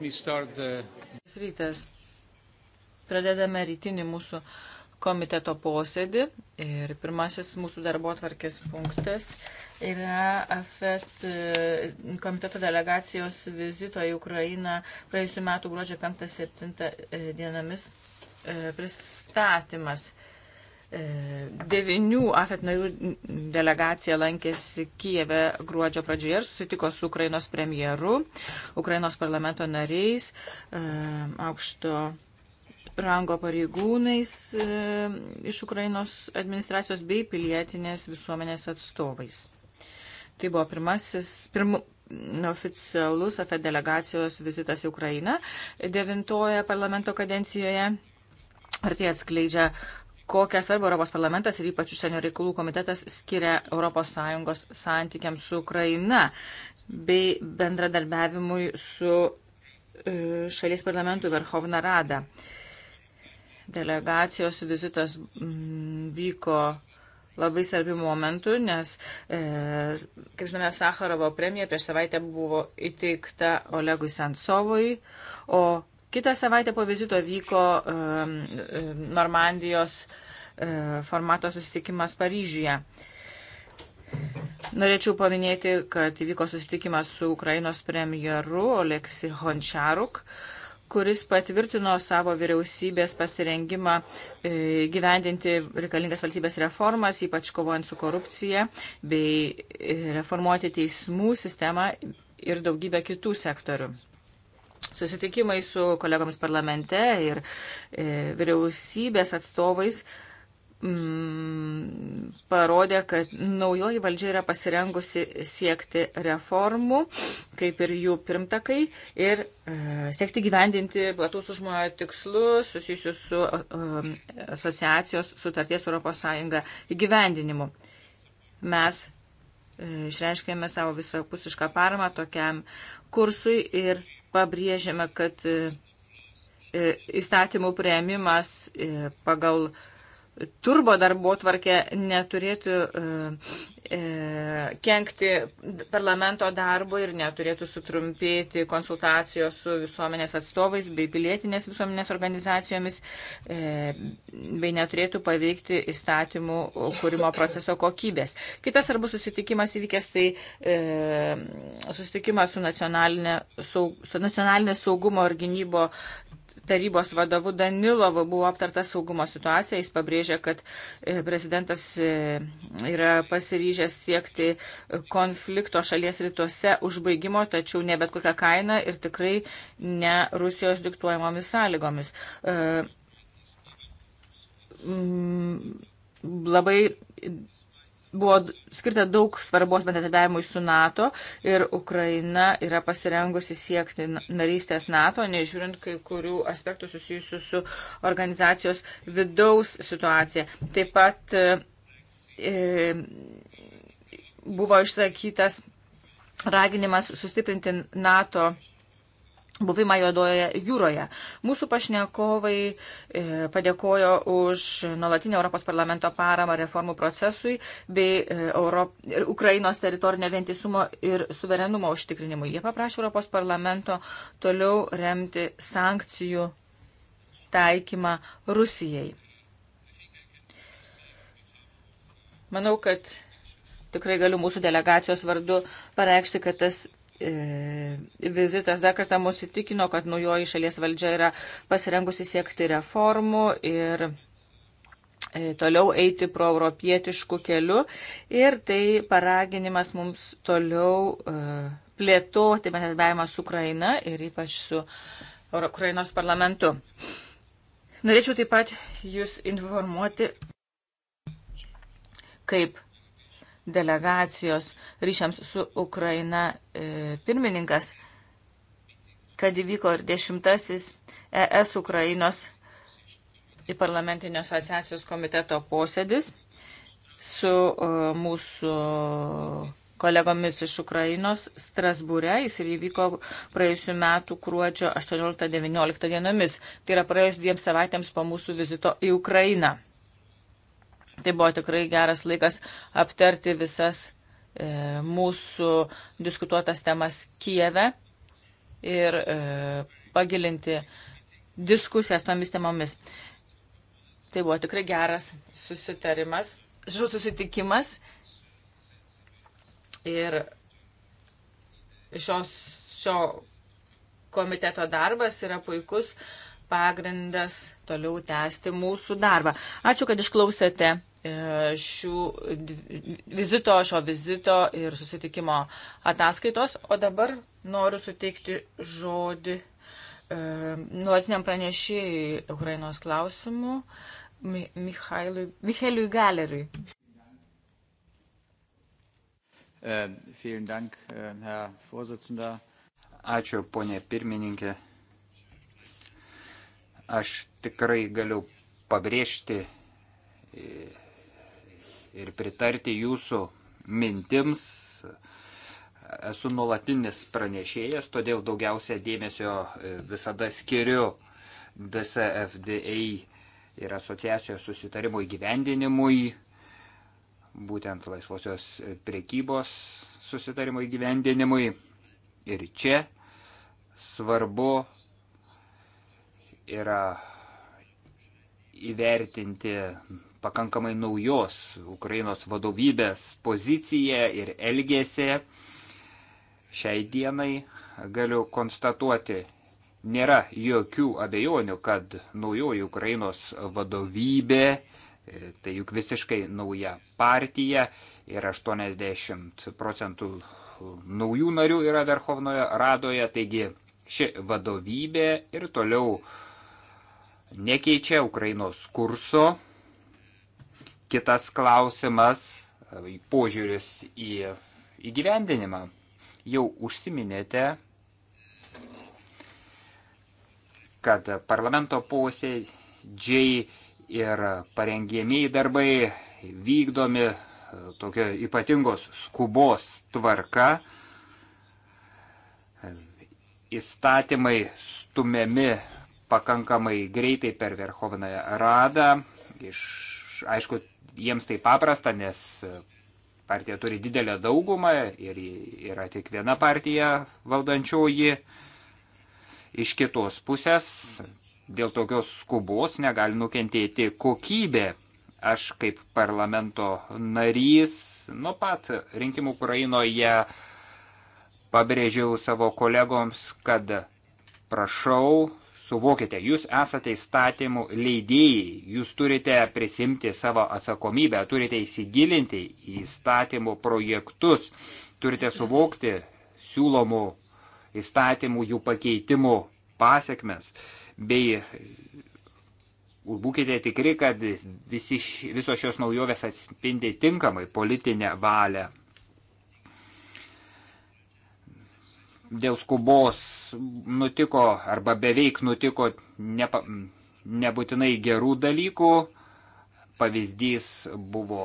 The... Rytas. Pradedame rytinį mūsų komiteto posėdį ir pirmasis mūsų darbo atvarkės punktas yra AFET e, komiteto delegacijos vizito į Ukrainą praėjusiu metu gruodžio 5-7 e, dienomis e, pristatymas. E, devinių AFET narių delegacija lankėsi Kijeve gruodžio pradžioje ir susitiko su Ukrainos premjeru, Ukrainos parlamento nariais, e, aukšto rango pareigūnais e, iš Ukrainos administracijos bei pilietinės visuomenės atstovais. Tai buvo pirmasis, pirmu, oficialus AFET delegacijos vizitas į Ukrainą devintoje parlamento kadencijoje. Ar tai atskleidžia uh, kokią svarbą Europos parlamentas ir ypač užsienio reikalų komitetas skiria ES santykiams su Ukraina bei bendradarbiavimui su e, šalies parlamentų Verhovna Rada. Delegacijos vizitas mm, vyko labai svarbių momentų, nes, e, kaip žinome, Sakarovo premija prieš savaitę buvo įteikta Olegui Sensovui, o Kita savaitė po vizito vyko um, Normandijos um, formato susitikimas Paryžiuje. Norėčiau paminėti, kad įvyko susitikimas su Ukrainos premjeru Oleksi Hončaruk, kuris patvirtino savo vyriausybės pasirengimą e, gyvendinti reikalingas valstybės reformas, ypač kovojant su korupcija, bei e, reformuoti teismų sistemą ir daugybę kitų sektorių. Susitikimai su kolegomis parlamente ir e, vyriausybės atstovais mm, parodė, kad naujoji valdžia yra pasirengusi siekti reformų, kaip ir jų pirmtakai, ir e, siekti gyvendinti platus užmojo tikslus susijusius su e, asociacijos sutarties ES įgyvendinimu. Mes e, išreiškėme savo visapusišką paramą tokiam kursui ir pabrėžiame, kad e, e, įstatymų prieimimas e, pagal turbo darbo tvarkę neturėtų E, kenkti parlamento darbu ir neturėtų sutrumpėti konsultacijos su visuomenės atstovais bei pilietinės visuomenės organizacijomis, e, bei neturėtų paveikti įstatymų kūrimo proceso kokybės. Kitas svarbus susitikimas įvykęs tai e, susitikimas su nacionalinė, su nacionalinė saugumo ir gynybo tarybos vadovu Danilovu buvo aptarta saugumo situacija. Jis pabrėžė, kad e, prezidentas e, yra pasiryžęs siekti konflikto šalies rytuose užbaigimo, tačiau ne bet kokią kainą ir tikrai ne Rusijos diktuojamomis sąlygomis. E, labai buvo skirta daug svarbos bendradarbiavimui su NATO ir Ukraina yra pasirengusi siekti narystės NATO, nežiūrint kai kurių aspektų susijusių su organizacijos vidaus situacija. Taip pat e, e buvo išsakytas raginimas sustiprinti NATO buvimą Juodojoje jūroje. Mūsų pašnekovai e, padėkojo už nuolatinę Europos parlamento paramą reformų procesui bei e, Europ... Ukrainos teritorinio vientisumo ir suverenumo užtikrinimui. Jie paprašė Europos parlamento toliau remti sankcijų taikymą Rusijai. Manau, kad tikrai galiu mūsų delegacijos vardu pareikšti, kad tas E, vizitas dar kartą mus įtikino, kad naujoji šalies valdžia yra pasirengusi siekti reformų ir e, toliau eiti proeuropietiškų kelių ir tai paraginimas mums toliau e, plėtoti bendradarbiavimą su Ukraina ir ypač su Ukrainos parlamentu. Norėčiau taip pat jūs informuoti, kaip delegacijos ryšiams su Ukraina e, pirmininkas, kad įvyko ir dešimtasis ES Ukrainos į parlamentinio asociacijos komiteto posėdis su e, mūsų kolegomis iš Ukrainos Strasbūre. Jis ir įvyko praėjusiu metu kruodžio 18-19 dienomis. Tai yra praėjus dviem savaitėms po mūsų vizito į Ukrainą. Tai buvo tikrai geras laikas aptarti visas e, mūsų diskutuotas temas Kijeve ir e, pagilinti diskusijas tomis temomis. Tai buvo tikrai geras susitarimas, susitikimas ir šios, šio komiteto darbas yra puikus. E, pagrindas toliau tęsti mūsų darbą. Ačiū, kad išklausėte e, šių vizito, šio vizito ir susitikimo ataskaitos. O dabar noriu suteikti žodį e, nuolatiniam pranešėjai Ukrainos klausimų Mi Michailui Galeriui. E, äh, Ačiū, ponė pirmininkė. Aš tikrai galiu pabrėžti e, ir pritarti jūsų mintims. Esu nuolatinis pranešėjas, todėl daugiausia dėmesio e, visada skiriu DCFDA ir asociacijos susitarimo įgyvendinimui, būtent laisvosios priekybos susitarimo įgyvendinimui. Ir čia svarbu yra įvertinti pakankamai naujos Ukrainos vadovybės poziciją ir elgesį. Šiai dienai galiu konstatuoti, nėra jokių abejonių, kad naujoji Ukrainos vadovybė, tai juk visiškai nauja partija ir 80 procentų naujų narių yra Verhovnoje Radoje, taigi ši vadovybė ir toliau uh, nekeičia Ukrainos kurso. Kitas klausimas e, - požiūris į įgyvendinimą. Jau užsiminėte, kad parlamento posėdžiai ir parengėmiai darbai vykdomi e, tokio ypatingos skubos tvarka. E, įstatymai stumiami pakankamai greitai per Verhovnąją radą. Iš, aišku, jiems tai paprasta, nes partija turi didelę daugumą ir yra tik viena partija valdančioji. Iš kitos pusės dėl tokios skubos negali nukentėti kokybė. Aš kaip parlamento narys nuo pat rinkimų Ukrainoje pabrėžiau savo kolegoms, kad prašau Suvokite, jūs esate įstatymų leidėjai, jūs turite prisimti savo atsakomybę, turite įsigilinti į įstatymų projektus, turite suvokti siūlomų įstatymų, jų pakeitimų pasiekmes, bei būkite tikri, kad visi, visos šios naujovės atspindi tinkamai politinę valią dėl skubos nutiko arba beveik nutiko nepa, nebūtinai gerų dalykų. Pavyzdys buvo,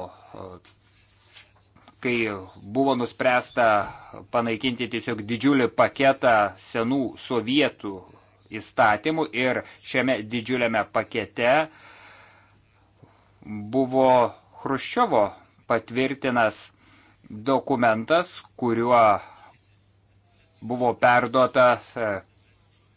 kai buvo nuspręsta panaikinti tiesiog didžiulį paketą senų sovietų įstatymų ir šiame didžiuliame pakete buvo Hruščiovo patvirtinas dokumentas, kuriuo buvo perduota e,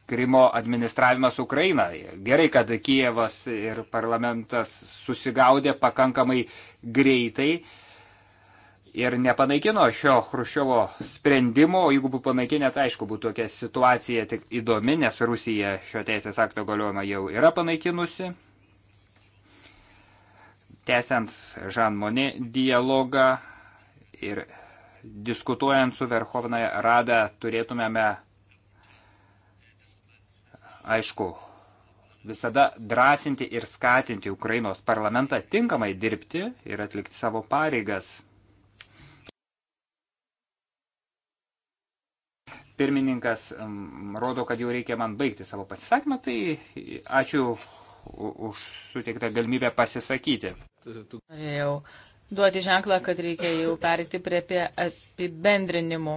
Krimo administravimas Ukrainai. Gerai, kad Kievas ir parlamentas susigaudė pakankamai greitai ir nepanaikino šio Hruščiovo sprendimo, o jeigu būtų panaikinę, tai aišku, būtų tokia situacija tik įdomi, nes Rusija šio teisės akto galiojimą jau yra panaikinusi. Tęsiant Žan Monė dialogą ir diskutuojant su Verhovnaja Rada turėtumėme, aišku, visada drąsinti ir skatinti Ukrainos parlamentą tinkamai dirbti ir atlikti savo pareigas. Pirmininkas rodo, kad jau reikia man baigti savo pasisakymą, tai ačiū už suteiktą galimybę pasisakyti. Norėjau duoti ženklą, kad reikia jau perėti prie apibendrinimų.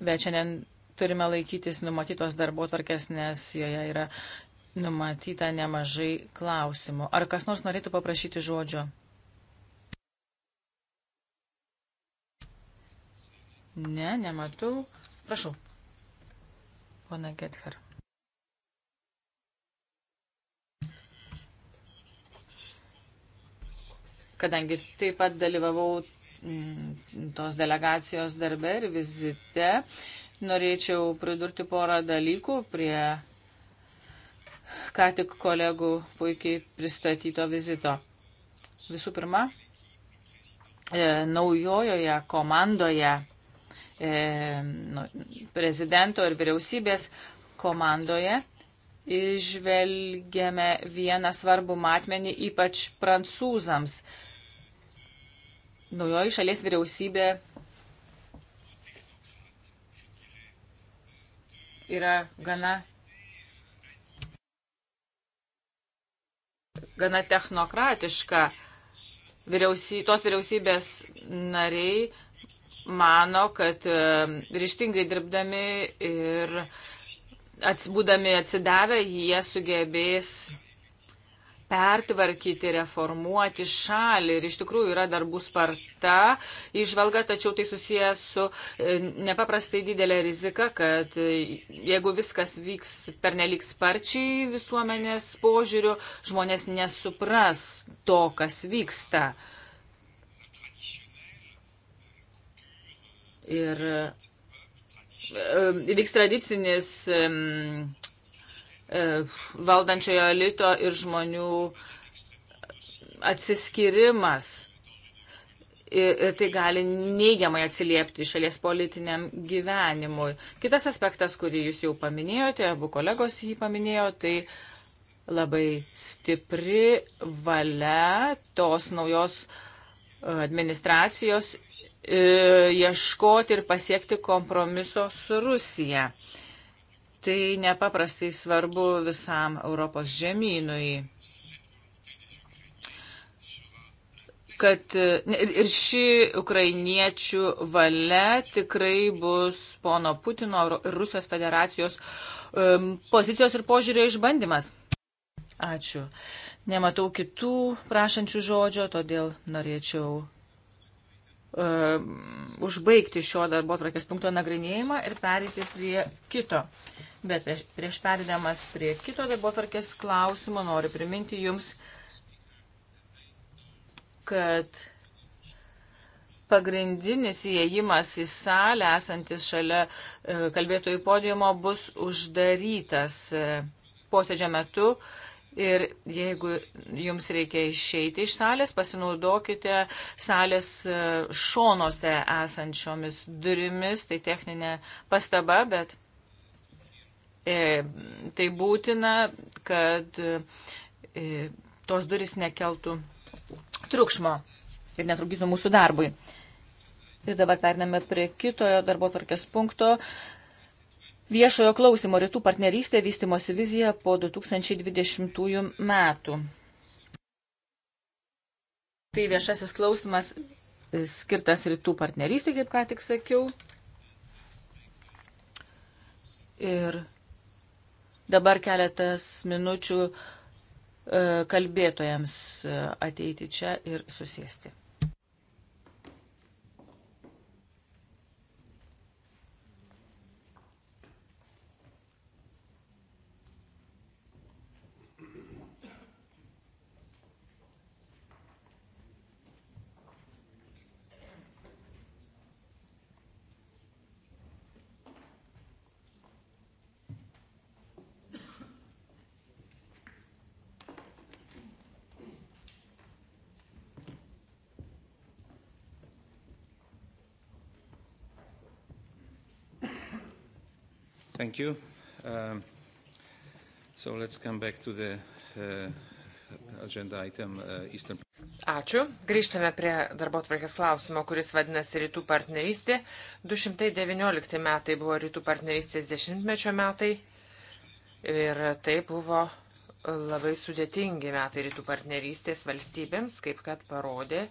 Bet šiandien turime laikytis numatytos darbo tvarkės, nes joje yra numatyta nemažai klausimų. Ar kas nors norėtų paprašyti žodžio? Ne, nematau. Prašau. Pana Gether. kadangi taip pat dalyvavau mm, tos delegacijos darbe ir vizite, norėčiau pridurti porą dalykų prie ką tik kolegų puikiai pristatyto vizito. Visų pirma, e, naujojoje komandoje, e, nu, prezidento ir vyriausybės komandoje išvelgiame vieną svarbų matmenį, ypač prancūzams. E, naujoji šalies vyriausybė yra gana, gana technokratiška. Vyriausy, tos vyriausybės nariai mano, kad e, ryštingai dirbdami ir atsibūdami atsidavę, jie sugebės pertvarkyti, reformuoti šalį ir iš tikrųjų yra darbų sparta išvalga, tačiau tai susijęs su e, nepaprastai didelė rizika, kad e, jeigu viskas vyks pernelik sparčiai visuomenės požiūriu, žmonės nesupras to, kas vyksta. Ir įvyks e, tradicinis um, E, valdančiojo elito ir žmonių atsiskirimas. Ir, ir tai gali neigiamai atsiliepti šalies politiniam gyvenimui. Kitas aspektas, kurį jūs jau paminėjote, abu kolegos jį paminėjo, tai labai stipri valia tos naujos e, administracijos e, ieškoti ir pasiekti kompromiso su Rusija. Uh, Tai nepaprastai svarbu visam Europos žemynui. Kad ir ši ukrainiečių valia tikrai bus pono Putino ir Rusijos federacijos pozicijos ir požiūrio išbandymas. Ačiū. Nematau kitų prašančių žodžio, todėl norėčiau uh, užbaigti šio darbo atrakės punkto nagrinėjimą ir perėti prie kito. Bet prieš, prieš perėdamas prie kito darbo tvarkės klausimo noriu priminti Jums, kad pagrindinis įėjimas į salę esantis šalia e, kalbėtojų podiumo bus uždarytas e, posėdžio metu. Ir jeigu jums reikia išeiti iš salės, pasinaudokite salės e, šonuose esančiomis durimis. Tai techninė pastaba, bet E, tai būtina, kad e, tos duris nekeltų triukšmo ir netrukdytų mūsų darbui. Ir dabar pername prie kitojo darbo tvarkės punkto. Viešojo klausimo rytų partnerystė vystimosi vizija po 2020 metų. Tai viešasis klausimas e, skirtas rytų partnerystė, kaip ką tik sakiau. Ir Dabar keletas minučių e, kalbėtojams e, ateiti čia ir susėsti. Thank you. Um, so let's come back to the uh, agenda item uh, Eastern. Ačiū. Grįžtame prie darbo tvarkės klausimo, kuris vadinasi Rytų partnerystė. 219 metai buvo Rytų partnerystės dešimtmečio metai ir tai buvo labai sudėtingi metai Rytų partnerystės valstybėms, kaip kad parodė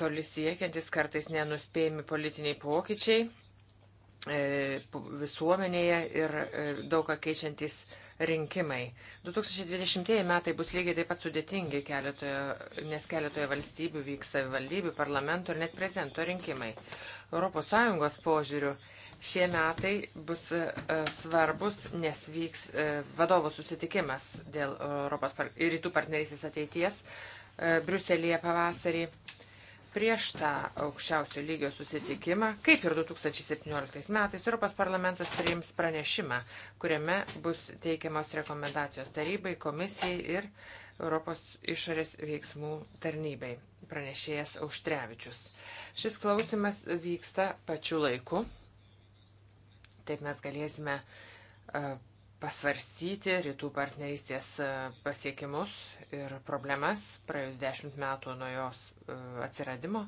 toli siekiantis kartais nenuspėjami politiniai pokyčiai E, visuomenėje ir e, daug ką keičiantis rinkimai. 2020 metai bus lygiai taip pat sudėtingi, keletoje, nes keletoje valstybių vyks savivaldybių, parlamento ir net prezidento rinkimai. ES požiūrių šie metai bus e, svarbus, nes vyks vadovų susitikimas dėl Europos rytų partnerysės ateities Briuselėje pavasarį. Prieš tą aukščiausio lygio susitikimą, kaip ir 2017 metais, Europos parlamentas priims pranešimą, kuriame bus teikiamos rekomendacijos tarybai, komisijai ir Europos išorės veiksmų tarnybai, pranešėjas Auštrevičius. Šis klausimas vyksta pačiu laiku. Taip mes galėsime e, pasvarsyti rytų partnerystės e, pasiekimus ir problemas praėjus dešimt metų nuo jos e, atsiradimo,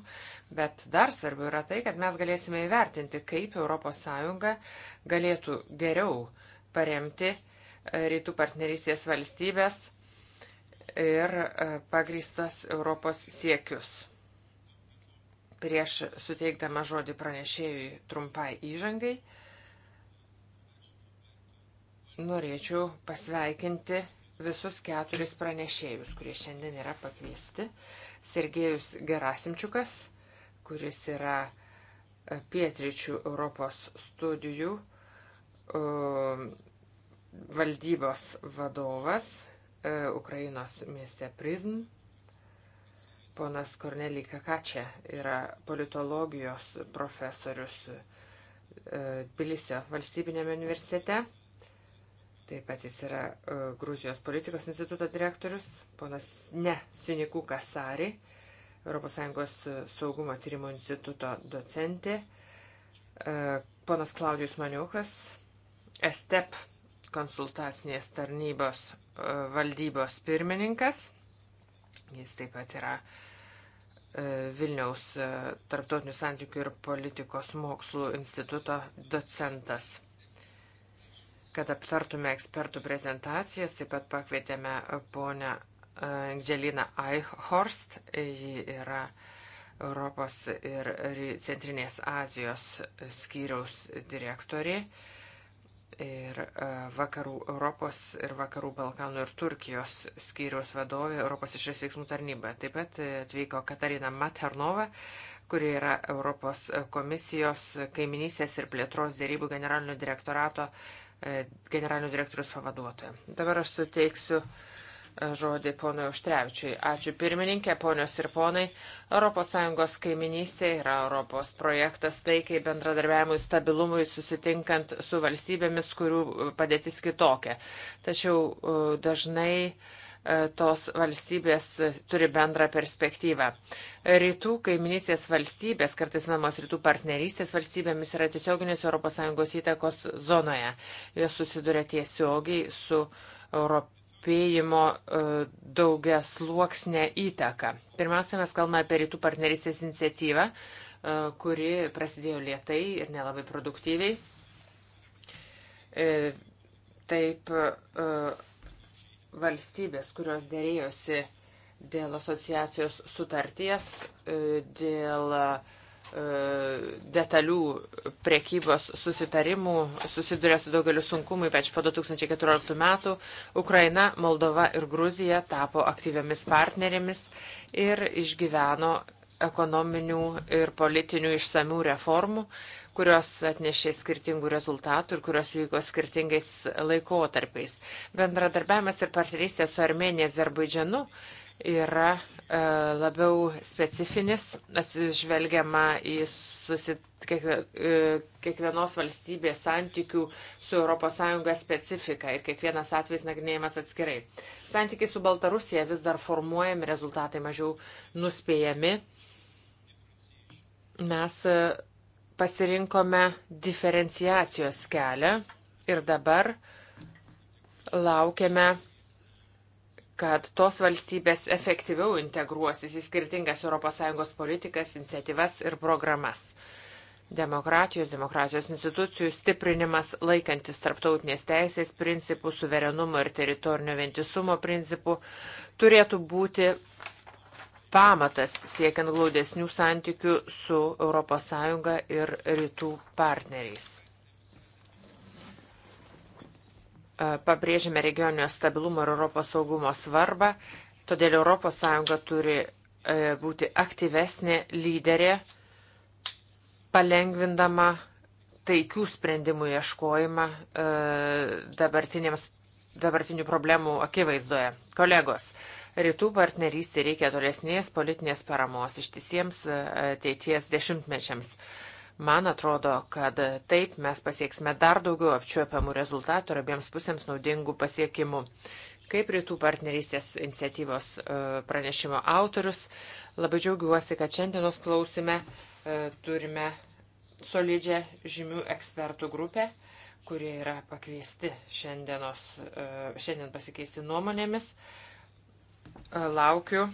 bet dar svarbiau yra tai, kad mes galėsime įvertinti, kaip ES galėtų geriau paremti e, rytų partnerystės valstybės ir pagristas Europos siekius. Prieš suteikdama žodį pranešėjui trumpai įžangai, norėčiau pasveikinti visus keturis pranešėjus, kurie šiandien yra pakviesti. Sergejus Gerasimčiukas, kuris yra e, Pietričių Europos studijų e, valdybos vadovas e, Ukrainos mieste Prizm. Ponas Kornelį Kakačia yra politologijos profesorius Tbilisio valstybinėme universitete. Taip pat jis yra e, Gruzijos politikos instituto direktorius, ponas Ne Sinikų Kasari, ES e, saugumo tyrimo instituto docentė, e, ponas Klaudijus Maniukas, STEP konsultacinės tarnybos valdybos pirmininkas. Jis taip pat yra Vilniaus tarptautinių santykių ir politikos mokslų instituto docentas kad aptartume ekspertų prezentacijas. Taip pat pakvietėme ponę e, Angeliną Eichhorst. Ji yra Europos ir Centrinės Azijos skyriaus direktorė. Ir e, vakarų Europos ir vakarų Balkanų ir Turkijos skyriaus vadovė Europos išrės veiksmų tarnyba. Taip pat atvyko Katarina Maternova, kuri yra Europos komisijos kaiminysės ir plėtros dėrybų generalinio direktorato E, generalinio direktorius pavaduotoja. Dabar aš suteiksiu e, žodį ponui Užtrevičiui. Ačiū pirmininkė, ponios ir ponai. ES kaiminystė yra Europos projektas taikai bendradarbiavimui, stabilumui, susitinkant su valstybėmis, kurių padėtis kitokia. Tačiau e, dažnai uh, E, tos valstybės e, turi bendrą perspektyvą. Rytų kaiminysės valstybės, kartais mamos rytų partnerystės valstybėmis, yra tiesioginės ES įtakos zonoje. Jos susiduria tiesiogiai su europėjimo e, daugia sluoksnė įtaka. Pirmiausia, mes kalbame apie rytų partnerystės iniciatyvą, kuri prasidėjo lietai ir nelabai produktyviai. Taip valstybės, kurios dėrėjosi dėl asociacijos sutarties, e, dėl e, detalių priekybos susitarimų susiduria su daugeliu sunkumų, ypač po 2014 metų. Ukraina, Moldova ir Gruzija tapo aktyviamis partnerėmis ir išgyveno ekonominių ir politinių išsamių reformų, kurios atnešė skirtingų rezultatų ir kurios vyko skirtingais laikotarpiais. Bendradarbiavimas ir partnerystė su Armenija Azerbaidžianu yra e, labiau specifinis, atsižvelgiama į susit, kiek, e, kiekvienos valstybės santykių su ES specifiką ir kiekvienas atvejs nagrinėjimas atskirai. Santykiai su Baltarusija vis dar formuojami, rezultatai mažiau nuspėjami. Mes e, pasirinkome diferenciacijos kelią ir dabar laukiame, kad tos valstybės efektyviau integruosis į skirtingas ES politikas, iniciatyvas ir programas. Demokratijos, demokratijos institucijų stiprinimas laikantis tarptautinės teisės principų, suverenumo ir teritorinio vientisumo principų turėtų būti pamatas siekiant glaudesnių santykių su ES ir rytų partneriais. E, pabrėžime regioninio stabilumo ir Europos saugumo svarbą, todėl ES turi e, būti aktyvesnė lyderė, palengvindama taikių sprendimų ieškojimą e, dabartinių problemų akivaizdoje. Kolegos, Rytų partnerystė reikia tolesnės politinės paramos ištisiems e, ateities dešimtmečiams. Man atrodo, kad taip mes pasieksime dar daugiau apčiuopiamų rezultatų ir abiems pusėms naudingų pasiekimų. Kaip rytų partnerystės iniciatyvos e, pranešimo autorius, labai džiaugiuosi, kad šiandienos klausime e, turime solidžią žymių ekspertų grupę, kurie yra pakviesti šiandienos, šiandien pasikeisti nuomonėmis. E, laukiu e,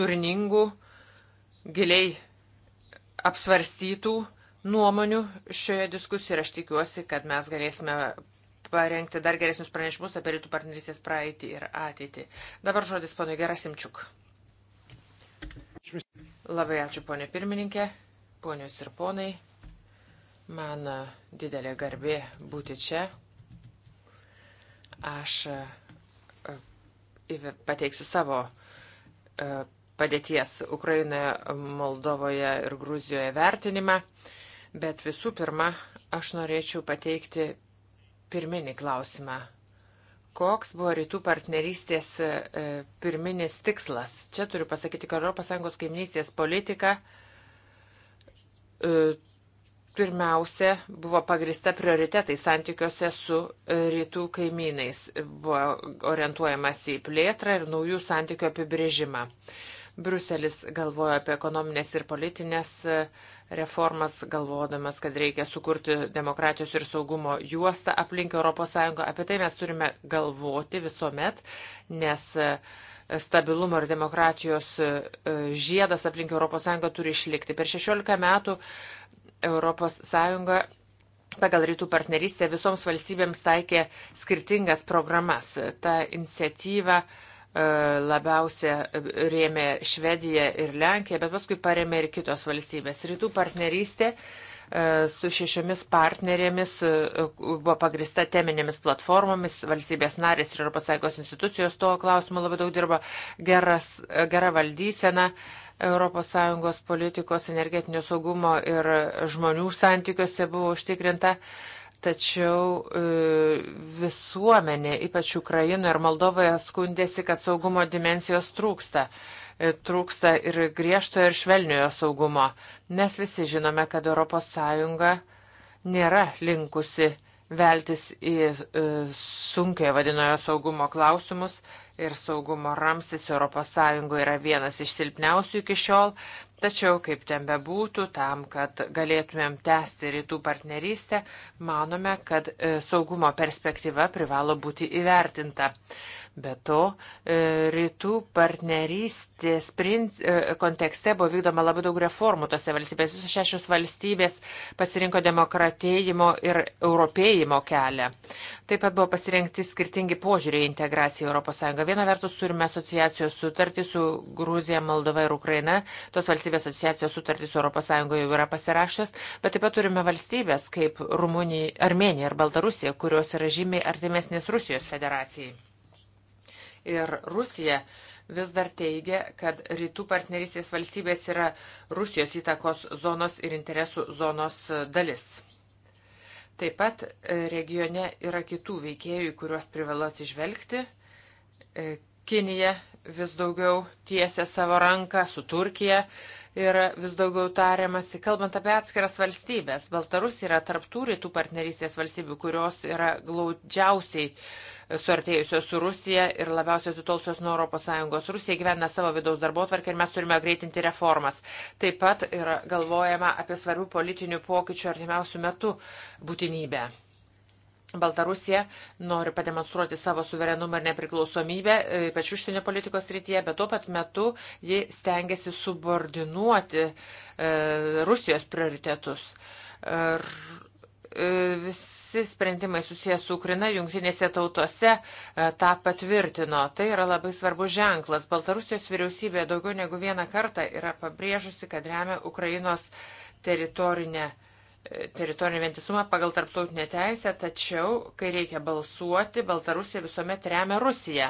turiningų, giliai apsvarstytų nuomonių šioje diskusijoje ir aš tikiuosi, kad mes galėsime parengti dar geresnius pranešimus apie rytų partnerystės praeitį ir ateitį. Dabar žodis ponui Gerasimčiuk. Labai ačiū ponė pirmininkė, ponios ir ponai. Man didelė garbė būti čia. Aš pateiksiu savo e, padėties Ukrainoje, Moldovoje ir Gruzijoje vertinimą, bet visų pirma, aš norėčiau pateikti pirminį klausimą. Koks buvo rytų partnerystės e, pirminis tikslas? Čia turiu pasakyti, kad ES kaimynystės politika e, pirmiausia buvo pagrista prioritetai santykiuose su e, rytų kaimynais. Buvo orientuojamas į plėtrą ir naujų santykių apibrėžimą. Bruselis galvoja apie ekonominės ir politinės e, reformas, galvodamas, kad reikia sukurti demokratijos ir saugumo juostą aplink ES. Apie tai mes turime galvoti visuomet, nes e, stabilumo ir demokratijos žiedas aplink ES turi išlikti. Per 16 metų ES pagal rytų partnerystę visoms valstybėms taikė skirtingas programas. Ta iniciatyva e, labiausia e, rėmė Švedija ir Lenkija, bet paskui paremė ir kitos valstybės. Rytų partnerystė e, su šešiomis partnerėmis buvo pagrista teminėmis platformomis, valstybės narės ir ES institucijos tuo klausimu labai daug dirba, geras, gera valdysena, ES politikos energetinio saugumo ir žmonių santykiuose buvo užtikrinta, tačiau e, visuomenė, ypač Ukrainoje ir Moldovoje, skundėsi, kad saugumo dimensijos trūksta. E, trūksta ir griežtojo ir švelniojo saugumo. Mes visi žinome, kad ES nėra linkusi veltis į e, sunkiai vadinojo saugumo klausimus ir saugumo ramsis ES yra vienas iš silpniausių iki šiol, tačiau kaip ten bebūtų, tam, kad galėtumėm tęsti rytų partnerystę, manome, kad e, saugumo perspektyva privalo būti įvertinta. Be to, e, rytų partnerystės e, kontekste buvo vykdoma labai daug reformų tose valstybėse. Visos šešios valstybės pasirinko demokratėjimo ir europėjimo kelią. Taip pat buvo pasirinkti skirtingi požiūriai integracijai ES. Viena vertus turime asociacijos sutartį su Gruzija, Moldova ir Ukraina. Tos valstybės asociacijos sutartį su ES jau yra pasirašęs, bet taip pat turime valstybės kaip Rumunija, Armenija ir Baltarusija, kurios yra žymiai artimesnės Rusijos federacijai. Ir Rusija vis dar teigia, kad rytų partnerystės valstybės yra Rusijos įtakos zonos ir interesų zonos dalis. Taip pat regione yra kitų veikėjų, į kuriuos privalo atsižvelgti E, Kinija vis daugiau tiesia savo ranką su Turkija ir vis daugiau tariamasi, kalbant apie atskiras valstybės. Baltarus yra tarptų rytų partnerystės valstybių, kurios yra glaudžiausiai suartėjusios su Rusija ir labiausiai atitolusios nuo ES. Rusija gyvena savo vidaus darbo tvarkę ir mes turime greitinti reformas. Taip pat yra galvojama apie svarbių politinių pokyčių artimiausių metų būtinybę. Baltarusija nori pademonstruoti savo suverenumą ir nepriklausomybę, e, ypač užsienio politikos rytyje, bet tuo pat metu ji stengiasi subordinuoti e, Rusijos prioritetus. Ar e, visi sprendimai susijęs su Ukraina jungtinėse tautose e, tą patvirtino. Tai yra labai svarbus ženklas. Baltarusijos vyriausybė daugiau negu vieną kartą yra pabrėžusi, kad remia Ukrainos teritorinę teritorinį vientisumą pagal tarptautinę teisę, tačiau, kai reikia balsuoti, Baltarusija visuomet remia Rusiją.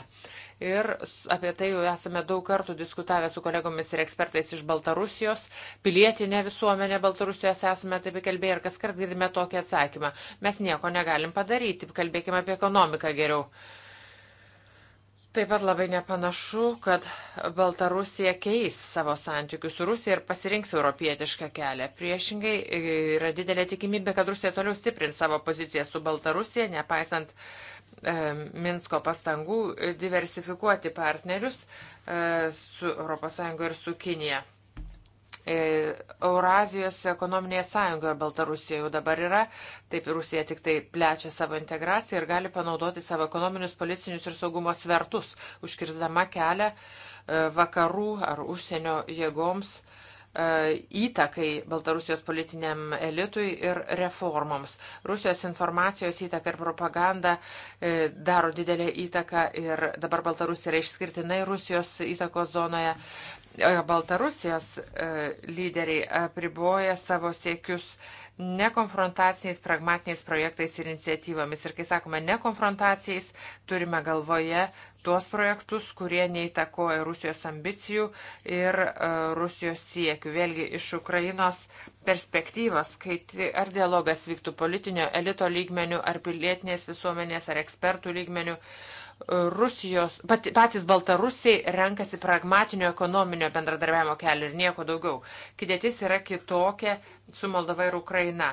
Ir apie tai jau esame daug kartų diskutavę su kolegomis ir ekspertais iš Baltarusijos. Pilietinė visuomenė Baltarusijos esame taip kalbėję ir kas kart girdime tokį atsakymą. Mes nieko negalim padaryti, kalbėkime apie ekonomiką geriau. Uh, Taip pat labai nepanašu, kad Baltarusija keis savo santykius su Rusija ir pasirinks europietišką kelią. Priešingai yra didelė tikimybė, kad Rusija toliau stiprins savo poziciją su Baltarusija, nepaisant e, Minsko pastangų diversifikuoti partnerius e, su ES ir su Kinija. E, Eurazijos ekonominėje sąjungoje Baltarusija jau dabar yra, taip ir Rusija tik tai plečia savo integraciją ir gali panaudoti savo ekonominius, policinius ir saugumo svertus, užkirzdama kelią e, vakarų ar užsienio jėgoms e, įtakai Baltarusijos politiniam elitui ir reformoms. Rusijos informacijos įtaka ir propaganda daro didelę įtaką ir dabar Baltarusija yra išskirtinai Rusijos įtakos zonoje. E, Baltarusijos e, lyderiai apriboja savo siekius nekonfrontaciniais, pragmatiniais projektais ir iniciatyvomis. Ir kai sakome nekonfrontacijais, turime galvoje tuos projektus, kurie neįtakoja Rusijos ambicijų ir e, Rusijos siekių. Vėlgi iš Ukrainos perspektyvos, kai ar dialogas vyktų politinio elito lygmenių, ar pilietinės visuomenės, ar ekspertų lygmenių, Rusijos, pat, patys Baltarusiai renkasi pragmatinio ekonominio bendradarbiavimo kelią ir nieko daugiau. Kidėtis yra kitokia su Moldova ir Ukraina.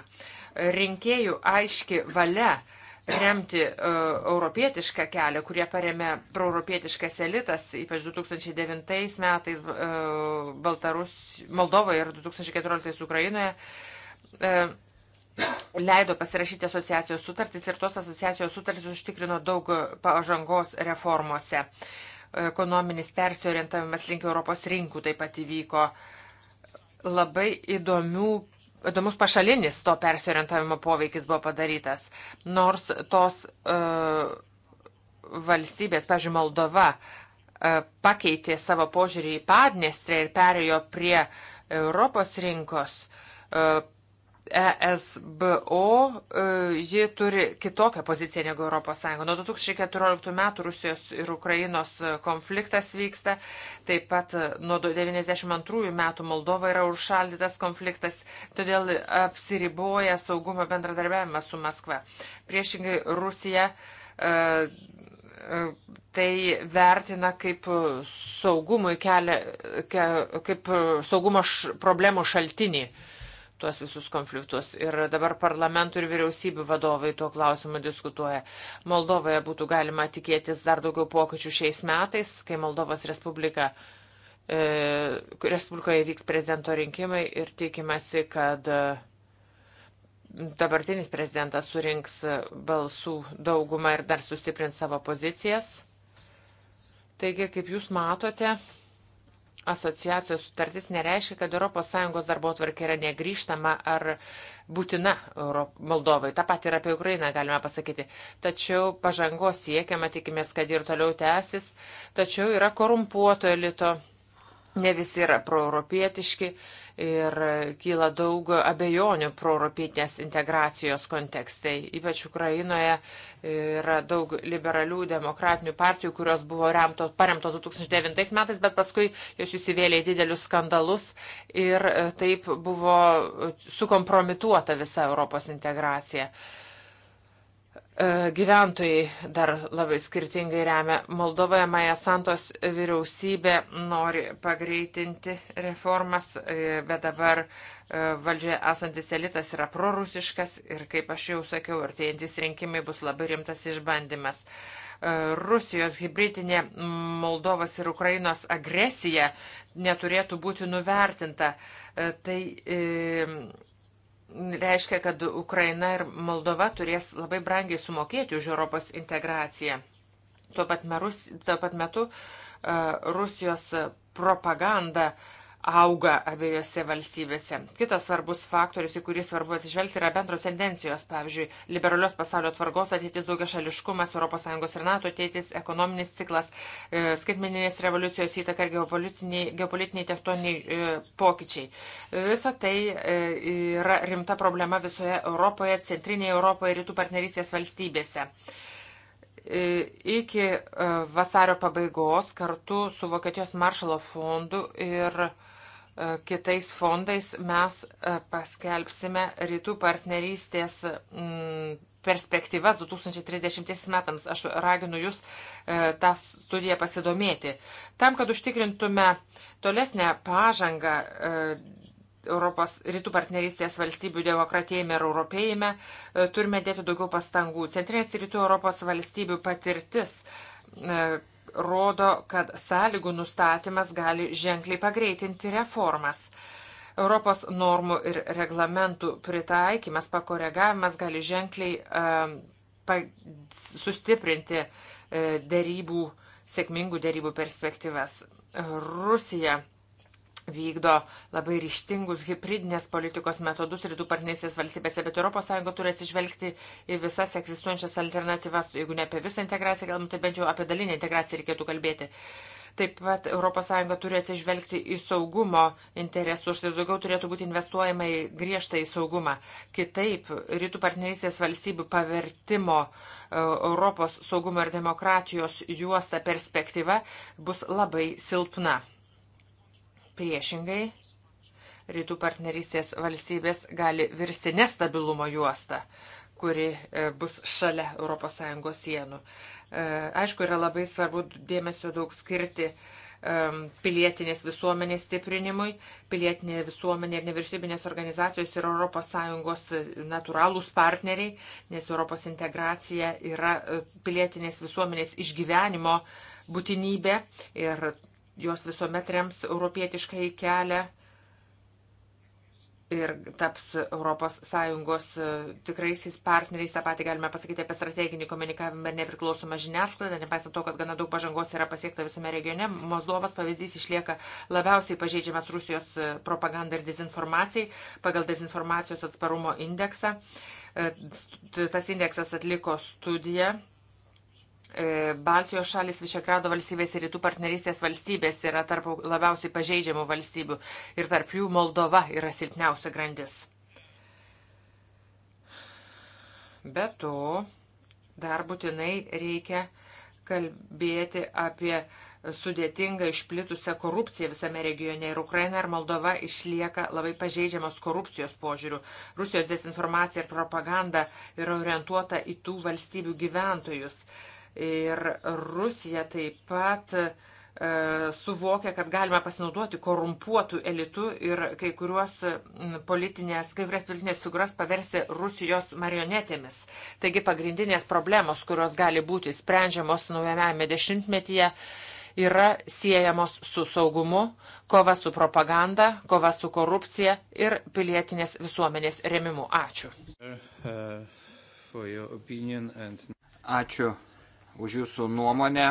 Rinkėjų aiški valia remti uh, europietišką kelią, kurie paremė proeuropietiškas elitas, ypač 2009 metais uh, Baltarus, Moldovoje ir 2014 Ukrainoje. Uh, leido pasirašyti asociacijos sutartis ir tos asociacijos sutartis užtikrino daug pažangos reformose. Ekonominis persiorientavimas link Europos rinkų taip pat įvyko. Labai įdomių įdomus pašalinis to persiorientavimo poveikis buvo padarytas. Nors tos uh, valstybės, pavyzdžiui, Moldova uh, pakeitė savo požiūrį į Padnestrę ir perėjo prie Europos rinkos, uh, ESBO, e, ji turi kitokią poziciją negu ES. Nuo 2014 metų Rusijos ir Ukrainos konfliktas vyksta, taip pat nuo 1992 metų Moldova yra užšaldytas konfliktas, todėl apsiriboja saugumo bendradarbiavimas su Maskva. Priešingai Rusija e, e, tai vertina kaip saugumui kelia, kaip saugumo problemų šaltinį tuos visus konfliktus. Ir dabar parlamentų ir vyriausybių vadovai tuo klausimu diskutuoja. Moldovoje būtų galima tikėtis dar daugiau pokyčių šiais metais, kai Moldovos Respublika, e, Respublikoje vyks prezidento rinkimai ir tikimasi, kad e, dabartinis prezidentas surinks balsų daugumą ir dar sustiprins savo pozicijas. Taigi, kaip jūs matote, asociacijos sutartis nereiškia, kad ES darbo tvarkė yra negryžtama ar būtina Moldovai. Ta pat ir apie Ukrainą galime pasakyti. Tačiau pažangos siekiama, tikimės, kad ir toliau tęsis. Tačiau yra korumpuoto elito, ne visi yra proeuropietiški ir kyla daug abejonių proeuropietinės integracijos kontekstai. Ypač Ukrainoje yra daug liberalių demokratinių partijų, kurios buvo remto, paremtos 2009 metais, bet paskui jos įsivėlė į didelius skandalus ir taip buvo sukompromituota visa Europos integracija. E, gyventojai dar labai skirtingai remia. Moldovoje Maja Santos vyriausybė nori pagreitinti reformas, e, bet dabar e, valdžioje esantis elitas yra prorusiškas ir, kaip aš jau sakiau, artėjantis rinkimai bus labai rimtas išbandymas. Rusijos hybridinė Moldovos ir Ukrainos agresija neturėtų būti nuvertinta. Tai reiškia, kad Ukraina ir Moldova turės labai brangiai sumokėti už Europos integraciją. Tuo pat, merus, tuo pat metu e, Rusijos propaganda uh, auga abiejose valstybėse. Kitas svarbus faktorius, į kurį svarbu atsižvelgti, yra bendros tendencijos. Pavyzdžiui, liberalios pasaulio tvarkos ateitis daugia šališkumas, ES ir NATO ateitis, ekonominis ciklas, e, skaitmeninės revoliucijos įtaka ir geopolitiniai, geopolitiniai tektoniniai e, pokyčiai. E, visa tai yra rimta problema visoje Europoje, centrinėje Europoje ir rytų partnerystės valstybėse iki vasario pabaigos kartu su Vokietijos maršalo fondu ir kitais fondais mes e, paskelbsime rytų partnerystės mm, perspektyvas 2030 metams. Aš raginu Jūs e, tą studiją pasidomėti. Tam, kad užtikrintume tolesnę pažangą e, Europos rytų partnerystės valstybių demokratėjime ir europėjime, turime dėti daugiau pastangų. Centrinės rytų Europos valstybių patirtis rodo, kad sąlygų nustatymas gali ženkliai pagreitinti reformas. Europos normų ir reglamentų pritaikymas, pakoregavimas gali ženkliai um, pa, sustiprinti uh, dėrybų, sėkmingų dėrybų perspektyvas. Rusija uh, vykdo labai ryštingus hybridinės politikos metodus rytų partnerystės valstybėse, bet ES turi atsižvelgti į visas egzistuojančias alternatyvas, jeigu ne apie visą integraciją, galbūt tai bent jau apie dalinę integraciją reikėtų kalbėti. Taip pat ES turi atsižvelgti į saugumo interesus, tai daugiau turėtų būti investuojama į griežtą į saugumą. Kitaip, rytų partnerystės valstybių pavertimo e, Europos saugumo ir demokratijos juosta perspektyva bus labai silpna. Priešingai, rytų partnerystės valstybės gali virsti nestabilumo juostą, kuri e, bus šalia ES sienų. E, aišku, yra labai svarbu dėmesio daug skirti e, pilietinės visuomenės stiprinimui. Pilietinė visuomenė ir nevyriausybinės organizacijos yra ES natūralūs partneriai, nes Europos integracija yra pilietinės visuomenės išgyvenimo būtinybė ir jos visuomet rems europietiškai kelią ir taps ES e, tikraisiais partneriais. Ta pati galime pasakyti apie strateginį komunikavimą ir nepriklausomą žiniasklaidą, nepaisant to, kad gana daug pažangos yra pasiekta visame regione. Mozlovas pavyzdys išlieka labiausiai pažeidžiamas Rusijos e, propagandai ir dezinformacijai pagal dezinformacijos atsparumo indeksą. E, tas indeksas atliko studiją E, Baltijos šalis, Višegrado valstybės ir rytų partnerystės valstybės yra tarp labiausiai pažeidžiamų valstybių ir tarp jų Moldova yra silpniausia grandis. Be to, dar būtinai reikia kalbėti apie sudėtingą išplitusią korupciją visame regione ir Ukraina ir Moldova išlieka labai pažeidžiamos korupcijos požiūrių. Rusijos dezinformacija ir propaganda yra orientuota į tų valstybių gyventojus. Uh, Ir Rusija taip pat e, suvokia, kad galima pasinaudoti korumpuotų elitų ir kai, kuriuos politinės, kai kurias politinės figūras paversi Rusijos marionetėmis. Taigi pagrindinės problemos, kurios gali būti sprendžiamos naujame dešimtmetyje, yra siejamos su saugumu, kova su propaganda, kova su korupcija ir pilietinės visuomenės remimu. Ačiū. Uh, uh, Ačiū už jūsų nuomonę.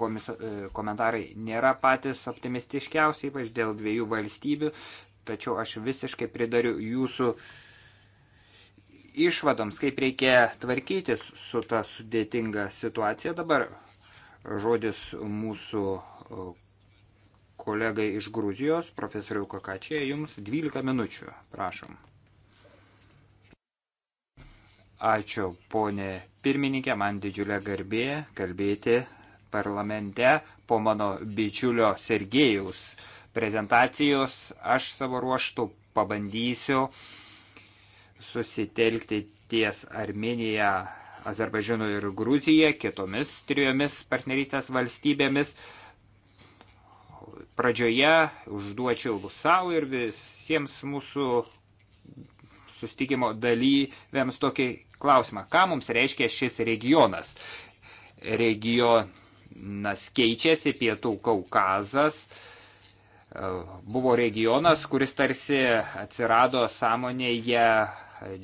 Komisa, e, komentarai nėra patys optimistiškiausi, ypač dėl dviejų valstybių, tačiau aš visiškai pridariu jūsų išvadoms, kaip reikia tvarkytis su ta sudėtinga situacija. Dabar žodis mūsų e, kolegai iš Gruzijos, profesoriu Kakačiai, jums 12 minučių, prašom. Ačiū, ponė pirmininkė, man didžiulė garbė kalbėti parlamente po mano bičiulio Sergejaus prezentacijos. Aš savo ruoštų pabandysiu susitelkti ties Armenija, Azerbaidžinu ir Gruzija, kitomis trijomis partnerystės valstybėmis. Pradžioje užduočiau savo ir visiems mūsų sustikimo dalyviams tokį klausimą, ką mums reiškia šis regionas. Regionas keičiasi, pietų Kaukazas e, buvo regionas, kuris tarsi atsirado sąmonėje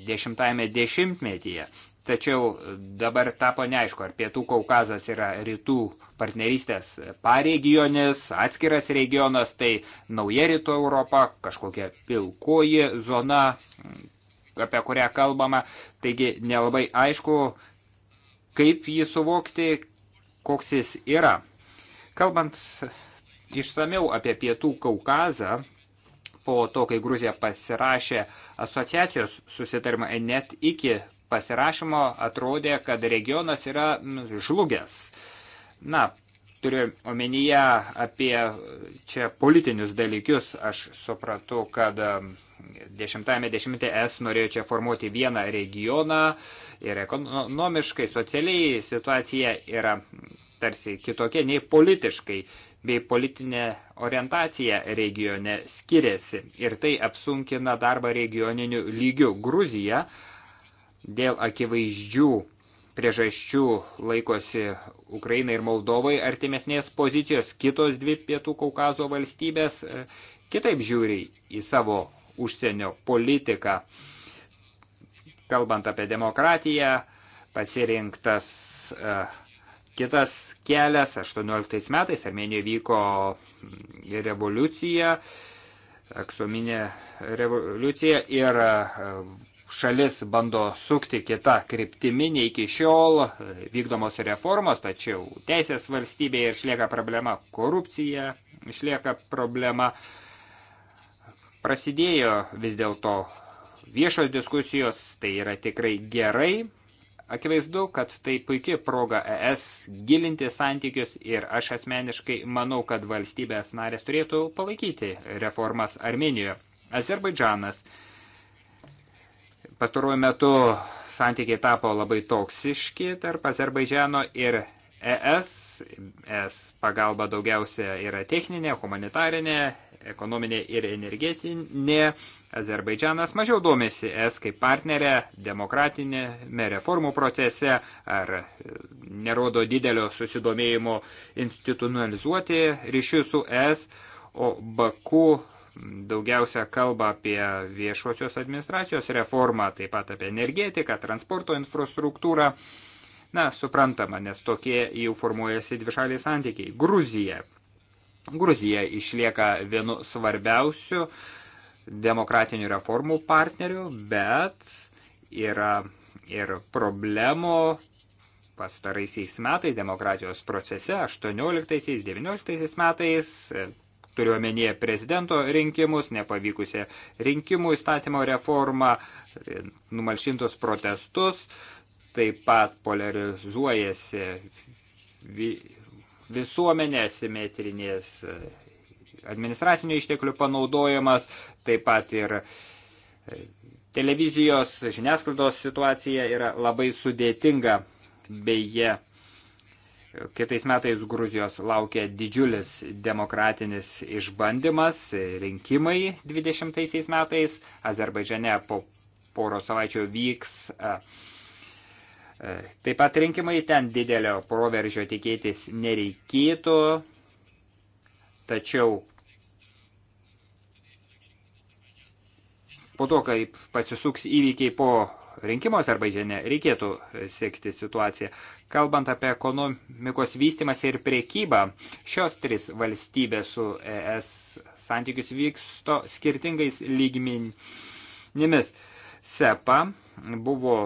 dešimtajame dešimtmetyje. Tačiau dabar tapo neaišku, ar pietų Kaukazas yra rytų partnerystės paregionis, atskiras regionas, tai nauja rytų Europa, kažkokia pilkoji zona, apie kurią kalbama, taigi nelabai aišku, kaip jį suvokti, koks jis yra. Kalbant išsameu apie Pietų Kaukazą, po to, kai Gruzija pasirašė asociacijos susitarimą, net iki pasirašymo atrodė, kad regionas yra žlugęs. Na, turiu omenyje apie čia politinius dalykius, aš supratau, kad Dešimtame dešimtmetyje es norėjo čia formuoti vieną regioną ir ekonomiškai, socialiai situacija yra tarsi kitokia nei politiškai, bei politinė orientacija regione skiriasi ir tai apsunkina darbą regioniniu lygiu. Gruzija dėl akivaizdžių priežasčių laikosi Ukraina ir Moldovai artimesnės pozicijos, kitos dvi pietų Kaukazo valstybės e, kitaip žiūri į savo užsienio politiką. Kalbant apie demokratiją, pasirinktas uh, kitas kelias. 18 metais Armenijoje vyko revoliucija, aksominė revoliucija ir e, šalis bando sukti kitą kryptiminį iki šiol e, vykdomos reformos, tačiau teisės valstybėje išlieka problema korupcija, išlieka problema uh, Prasidėjo vis dėlto viešos diskusijos, tai yra tikrai gerai. Akivaizdu, kad tai puikia proga ES gilinti santykius ir aš asmeniškai manau, kad valstybės narės turėtų palaikyti reformas Armenijoje. Azerbaidžanas pastaruoju metu santykiai tapo labai toksiški tarp Azerbaidžiano ir ES. ES pagalba daugiausia yra techninė, humanitarinė, ekonominė ir energetinė. Azerbaidžianas mažiau domėsi es kaip partnerė demokratinėme reformų procese ar e, nerodo didelio susidomėjimo institucionalizuoti ryšius su es, o Baku daugiausia kalba apie viešosios administracijos reformą, taip pat apie energetiką, transporto infrastruktūrą. Na, suprantama, nes tokie jau formuojasi dvišaliai santykiai. Gruzija Gruzija išlieka vienu svarbiausių demokratinių reformų partnerių, bet yra ir problemų pastaraisiais metais demokratijos procese, 18-19 metais, turiu omenyje prezidento rinkimus, nepavykusią rinkimų įstatymo reformą, numalšintus protestus, taip pat polarizuojasi visuomenė asimetrinės, e, administracinių išteklių panaudojimas, taip pat ir e, televizijos žiniasklaidos situacija yra labai sudėtinga, beje. Kitais metais Gruzijos laukia didžiulis demokratinis išbandymas, e, rinkimai 20 metais, Azerbaidžiane po poro savaičių vyks uh, Taip pat rinkimai ten didelio proveržio tikėtis nereikėtų, tačiau po to, kaip pasisuks įvykiai po rinkimo Azerbaidžiane, reikėtų sekti situaciją. Kalbant apie ekonomikos vystimas ir priekybą, šios tris valstybės su ES santykius vyksto skirtingais lygmenimis. SEPA buvo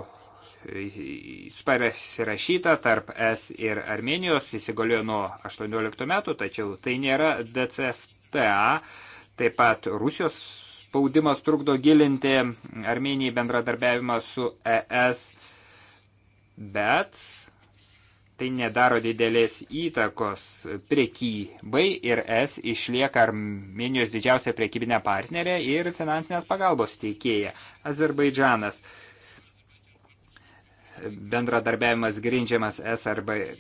pasirašyta tarp S ir Armenijos, įsigaliojo nuo 18 metų, tačiau tai nėra DCFTA. Taip pat Rusijos spaudimas trukdo gilinti Armenijai bendradarbiavimą su ES, bet tai nedaro didelės įtakos prekybai ir es išlieka Armenijos didžiausia prekybinė partnerė ir finansinės pagalbos teikėja. Azerbaidžanas bendradarbiavimas grindžiamas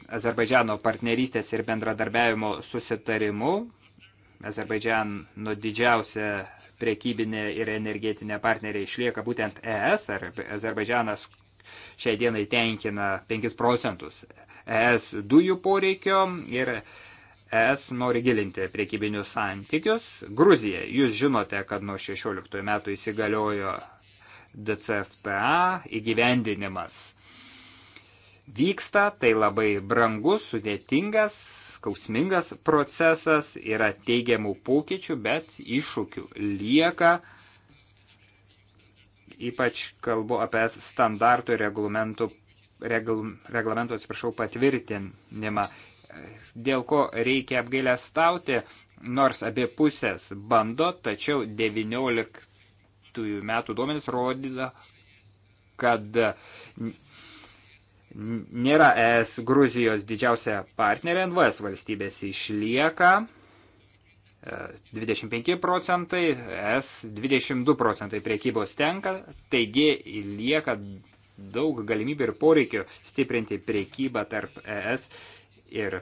Azerbaidžiano partnerystės ir bendradarbiavimo susitarimu. Azerbaidžiano nu, didžiausia priekybinė ir energetinė partnerė išlieka būtent ES, ar Azerbaidžianas šiai dienai tenkina 5 procentus ES dujų poreikio ir ES nori gilinti priekybinius santykius. Gruzija, jūs žinote, kad nuo 16 metų įsigaliojo DCFTA įgyvendinimas vyksta, tai labai brangus, sudėtingas, skausmingas procesas, yra teigiamų pokyčių, bet iššūkių lieka. Ypač kalbu apie standartų reglamentų, regl, reglamentų atsiprašau, patvirtinimą, dėl ko reikia apgailę stauti, nors abi pusės bando, tačiau 19 metų duomenys rodyda, kad nėra ES Gruzijos didžiausia partnerė, NVS valstybės išlieka 25 e, procentai, ES 22 procentai priekybos tenka, taigi lieka daug galimybių ir poreikių stiprinti priekybą tarp ES ir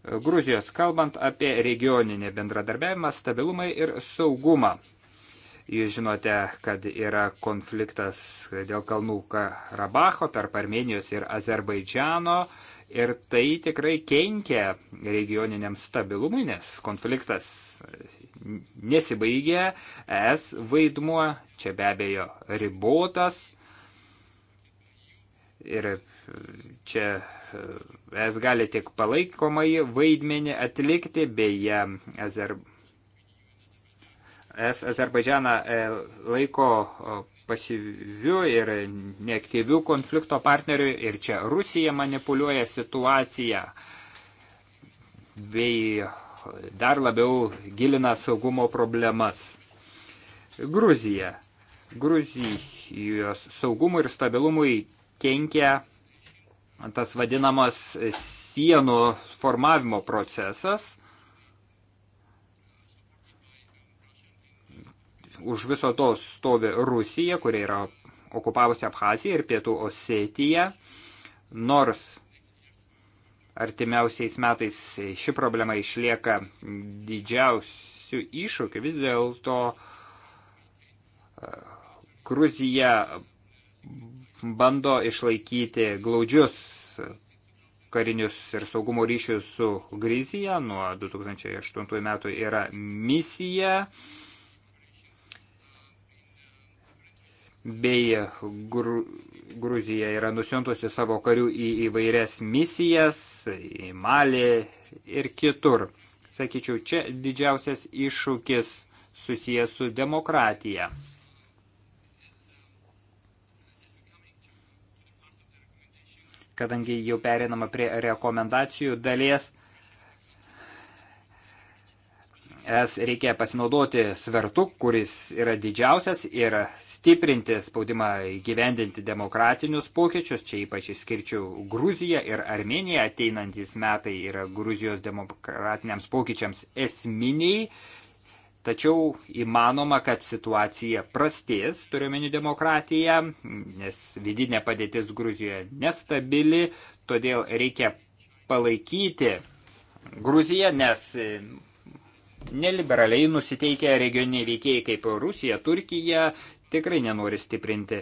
Gruzijos, kalbant apie regioninį bendradarbiavimą, stabilumą ir saugumą. Jūs žinote, kad yra konfliktas dėl Kalnų Karabacho tarp Armenijos ir Azerbaidžiano ir tai tikrai kenkia regioniniam stabilumui, nes konfliktas nesibaigia, es vaidmuo čia be abejo ribotas ir čia es gali tik palaikomai vaidmenį atlikti, beje, Azer es Azerbaidžianą e, laiko e, pasiviu ir neaktyviu konflikto partneriu ir čia Rusija manipuliuoja situaciją bei dar labiau gilina saugumo problemas. Gruzija. Gruzijos saugumui ir stabilumui kenkia tas vadinamas sienų formavimo procesas. už viso to stovi Rusija, kuria yra okupavusi Abhaziją ir Pietų Osetiją, nors artimiausiais metais ši problema išlieka didžiausių iššūkių, vis dėlto e, Gruzija bando išlaikyti glaudžius karinius ir saugumo ryšius su Gruzija. Nuo 2008 metų yra misija bei gru, Gruzija yra nusiuntusi savo karių į įvairias misijas, į Malį ir kitur. Sakyčiau, čia didžiausias iššūkis susijęs su demokratija. Kadangi jau perinama prie rekomendacijų dalies, es reikia pasinaudoti svertu, kuris yra didžiausias ir stiprinti spaudimą gyvendinti demokratinius pokyčius. Čia ypač išskirčiau Gruziją ir Armeniją. Ateinantys metai yra Gruzijos demokratiniams pokyčiams esminiai. Tačiau įmanoma, kad situacija prastės, turiuomenį demokratiją, nes vidinė padėtis Gruzijoje nestabili, todėl reikia palaikyti Gruziją, nes neliberaliai nusiteikę regioniniai veikėjai kaip Rusija, Turkija tikrai nenori stiprinti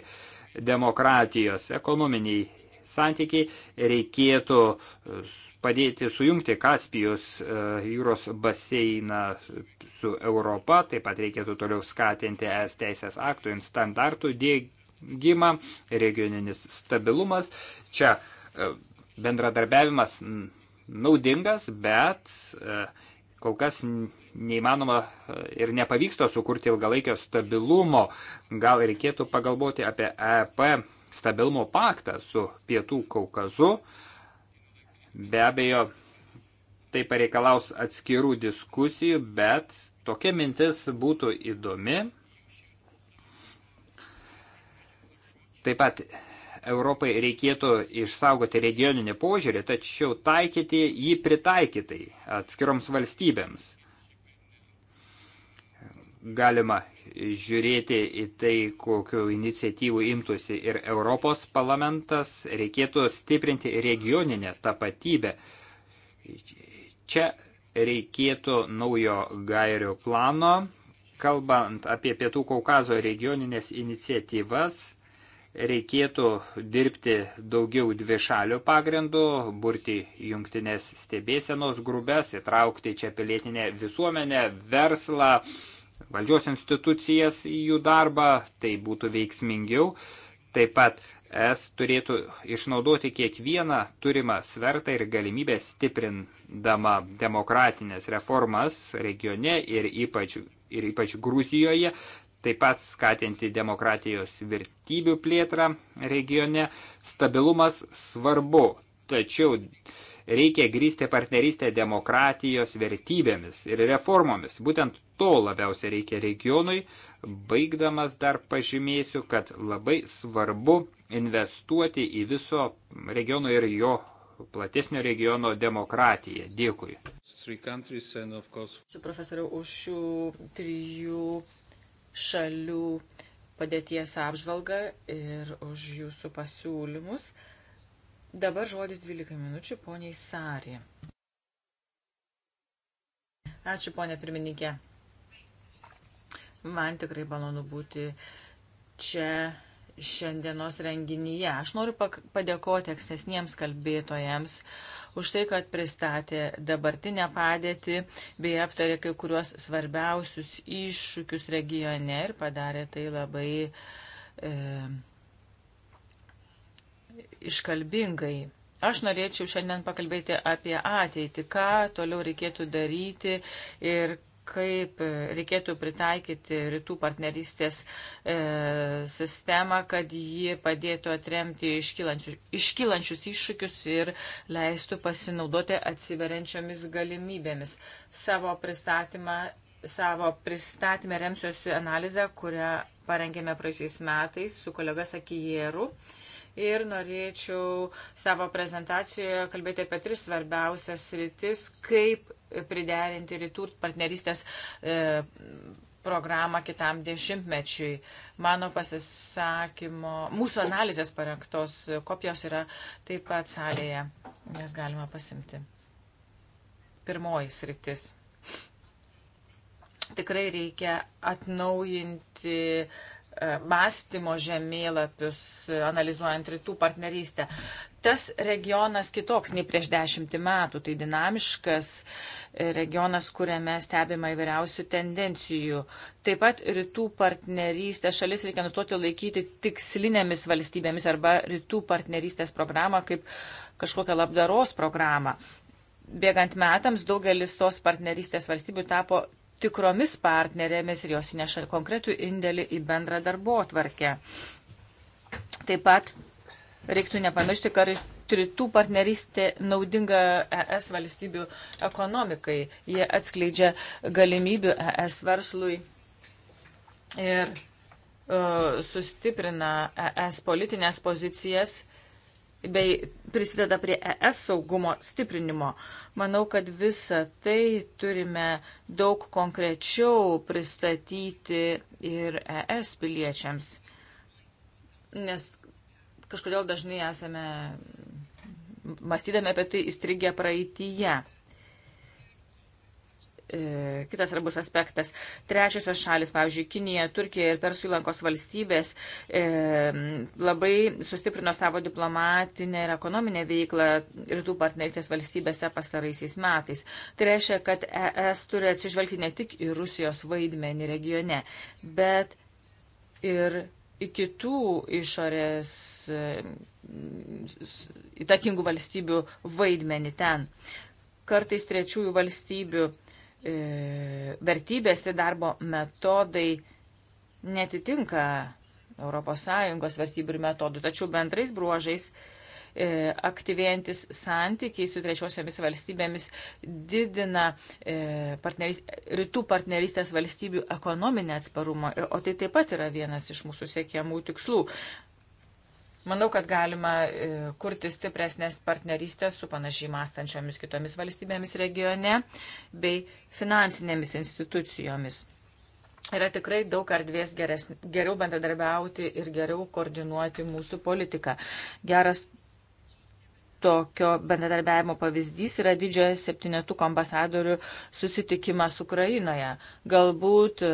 demokratijos. Ekonominiai santykiai reikėtų e, padėti sujungti Kaspijos e, jūros baseiną su Europa, taip pat reikėtų toliau skatinti es teisės aktų ir standartų dėgymą, regioninis stabilumas. Čia e, bendradarbiavimas naudingas, bet kol kas neįmanoma e, ir nepavyksta sukurti ilgalaikio stabilumo. Gal reikėtų pagalvoti apie EP stabilumo paktą su Pietų Kaukazu. Be abejo, tai pareikalaus atskirų diskusijų, bet tokia mintis būtų įdomi. Taip pat Europai reikėtų išsaugoti regioninį požiūrį, tačiau taikyti jį pritaikytai atskiroms valstybėms galima žiūrėti į tai, kokiu iniciatyvų imtųsi ir Europos parlamentas, reikėtų stiprinti regioninę tapatybę. Čia reikėtų naujo gairių plano, kalbant apie Pietų Kaukazo regioninės iniciatyvas, reikėtų dirbti daugiau dvišalių pagrindų, burti jungtinės stebėsenos grubes, įtraukti čia pilietinę visuomenę, verslą, valdžios institucijas į jų darbą, tai būtų veiksmingiau. Taip pat es turėtų išnaudoti kiekvieną turimą svertą ir galimybę stiprindama demokratinės reformas regione ir ypač, ir ypač Gruzijoje, taip pat skatinti demokratijos vertybių plėtrą regione. Stabilumas svarbu, tačiau Reikia grįsti partnerystę demokratijos vertybėmis ir reformomis. Būtent to labiausiai reikia regionui. Baigdamas dar pažymėsiu, kad labai svarbu investuoti į viso regiono ir jo platesnio regiono demokratiją. Dėkui. Ačiū profesoriau už šių trijų šalių padėties apžvalgą ir už jūsų pasiūlymus. Dabar žodis 12 minučių poniai Sari. Ačiū, ponė pirmininkė. Man tikrai malonu būti čia šiandienos renginyje. Aš noriu padėkoti ankstesniems kalbėtojams už tai, kad pristatė dabartinę padėtį bei aptarė kai kuriuos svarbiausius iššūkius regione ir padarė tai labai e, iškalbingai. Aš norėčiau šiandien pakalbėti apie ateitį, ką toliau reikėtų daryti ir kaip reikėtų pritaikyti rytų partnerystės e, sistemą, kad ji padėtų atremti iškylančius, iškylančius iššūkius ir leistų pasinaudoti atsiveriančiomis galimybėmis. Savo pristatymą. Savo pristatymę remsiuosi analizę, kurią parengėme praeisiais metais su kolega Sakijėru. E, ir norėčiau savo prezentacijoje kalbėti apie tris svarbiausias rytis, kaip priderinti rytų partnerystės e, programą kitam dešimtmečiui. Mano pasisakymo, mūsų analizės parengtos kopijos yra taip pat salėje, nes galima pasimti. Pirmoji sritis tikrai reikia atnaujinti E, mąstymo žemėlapius, e, analizuojant rytų partnerystę. Tas regionas kitoks nei prieš dešimtį metų, tai dinamiškas e, regionas, kuriame stebima įvairiausių tendencijų. Taip pat rytų partnerystę šalis reikia nustoti laikyti tikslinėmis valstybėmis arba rytų partnerystės programą kaip kažkokią labdaros programą bėgant metams daugelis tos partnerystės valstybių tapo tikromis partnerėmis ir jos neša konkretų indėlį į bendrą darbo atvarkę. Taip pat reiktų nepamiršti, kad rytų partnerystė naudinga ES valstybių ekonomikai. Jie atskleidžia galimybių ES verslui ir uh, sustiprina ES politinės pozicijas bei prisideda prie ES saugumo stiprinimo. Manau, kad visą tai turime daug konkrečiau pristatyti ir ES piliečiams, nes kažkodėl dažnai esame, mąstydami apie tai, įstrigę praeitįje. E, kitas svarbus aspektas. Trečiosios šalis, pavyzdžiui, Kinija, Turkija ir Persų įlankos valstybės e, labai sustiprino savo diplomatinę ir ekonominę veiklą rytų partnerystės valstybėse pastaraisiais metais. Tai reiškia, kad ES turi atsižvelgti ne tik į Rusijos vaidmenį regione, bet ir į kitų išorės e, įtakingų valstybių vaidmenį ten. Kartais trečiųjų valstybių E, vertybės ir darbo metodai netitinka ES vertybių ir metodų, tačiau bendrais bruožais e, aktyvėjantis santykiai su trečiosiomis valstybėmis didina e, partnerys, rytų partnerystės valstybių ekonominę atsparumą, o tai taip pat yra vienas iš mūsų siekiamų tikslų. Manau, kad galima e, kurti stipresnės partnerystės su panašiai mąstančiomis kitomis valstybėmis regione bei finansinėmis institucijomis. Yra tikrai daug erdvės geriau bendradarbiauti ir geriau koordinuoti mūsų politiką. Geras tokio bendradarbiavimo pavyzdys yra didžiojo septynetuko ambasadorių susitikimas Ukrainoje. Galbūt e,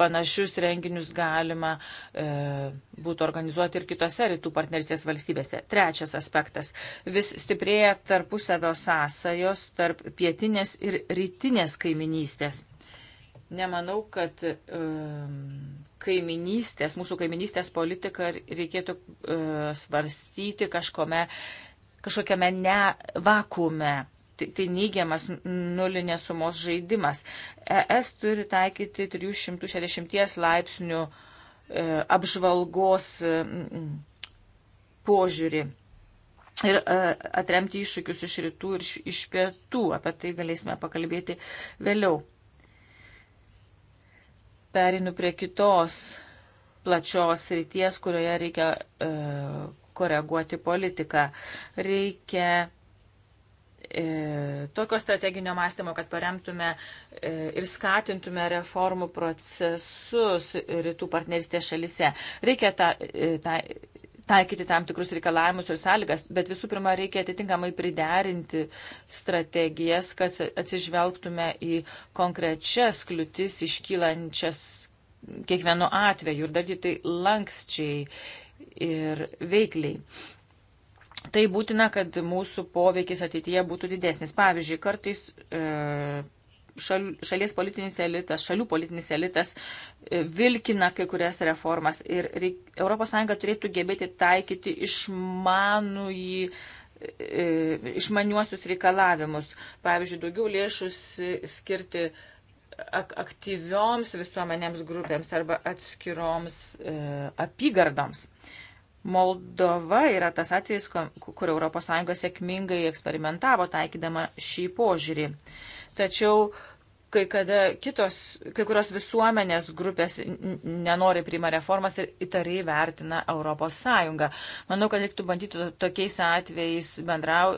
panašius renginius galima e, būtų organizuoti ir kitose rytų partnerystės valstybėse. Trečias aspektas. Vis stiprėja tarpusavio sąsajos tarp pietinės ir rytinės kaiminystės. Nemanau, kad e, kaiminystės, mūsų kaiminystės politiką reikėtų e, svarstyti kažkome, kažkokiame ne vakume Tai, tai neigiamas nulinės sumos žaidimas. ES turi taikyti 360 laipsnių e, apžvalgos požiūrį ir e, atremti iššūkius iš rytų ir iš pietų. Apie tai galėsime pakalbėti vėliau. Perinu prie kitos plačios ryties, kurioje reikia e, koreguoti politiką. Reikia E, tokio strateginio mąstymo, kad paremtume e, ir skatintume reformų procesus rytų partnerystės šalise. Reikia tą, e, tą, taikyti tam tikrus reikalavimus ir sąlygas, bet visų pirma reikia atitinkamai priderinti strategijas, kad atsižvelgtume į konkrečias kliūtis iškylančias kiekvienu atveju ir daryti tai lankščiai ir veikliai tai būtina, kad mūsų poveikis ateityje būtų didesnis. Pavyzdžiui, kartais e, šal, šalies politinis elitas, šalių politinis elitas e, vilkina kai kurias reformas ir ES turėtų gebėti taikyti išmanųjį e, išmaniuosius reikalavimus. Pavyzdžiui, daugiau lėšų skirti ak aktyvioms visuomenėms grupėms arba atskiroms e, apygardoms. E, Moldova yra tas atvejis, kur ES sėkmingai eksperimentavo taikydama šį požiūrį. Tačiau kai kada kitos, kai kurios visuomenės grupės nenori priima reformas ir įtariai vertina ES. Manau, kad reiktų bandyti tokiais atvejais bendrau,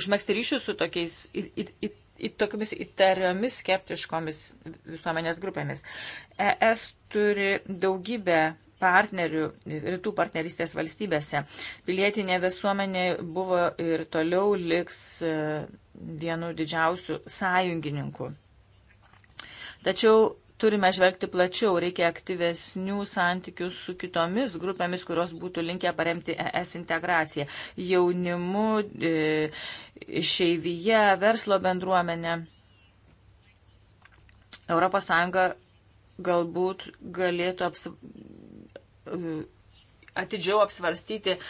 užmėgsti ryšius su tokiais. Į, į, į, į tokiamis įtariomis skeptiškomis visuomenės grupėmis. ES turi daugybę partnerių rytų partnerystės valstybėse. Pilietinė visuomenė buvo ir toliau liks e, vienu didžiausių sąjungininkų. Tačiau turime žvelgti plačiau, reikia aktyvesnių santykių su kitomis grupėmis, kurios būtų linkę paremti ES integraciją - jaunimu, e, šeivyje, verslo bendruomenė. ES galbūt galėtų apsi Mm, atidžiau apsvarstyti e,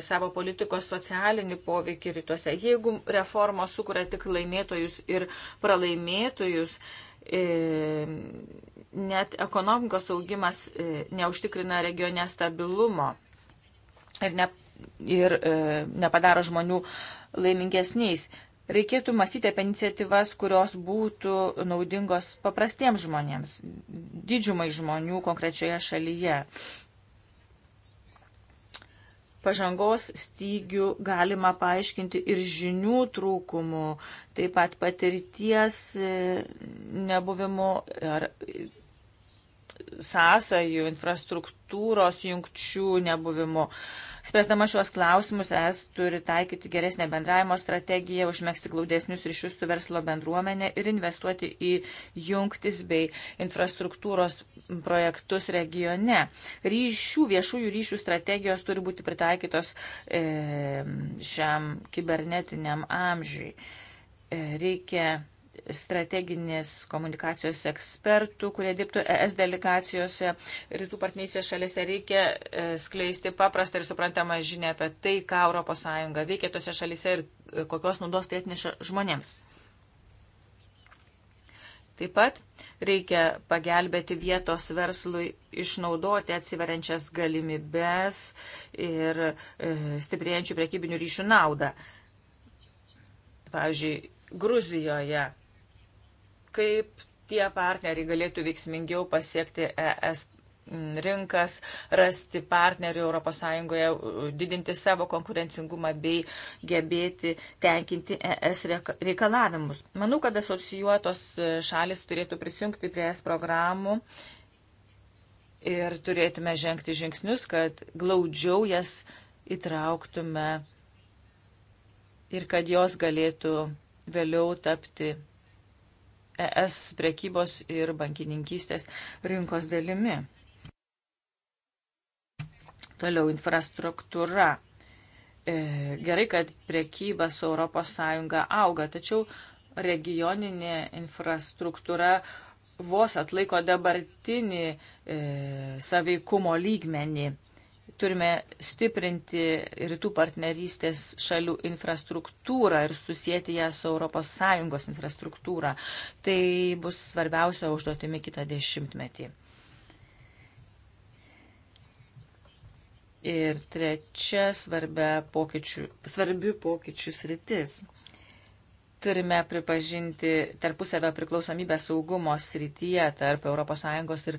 savo politikos socialinį poveikį rytuose. Jeigu reformos sukuria tik laimėtojus ir pralaimėtojus, e, net ekonomikos augimas e, neužtikrina regione stabilumo ir, ne, ir nepadaro žmonių laimingesniais. Reikėtų mąstyti apie iniciatyvas, kurios būtų naudingos paprastiems žmonėms, didžiumai žmonių konkrečioje šalyje. Pažangos stygių galima paaiškinti ir žinių trūkumų, taip pat patirties e, nebuvimu ar sąsajų, infrastruktūros jungčių nebuvimu. Uh, Spręsdama šiuos klausimus, es turi taikyti geresnę bendravimo strategiją, užmėgsti glaudesnius ryšius su verslo bendruomenė ir investuoti į jungtis bei infrastruktūros projektus regione. Ryšių, viešųjų ryšių strategijos turi būti pritaikytos e, šiam kibernetiniam amžiui. E, reikia strateginės komunikacijos ekspertų, kurie dirbtų ES delegacijose rytų partnerystės šalise. Reikia e, skleisti paprastą ir suprantamą žinę apie tai, ką ES veikia tose šalise ir e, kokios naudos tai atneša žmonėms. Taip pat reikia pagelbėti vietos verslui išnaudoti atsiveriančias galimybes ir e, stiprėjančių prekybinių ryšių naudą. Pavyzdžiui, Gruzijoje kaip tie partneriai galėtų veiksmingiau pasiekti ES rinkas, rasti partnerių ES, didinti savo konkurencingumą bei gebėti tenkinti ES reikalavimus. Manau, kad asocijuotos šalis turėtų prisijungti prie ES programų ir turėtume žengti žingsnius, kad glaudžiau jas įtrauktume ir kad jos galėtų vėliau tapti ES prekybos ir bankininkystės rinkos dalimi. Toliau infrastruktūra. E, gerai, kad prekyba su ES auga, tačiau regioninė infrastruktūra vos atlaiko dabartinį e, saveikumo lygmenį turime stiprinti rytų partnerystės šalių infrastruktūrą ir susijęti ją su ES infrastruktūra. Tai bus svarbiausia užduotimi kitą dešimtmetį. Ir trečia svarbia pokyčių, svarbi pokyčių sritis turime pripažinti tarpusavę priklausomybę saugumo srityje tarp ES ir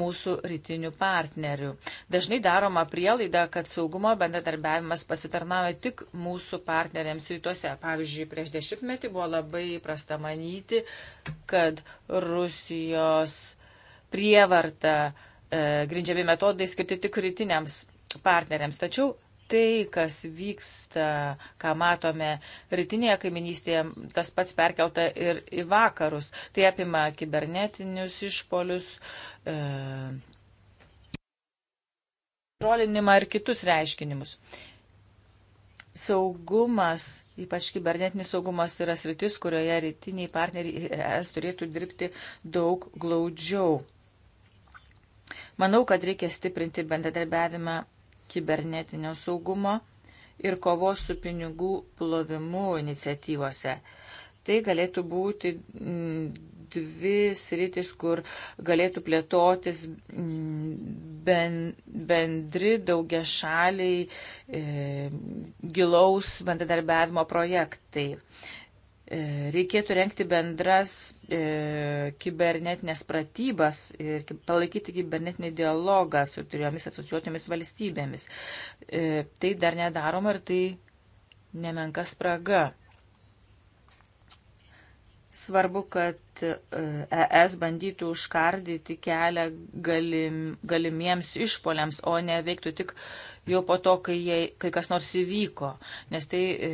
mūsų rytinių partnerių. Dažnai daroma prielaida, kad saugumo bendradarbiavimas pasitarnauja tik mūsų partneriams rytuose. Pavyzdžiui, prieš dešimtmetį buvo labai įprasta manyti, kad Rusijos prievarta e, grindžiami metodai skirti tik rytiniams partneriams. Tačiau tai, kas vyksta, ką matome rytinėje kaiminystėje, tas pats perkelta ir į vakarus. Tai apima kibernetinius išpolius, e, trolinimą ir kitus reiškinimus. Saugumas, ypač kibernetinis saugumas, yra sritis, kurioje rytiniai partneriai ES turėtų dirbti daug glaudžiau. Manau, kad reikia stiprinti bendradarbiavimą kibernetinio saugumo ir kovos su pinigų plovimu iniciatyvose. Tai galėtų būti mm, dvi sritis, kur galėtų plėtotis mm, ben, bendri daugia šaliai e, gilaus bendradarbiavimo projektai. E, reikėtų renkti bendras e, kibernetinės pratybas ir palaikyti kibernetinį dialogą su turiomis asociuotomis valstybėmis. E, tai dar nedaroma ir tai nemenka spraga. Svarbu, kad ES e bandytų užkardyti kelią galim, galimiems išpoliams, o ne veiktų tik jau po to, kai, jie, kai kas nors įvyko, nes tai e,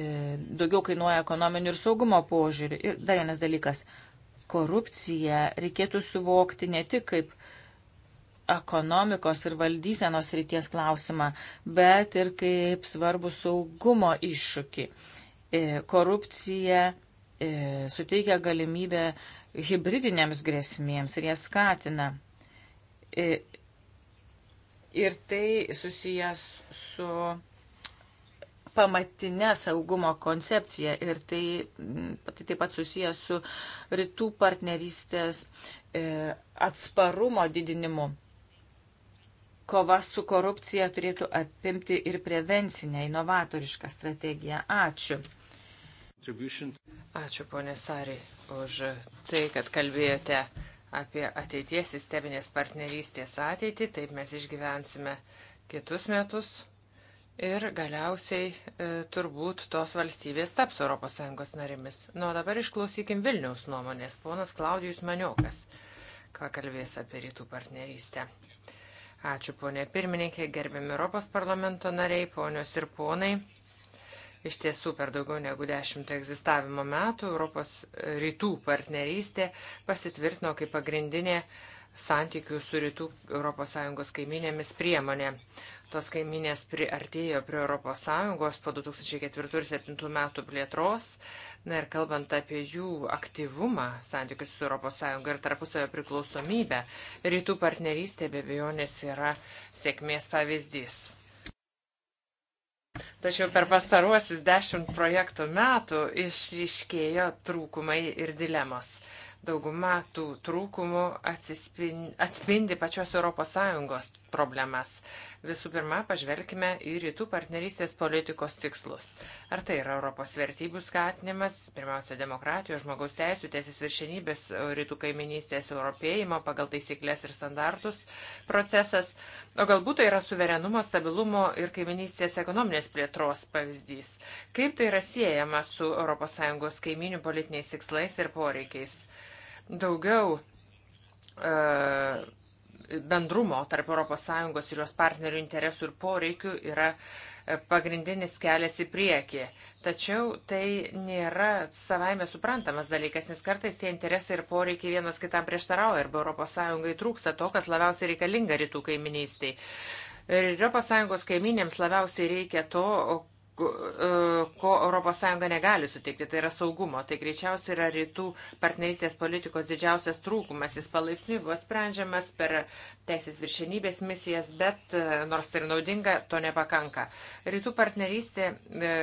daugiau kainuoja ekonominių ir saugumo požiūrių. Ir dar vienas dalykas - korupciją reikėtų suvokti ne tik kaip ekonomikos ir valdysenos ryties klausimą, bet ir kaip svarbu saugumo iššūkį. E, korupcija e, suteikia galimybę hybridinėms grėsmėms ir jas skatina. E, Ir tai susijęs su pamatinė saugumo koncepcija ir tai, mm, tai taip pat susijęs su rytų partnerystės e, atsparumo didinimu. Kova su korupcija turėtų apimti ir prevencinę inovatorišką strategiją. Ačiū. Ačiū, ponė Sari, už tai, kad kalbėjote apie ateities sisteminės partnerystės ateitį, taip mes išgyvensime kitus metus ir galiausiai e, turbūt tos valstybės taps ES narėmis. Nu, o dabar išklausykim Vilniaus nuomonės. Ponas Klaudijus Maniokas, ką kalbės apie rytų partnerystę. Ačiū, ponė pirmininkė, gerbiami Europos parlamento nariai, ponios ir ponai. Iš tiesų, per daugiau negu dešimt egzistavimo metų Europos rytų partnerystė pasitvirtino kaip pagrindinė santykių su rytų ES kaiminėmis priemonė. Tos kaiminės priartėjo prie ES po 2004-2007 metų plėtros. Na ir kalbant apie jų aktyvumą santykius su ES ir tarpusavio priklausomybę, rytų partnerystė be abejonės yra sėkmės pavyzdys. Tačiau per pastaruosius dešimt projektų metų išryškėjo trūkumai ir dilemos. Dauguma tų trūkumų atsispindi, atspindi pačios ES problemas. Visų pirma, pažvelkime į rytų partnerystės politikos tikslus. Ar tai yra Europos vertybių skatinimas, pirmiausia, demokratijos, žmogaus teisų, teisės viršenybės, rytų kaiminystės europėjimo pagal taisyklės ir standartus procesas, o galbūt tai yra suverenumo, stabilumo ir kaiminystės ekonominės plėtros pavyzdys. Kaip tai yra siejama su ES kaiminių politiniais tikslais ir poreikiais? daugiau e, bendrumo tarp ES ir jos partnerių interesų ir poreikių yra e, pagrindinis kelias į priekį. Tačiau tai nėra savaime suprantamas dalykas, nes kartais tie interesai ir poreikiai vienas kitam prieštarauja arba ES trūksta to, kas labiausiai reikalinga rytų kaiminystiai. Ir ES kaiminėms labiausiai reikia to, ko ES negali suteikti, tai yra saugumo. Tai greičiausiai yra rytų partnerystės politikos didžiausias trūkumas. Jis palaipsniui buvo sprendžiamas per teisės viršenybės misijas, bet e, nors tai ir naudinga, to nepakanka. Rytų partnerystė e,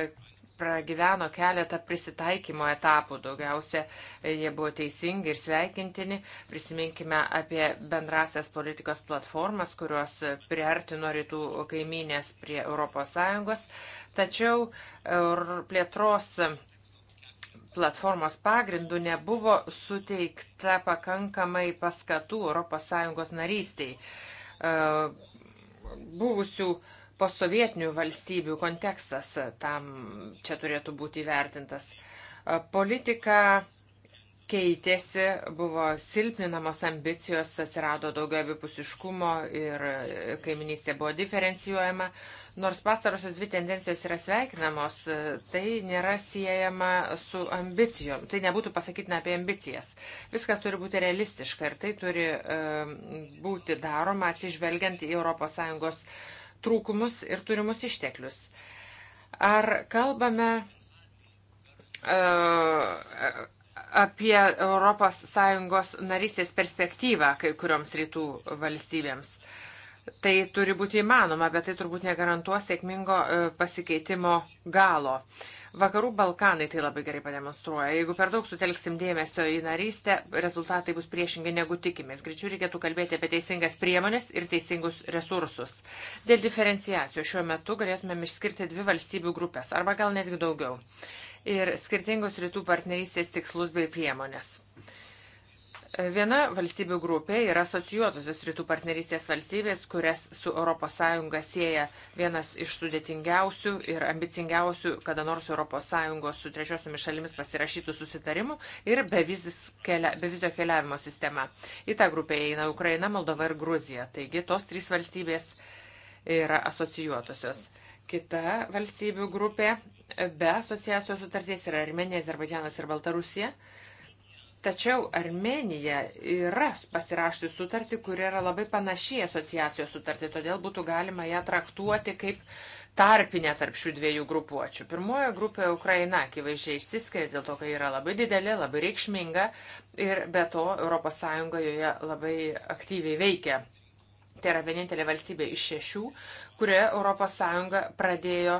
pragyveno keletą prisitaikymo etapų. Daugiausia e, jie buvo teisingi ir sveikintini. Prisiminkime apie bendrasias politikos platformas, kurios priartino rytų kaiminės prie ES. Tačiau e, plėtros platformos pagrindų nebuvo suteikta pakankamai paskatų ES narystiai. E, buvusių uh, posovietinių valstybių kontekstas tam čia turėtų būti įvertintas. E, politika keitėsi, buvo silpninamos ambicijos, atsirado daugiau abipusiškumo ir e, kaiminystė buvo diferencijuojama. Nors pastarosios dvi tendencijos yra sveikinamos, e, tai nėra siejama su ambicijom. Tai nebūtų pasakytina apie ambicijas. Viskas turi būti realistiška ir tai turi būti daroma atsižvelgiant į ES trūkumus ir turimus išteklius. Ar kalbame uh, apie ES narystės perspektyvą kai kurioms rytų valstybėms? Tai turi būti įmanoma, bet tai turbūt negarantuos sėkmingo e, pasikeitimo galo. Uh, Vakarų Balkanai tai labai gerai pademonstruoja. Jeigu per daug sutelksim dėmesio į narystę, rezultatai bus priešingai negu tikimės. Greičiau reikėtų kalbėti apie teisingas priemonės ir teisingus resursus. Dėl diferenciacijos šiuo metu galėtumėm išskirti dvi valstybių grupės, arba gal netgi daugiau. Ir skirtingus rytų partnerystės tikslus bei priemonės. Viena valstybių grupė yra asocijuotosios rytų partnerystės valstybės, kurias su ES sieja vienas iš sudėtingiausių ir ambicingiausių, kada nors ES su trečiosiomis šalimis pasirašytų susitarimų ir bevizio kelia, be keliavimo sistema. Į tą grupę įeina Ukraina, Moldova ir Gruzija. Taigi tos trys valstybės yra asocijuotosios. Kita valstybių grupė be asociacijos sutarties yra Armenija, Azerbaidžianas ir Baltarusija. Tačiau Armenija yra pasirašusi sutartį, kuri yra labai panašiai asociacijos sutartį, todėl būtų galima ją traktuoti kaip tarpinę tarp šių dviejų grupuočių. Pirmojo grupė Ukraina akivaizdžiai išsiskiria dėl to, kad yra labai didelė, labai reikšminga ir be to ES joje labai aktyviai veikia. Tai yra vienintelė valstybė iš šešių, kurioje ES pradėjo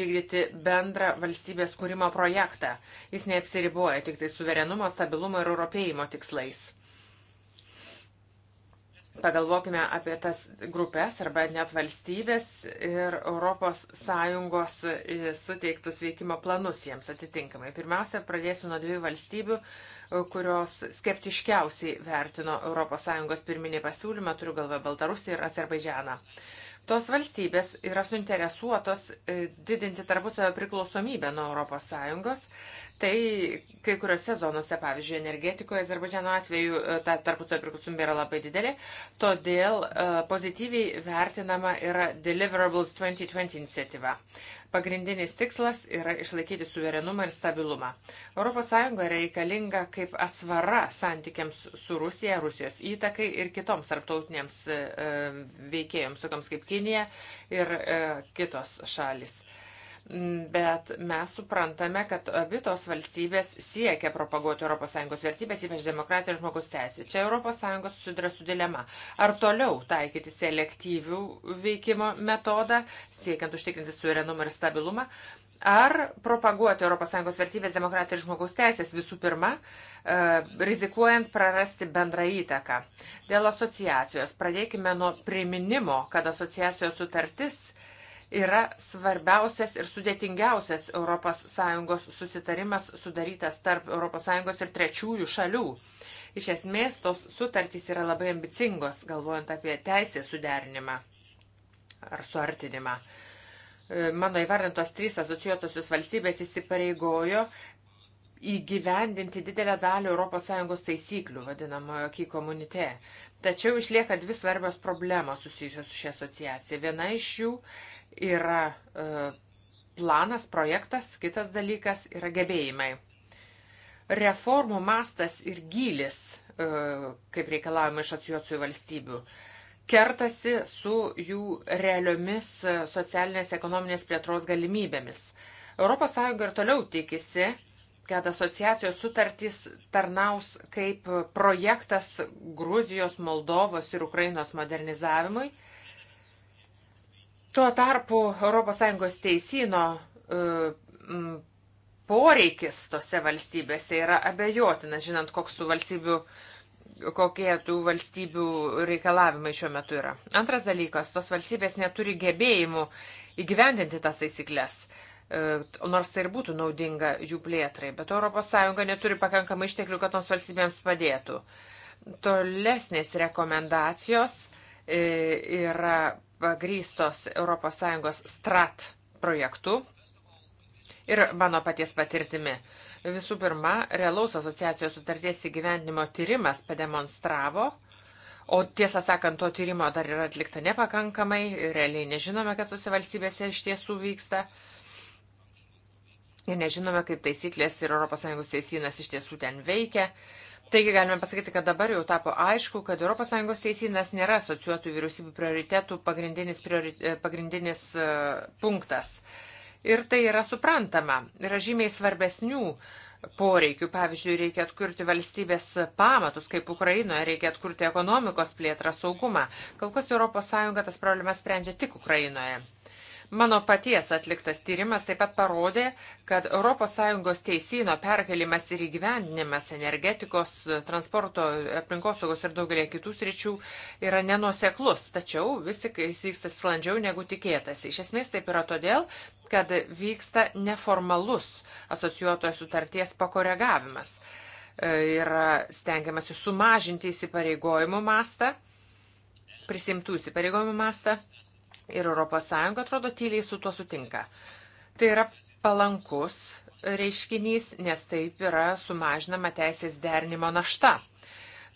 vykdyti bendrą valstybės kūrimo projektą. Jis neapsiriboja tik tai suverenumo, stabilumo ir europėjimo tikslais. Pagalvokime apie tas grupės arba net valstybės ir ES e, suteiktus veikimo planus jiems atitinkamai. Pirmiausia, pradėsiu nuo dviejų valstybių, e, kurios skeptiškiausiai vertino ES pirminį pasiūlymą, turiu galvą Baltarusiją ir Azerbaidžianą. Tos valstybės yra suinteresuotos e, didinti tarpusavio priklausomybę nuo ES, Tai kai kuriuose zonose, pavyzdžiui, energetikoje Azerbaidžiano atveju e, ta tarpusavio priklausomybė yra labai didelė, todėl e, pozityviai vertinama yra Deliverables 2020 iniciatyva. Pagrindinis tikslas yra išlaikyti suverenumą ir stabilumą. ES yra reikalinga kaip atsvara santykiams su Rusija, Rusijos įtakai ir kitoms tarptautiniams e, veikėjams, tokiams kaip Kinija ir kitos šalis. Bet mes suprantame, kad abi tos valstybės siekia propaguoti ES vertybės, ypač demokratiją ir žmogus teisė. Čia ES susiduria su dilema. Ar toliau taikyti selektyvių veikimo metodą, siekiant užtikrinti suverenumą ir stabilumą, ar propaguoti ES vertybės, demokratiją ir žmogaus teisės visų pirma, e, rizikuojant prarasti bendrą įtaką. Dėl asociacijos pradėkime nuo priminimo, kad asociacijos sutartis yra svarbiausias ir sudėtingiausias ES susitarimas sudarytas tarp ES ir trečiųjų šalių. Iš esmės, tos sutartys yra labai ambicingos, galvojant apie teisės suderinimą ar suartinimą. E, mano įvardintos trys asociuotosios valstybės įsipareigojo įgyvendinti didelę dalį ES taisyklių, vadinamojo ky komunite. Tačiau išlieka dvi svarbios problemos susijusios su šia asociacija. Viena iš jų yra e, planas, projektas, kitas dalykas yra gebėjimai. Reformų mastas ir gylis, e, kaip reikalavimo iš atsijuocijų valstybių, kertasi su jų realiomis e, socialinės ekonominės plėtros galimybėmis. ES ir toliau tikisi, kad asociacijos sutartys tarnaus kaip projektas Gruzijos, Moldovos ir Ukrainos modernizavimui Tuo tarpu ES teisino e, poreikis tose valstybėse yra abejotinas, žinant, koks tų valstybių, kokie tų valstybių reikalavimai šiuo metu yra. Antras dalykas, tos valstybės neturi gebėjimų įgyvendinti tas taisyklės e, nors tai ir būtų naudinga jų plėtrai, bet ES neturi pakankamai išteklių, kad toms valstybėms padėtų. Tolesnės rekomendacijos e, yra pagrystos ES strat projektu ir mano paties patirtimi. Visų pirma, realaus asociacijos sutarties įgyvendimo tyrimas pademonstravo, O tiesą sakant, to tyrimo dar yra atlikta nepakankamai, realiai nežinome, kas tose valstybėse iš tiesų vyksta. Ir nežinome, kaip taisyklės ir ES teisynas iš tiesų ten veikia. Taigi galime pasakyti, kad dabar jau tapo aišku, kad ES teisynas nėra asociuotų vyriausybių prioritetų pagrindinis, priori, e, pagrindinis uh, punktas. Ir tai yra suprantama. Yra žymiai svarbesnių poreikių. Pavyzdžiui, reikia atkurti valstybės pamatus, kaip Ukrainoje, reikia atkurti ekonomikos plėtrą, saugumą. Kol kas ES tas problemas sprendžia tik Ukrainoje. Mano paties atliktas tyrimas taip pat parodė, kad ES teisino perkelimas ir įgyvendinimas energetikos, transporto, aplinkosaugos ir daugelį kitų sričių yra nenuoseklus, tačiau vis tik jis vyksta sklandžiau negu tikėtasi. Iš esmės taip yra todėl, kad vyksta neformalus asociuotojo sutarties pakoregavimas e, yra stengiamasi sumažinti įsipareigojimų mastą, prisimtų įsipareigojimų mastą ir ES atrodo tyliai su tuo sutinka. Tai yra palankus reiškinys, nes taip yra sumažinama teisės derinimo našta.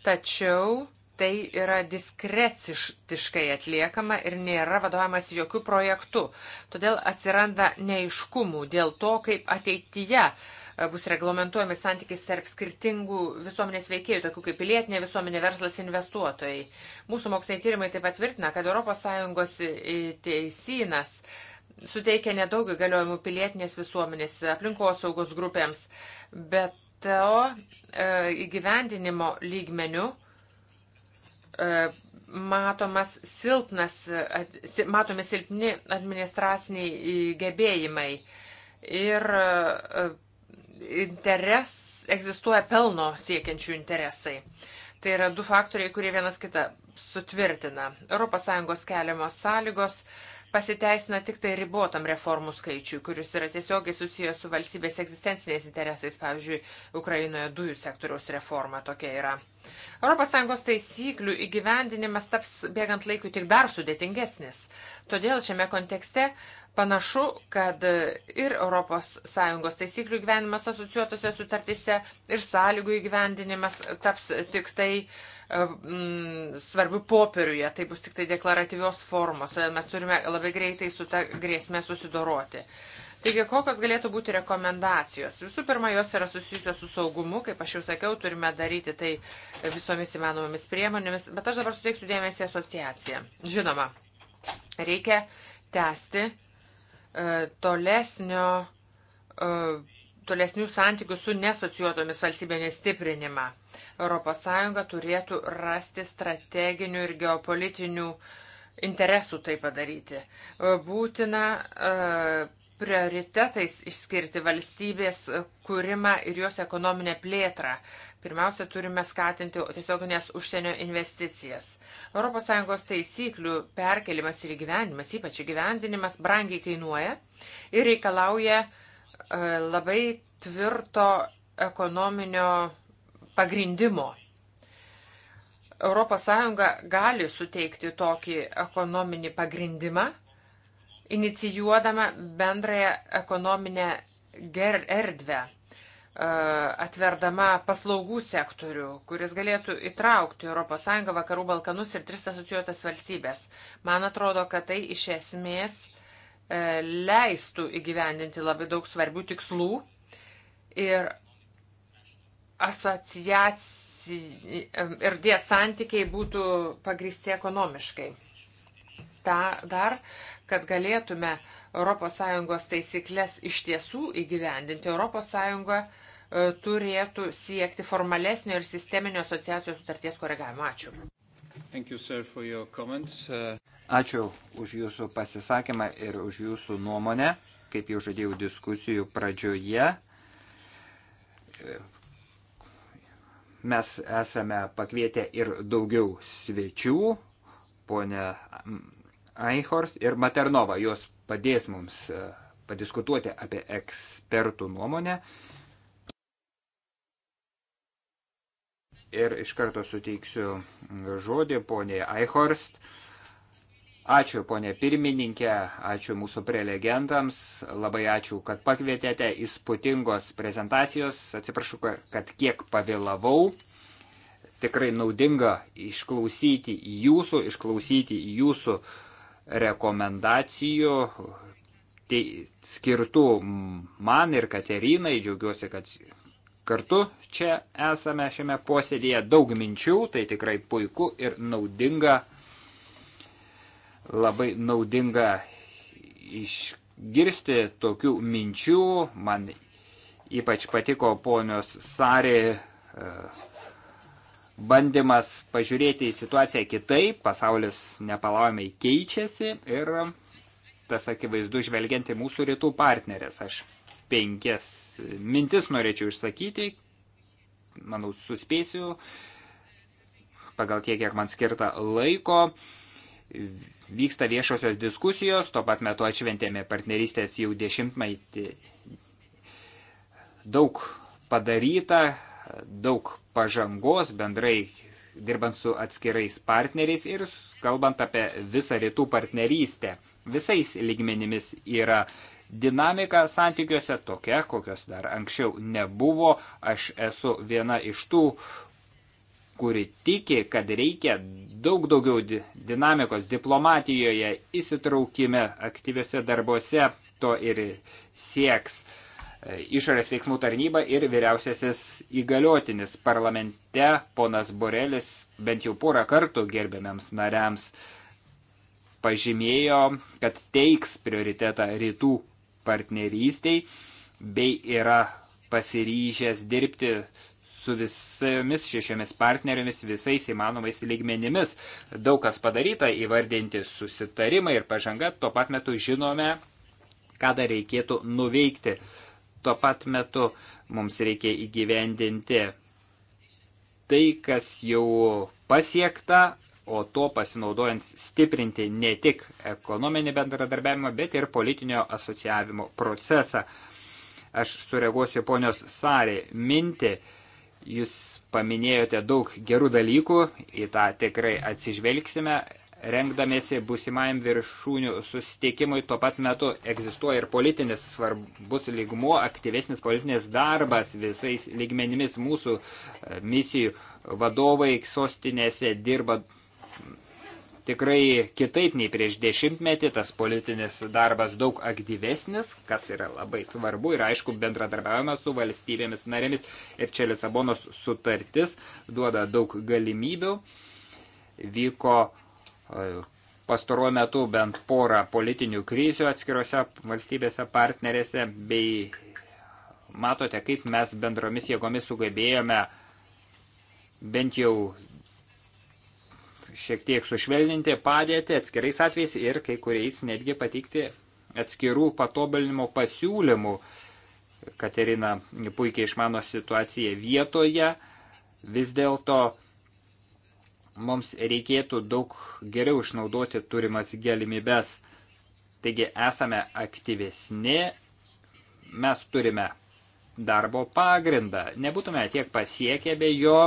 Tačiau tai yra diskreciškai atliekama ir nėra vadovavimas jokių projektų. Todėl atsiranda neiškumų dėl to, kaip ateityje uh, bus reglamentuojami santykiai tarp skirtingų visuomenės veikėjų, tokių kaip pilietinė visuomenė, verslas, investuotojai. Mūsų moksliniai tyrimai taip patvirtina, kad ES teisynas suteikia nedaug įgaliojimų pilietinės visuomenės aplinkosaugos grupėms, bet to e, įgyvendinimo lygmenių e, matomas silpnas, matomi silpni administraciniai gebėjimai. Ir e, interes, egzistuoja pelno siekiančių interesai. Tai yra du faktoriai, kurie vienas kitą sutvirtina. ES keliamos sąlygos uh, pasiteisina tik tai ribotam reformų skaičiui, kuris yra tiesiogiai susijęs su valstybės egzistenciniais interesais, pavyzdžiui, Ukrainoje dujų sektoriaus reforma tokia yra. ES taisyklių įgyvendinimas taps bėgant laikui tik dar sudėtingesnis. Todėl šiame kontekste panašu, kad ir ES taisyklių įgyvendinimas asociuotose sutartise ir sąlygų įgyvendinimas taps tik tai uh, E, mm, svarbių popieriuje, tai bus tik tai deklaratyvios formos, todėl e, mes turime labai greitai su tą grėsmę susidoroti. Taigi, kokios galėtų būti rekomendacijos? Visų pirma, jos yra susijusios su saugumu, kaip aš jau sakiau, turime daryti tai visomis įmanomomis priemonėmis, bet aš dabar suteiksiu dėmesį asociaciją. Žinoma, reikia tęsti e, tolesnio, tolesnių santykių su nesociuotomis valstybėmis stiprinimą ES turėtų rasti strateginių ir geopolitinių interesų tai padaryti. Būtina e, prioritetais išskirti valstybės kūrimą ir jos ekonominę plėtrą. Pirmiausia, turime skatinti tiesioginės užsienio investicijas. ES taisyklių perkelimas ir gyvenimas, ypač gyvendinimas, brangiai kainuoja ir reikalauja e, labai tvirto ekonominio pagrindimo. ES gali suteikti tokį ekonominį pagrindimą, inicijuodama bendrąją ekonominę erdvę, e, atverdama paslaugų sektorių, kuris galėtų įtraukti ES, Vakarų Balkanus ir tris asociuotas valstybės. Man atrodo, kad tai iš esmės e, leistų įgyvendinti labai daug svarbių tikslų ir asociacijai ir tie santykiai būtų pagristi ekonomiškai. Ta dar, kad galėtume ES taisyklės iš tiesų įgyvendinti, ES e, turėtų siekti formalesnio ir sisteminio asociacijos sutarties koregavimo. Ačiū. You, sir, uh... Ačiū už Jūsų pasisakymą ir už Jūsų nuomonę, kaip jau žadėjau diskusijų pradžioje Mes esame pakvietę ir daugiau svečių, ponę Einhorst ir Maternova. Jos padės mums e, padiskutuoti apie ekspertų nuomonę. Ir iš karto suteiksiu žodį poniai Eichhorst. Uh, Ačiū, ponė pirmininkė, ačiū mūsų prelegentams, labai ačiū, kad pakvietėte įspūdingos prezentacijos, atsiprašau, kad kiek pavėlavau. Tikrai naudinga išklausyti jūsų, išklausyti jūsų rekomendacijų tai skirtų man ir Katerinai, džiaugiuosi, kad kartu čia esame šiame posėdėje daug minčių, tai tikrai puiku ir naudinga labai naudinga išgirsti tokių minčių. Man ypač patiko ponios Sari e, bandymas pažiūrėti į situaciją kitaip, pasaulis nepalaujamai keičiasi ir tas akivaizdu žvelgiant į mūsų rytų partnerės. Aš penkias mintis norėčiau išsakyti, manau, suspėsiu pagal tiek, kiek man skirta laiko. Uh, vyksta viešosios diskusijos, tuo pat metu atšventėme partnerystės jau dešimtmetį. Daug padaryta, daug pažangos bendrai dirbant su atskirais partneriais ir kalbant apie visą rytų partnerystę. Visais lygmenimis yra dinamika santykiuose tokia, kokios dar anksčiau nebuvo. Aš esu viena iš tų uh, kuri tiki, kad reikia daug daugiau dinamikos diplomatijoje, įsitraukime, aktyviuose darbuose, to ir sieks e, išorės veiksmų tarnyba ir vyriausiasis įgaliotinis parlamente ponas Borelis bent jau porą kartų gerbiamiams nariams pažymėjo, kad teiks prioritetą rytų partnerystiai bei yra pasiryžęs dirbti su visomis šešiomis partnerėmis visais įmanomais lygmenimis. Daug kas padaryta įvardinti susitarimai ir pažanga, tuo pat metu žinome, ką dar reikėtų nuveikti. Tuo pat metu mums reikia įgyvendinti tai, kas jau pasiekta, o to pasinaudojant stiprinti ne tik ekonominį bendradarbiavimą, bet ir politinio asociavimo procesą. Aš sureaguosiu ponios Sarė mintį, Jūs paminėjote daug gerų dalykų, į tą tikrai atsižvelgsime, rengdamėsi būsimajam viršūnių susitikimui. Tuo pat metu egzistuoja ir politinis svarbus lygmuo, aktyvesnis politinis darbas visais lygmenimis mūsų e, misijų vadovai sostinėse dirba Tikrai kitaip nei prieš dešimtmetį tas politinis darbas daug aktyvesnis, kas yra labai svarbu ir aišku bendradarbiavame su valstybėmis narėmis ir čia Lisabonos sutartis duoda daug galimybių. Vyko e, pastaruoju metu bent porą politinių krizių atskirose valstybėse partnerėse bei matote, kaip mes bendromis jėgomis sugebėjome bent jau šiek tiek sušvelninti padėtį atskirais atvejais ir kai kuriais netgi pateikti atskirų patobulinimo pasiūlymų. Katerina puikiai išmano situaciją vietoje, vis dėlto mums reikėtų daug geriau išnaudoti turimas galimybes. Taigi esame aktyvesni, mes turime darbo pagrindą. Nebūtume tiek pasiekę be jo,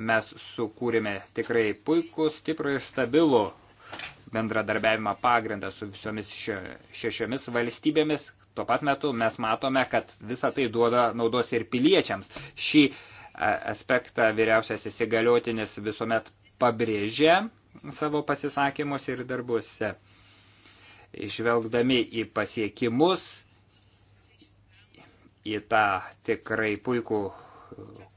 Mes sukūrėme tikrai puikų, stiprų ir stabilų bendradarbiavimą pagrindą su visomis šešiomis valstybėmis. Tuo pat metu mes matome, kad visa tai duoda naudos ir piliečiams. Šį e, aspektą vyriausias įsigaliotinis visuomet pabrėžia savo pasisakymus ir darbuose. Išvelgdami į pasiekimus, į tą tikrai puikų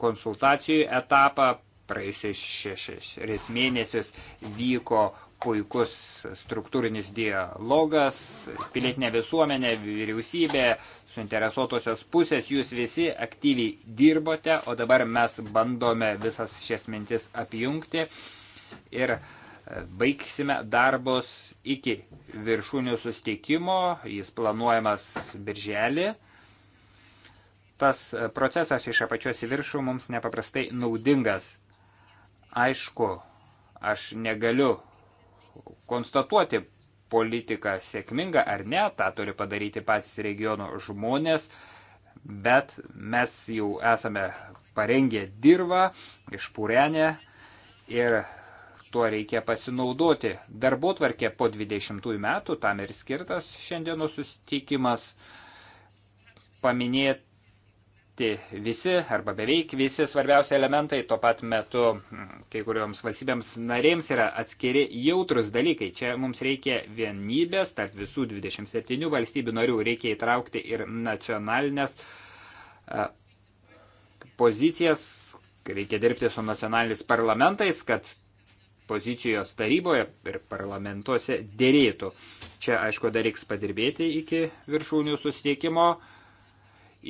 konsultacijų etapą praėjusiais šešis mėnesius vyko puikus struktūrinis dialogas, pilietinė visuomenė, vyriausybė, suinteresuotosios pusės, jūs visi aktyviai dirbote, o dabar mes bandome visas šias mintis apjungti ir e, baigsime darbus iki viršūnių susteikimo, jis planuojamas birželį. Tas e, procesas iš apačios į viršų mums nepaprastai naudingas. Aišku, aš negaliu konstatuoti politiką sėkmingą ar ne, tą turi padaryti patys regiono žmonės, bet mes jau esame parengę dirbą, išpūrenę ir tuo reikia pasinaudoti. Darbo tvarkė po 20 metų, tam ir skirtas šiandienos susitikimas. Paminėti apjungti visi arba beveik visi svarbiausi elementai, tuo pat metu mm, kai kurioms valstybėms narėms yra atskiri jautrus dalykai. Čia mums reikia vienybės, tarp visų 27 valstybių narių reikia įtraukti ir nacionalinės e, pozicijas, reikia dirbti su nacionaliniais parlamentais, kad pozicijos taryboje ir parlamentuose dėrėtų. Čia, aišku, dar reiks padirbėti iki viršūnių susitikimo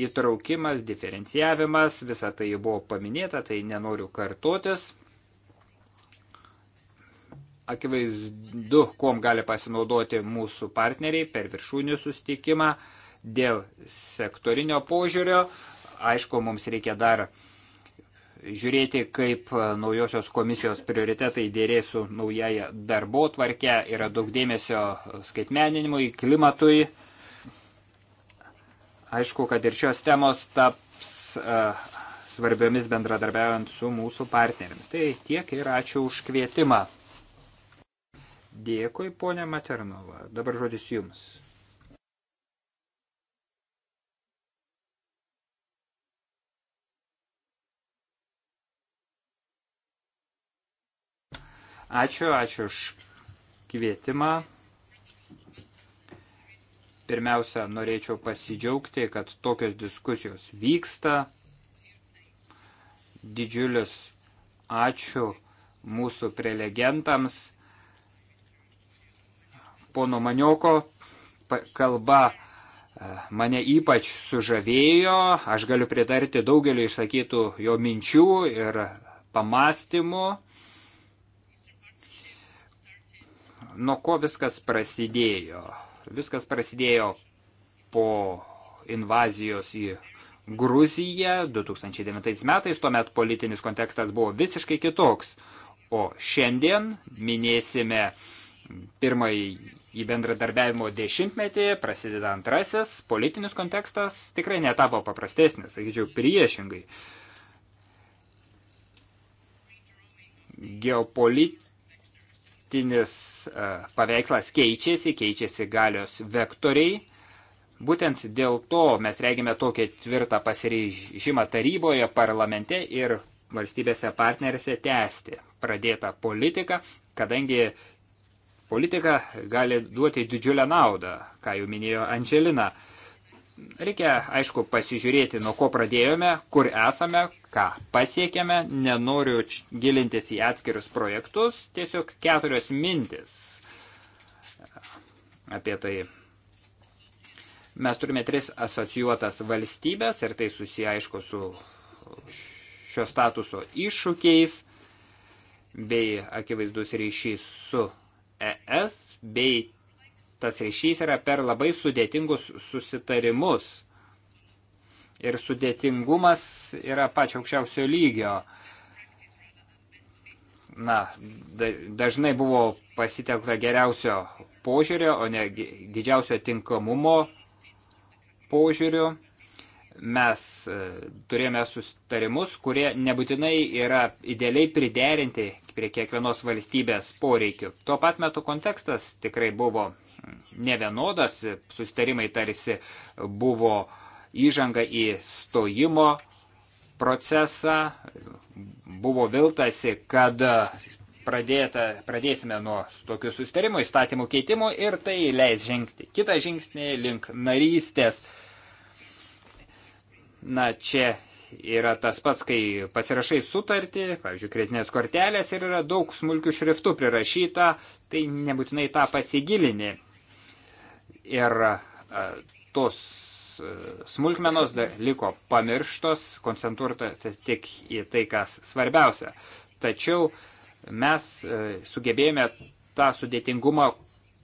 įtraukimas, diferencijavimas, visa tai buvo paminėta, tai nenoriu kartotis. Akivaizdu, kuom gali pasinaudoti mūsų partneriai per viršūnių sustikimą dėl sektorinio požiūrio. Aišku, mums reikia dar žiūrėti, kaip naujosios komisijos prioritetai dėrės su naujaja darbo tvarke. Yra daug dėmesio skaitmeninimui, klimatui Aišku, kad ir šios temos taps uh, svarbiomis bendradarbiaujant su mūsų partneriams. Tai tiek ir ačiū už kvietimą. Dėkui, ponė Maternova. Dabar žodis jums. Ačiū, ačiū už kvietimą. Pirmiausia, norėčiau pasidžiaugti, kad tokios diskusijos vyksta. Didžiulis ačiū mūsų prelegentams. Pono Manioko kalba e, mane ypač sužavėjo, aš galiu pritarti daugeliu išsakytų jo minčių ir pamastymų. Nuo ko viskas prasidėjo? Viskas prasidėjo po invazijos į Gruziją 2009 metais, tuomet politinis kontekstas buvo visiškai kitoks. O šiandien minėsime pirmąjį bendradarbiavimo dešimtmetį, prasideda antrasis, politinis kontekstas tikrai netapo paprastesnis, sakyčiau, priešingai. Geopolitinis E, paveikslas keičiasi, keičiasi galios vektoriai. Būtent dėl to mes regime tokį tvirtą pasiryžimą taryboje, parlamente ir valstybėse partnerėse tęsti pradėtą politiką, kadangi politika gali duoti didžiulę naudą, ką jau minėjo Angelina. Reikia, aišku, pasižiūrėti, nuo ko pradėjome, kur esame, ką pasiekėme. Nenoriu gilintis į atskirius projektus, tiesiog keturios mintis apie tai. Mes turime tris asocijuotas valstybės ir tai susiję, aišku, su šio statuso iššūkiais bei akivaizdus ryšys su ES bei tas ryšys yra per labai sudėtingus susitarimus. Ir sudėtingumas yra pačio aukščiausio lygio. Na, dažnai buvo pasitelkta geriausio požiūrio, o ne didžiausio tinkamumo požiūriu. Mes e, turėjome sustarimus, kurie nebūtinai yra idealiai priderinti prie kiekvienos valstybės poreikių. Tuo pat metu kontekstas tikrai buvo nevienodas, sustarimai tarsi buvo įžanga į stojimo procesą, buvo viltasi, kad pradėta, pradėsime nuo tokių sustarimų, įstatymų keitimų ir tai leis žengti kitą žingsnį link narystės. Na, čia yra tas pats, kai pasirašai sutartį, pavyzdžiui, kreditinės kortelės ir yra daug smulkių šriftų prirašyta, tai nebūtinai tą pasigilini ir e, tos e, smulkmenos liko pamirštos, koncentruota tik į tai, kas svarbiausia. Tačiau mes e, sugebėjome tą sudėtingumą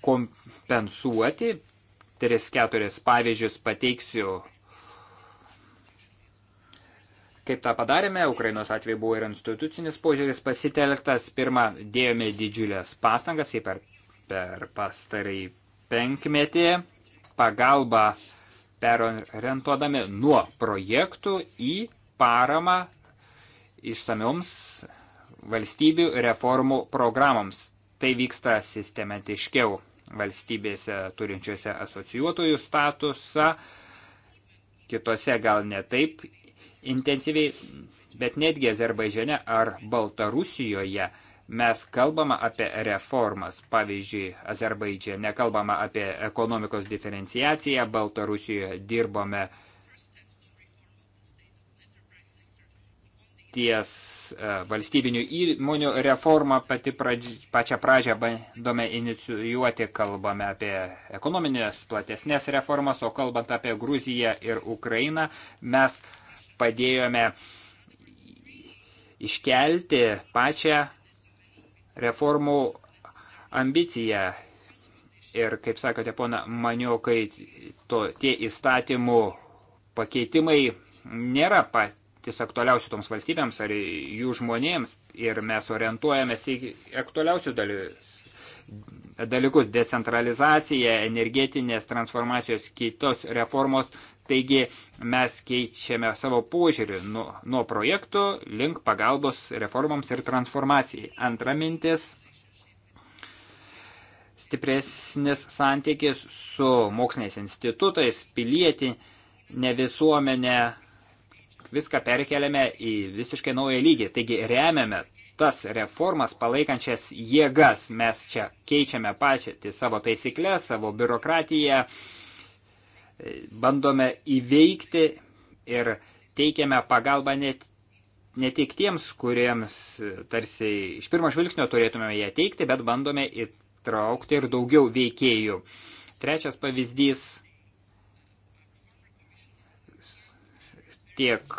kompensuoti. 3-4 pavyzdžius pateiksiu Kaip tą padarėme, Ukrainos atveju buvo ir institucinis požiūris pasitelktas. Pirma, dėjome didžiulės pastangas, kaip per, per pastarai penkmetį pagalbą perorientuodami nuo projektų į paramą išsamioms valstybių reformų programoms. Tai vyksta sistematiškiau valstybėse turinčiose asocijuotojų statusą, kitose gal ne taip intensyviai, bet netgi Azerbaidžiane ar Baltarusijoje – mes kalbame apie reformas. Pavyzdžiui, Azerbaidžiane kalbame apie ekonomikos diferenciaciją, Baltarusijoje dirbome ties e, valstybinių įmonių reformą pati pradži, pačią pradžią bandome inicijuoti, kalbame apie ekonominės platesnės reformas, o kalbant apie Gruziją ir Ukrainą, mes padėjome iškelti pačią reformų ambiciją. Ir, kaip sakote, pona Manio, kai to, tie įstatymų pakeitimai nėra patys aktualiausi toms valstybėms ar jų žmonėms ir mes orientuojamės į aktualiausius dalykus - decentralizacija, energetinės transformacijos, kitos reformos Taigi mes keičiame savo požiūrį nuo, nuo projektų link pagalbos reformoms ir transformacijai. Antra mintis - stipresnis santykis su moksliniais institutais, pilietinė visuomenė. Viską perkeliame į visiškai naują lygį. Taigi remiame tas reformas palaikančias jėgas. Mes čia keičiame pačią savo taisyklės, savo biurokratiją. Uh, bandome įveikti ir teikiame pagalbą net ne tik tiems, kuriems e, tarsi iš pirmo žvilgsnio turėtume ją teikti, bet bandome įtraukti ir daugiau veikėjų. Trečias pavyzdys tiek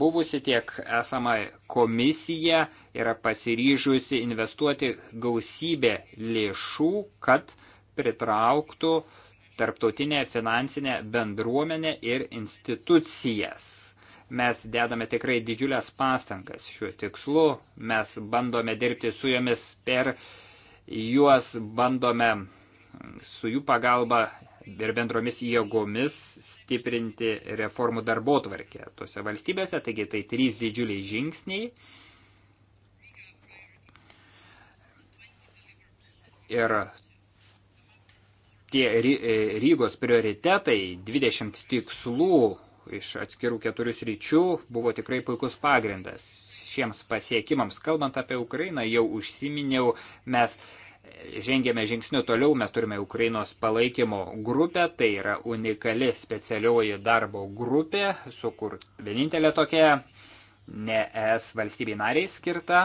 buvusi, tiek esama komisija yra pasiryžusi investuoti gausybę lėšų, kad pritrauktų uh, tarptautinę finansinę bendruomenę ir institucijas. Mes dedame tikrai didžiulės pastangas šiuo tikslu, mes bandome dirbti su jomis per juos, bandome su jų pagalba ir bendromis jėgomis stiprinti reformų darbo tvarkę tose valstybėse, taigi tai trys didžiuliai žingsniai. Ir tie e, Rygos prioritetai, 20 tikslų iš atskirų keturių sričių buvo tikrai puikus pagrindas šiems pasiekimams. Kalbant apie Ukrainą, jau užsiminiau, mes žengėme žingsniu toliau, mes turime Ukrainos palaikymo grupę, tai yra unikali specialioji darbo grupė, sukur vienintelė tokia, ne es valstybei nariai skirta.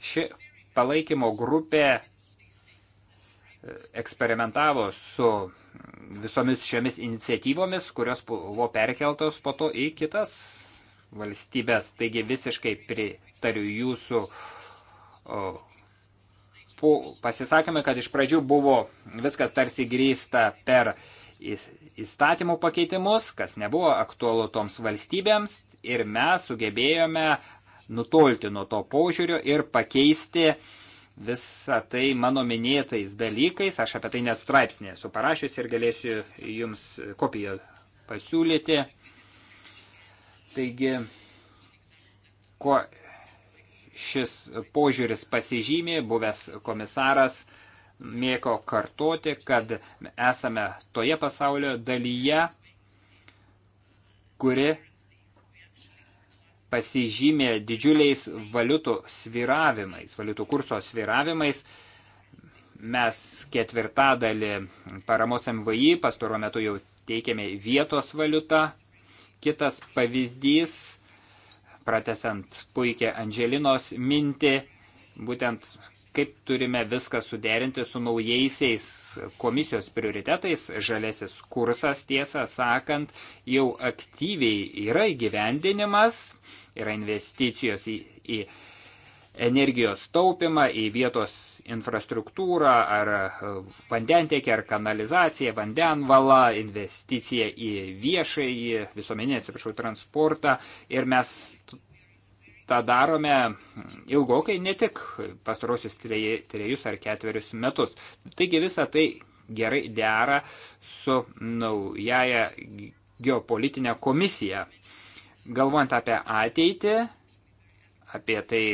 Ši palaikymo grupė eksperimentavo su visomis šiomis iniciatyvomis, kurios buvo perkeltos po to į kitas valstybės. Taigi visiškai pritariu jūsų pasisakymai, kad iš pradžių buvo viskas tarsi grįsta per įstatymų pakeitimus, kas nebuvo aktualu toms valstybėms ir mes sugebėjome nutolti nuo to požiūrio ir pakeisti uh, visą tai mano minėtais dalykais, aš apie tai net straipsnį esu parašęs ir galėsiu jums kopiją pasiūlyti. Taigi, ko šis požiūris pasižymė, buvęs komisaras mėgo kartoti, kad esame toje pasaulio dalyje, kuri pasižymė didžiuliais valiutų sviravimais, valiutų kurso sviravimais. Mes ketvirtadalį paramos MVI pastaruo metu jau teikiame vietos valiutą. Kitas pavyzdys, pratesant puikia Andželinos mintį, būtent kaip turime viską suderinti su naujaisiais komisijos prioritetais žalesis kursas, tiesą sakant, jau aktyviai yra įgyvendinimas, yra investicijos į, į energijos taupimą, į vietos infrastruktūrą ar e, vandentiekį ar kanalizaciją, vandenvalą, investiciją į viešąjį, visuomenį, atsiprašau, transportą ir mes tą darome ilgokai, ne tik pastarosius trejus ar ketverius metus. Taigi visa tai gerai dera su naujaja geopolitinė komisija. Galvojant apie ateitį, apie tai,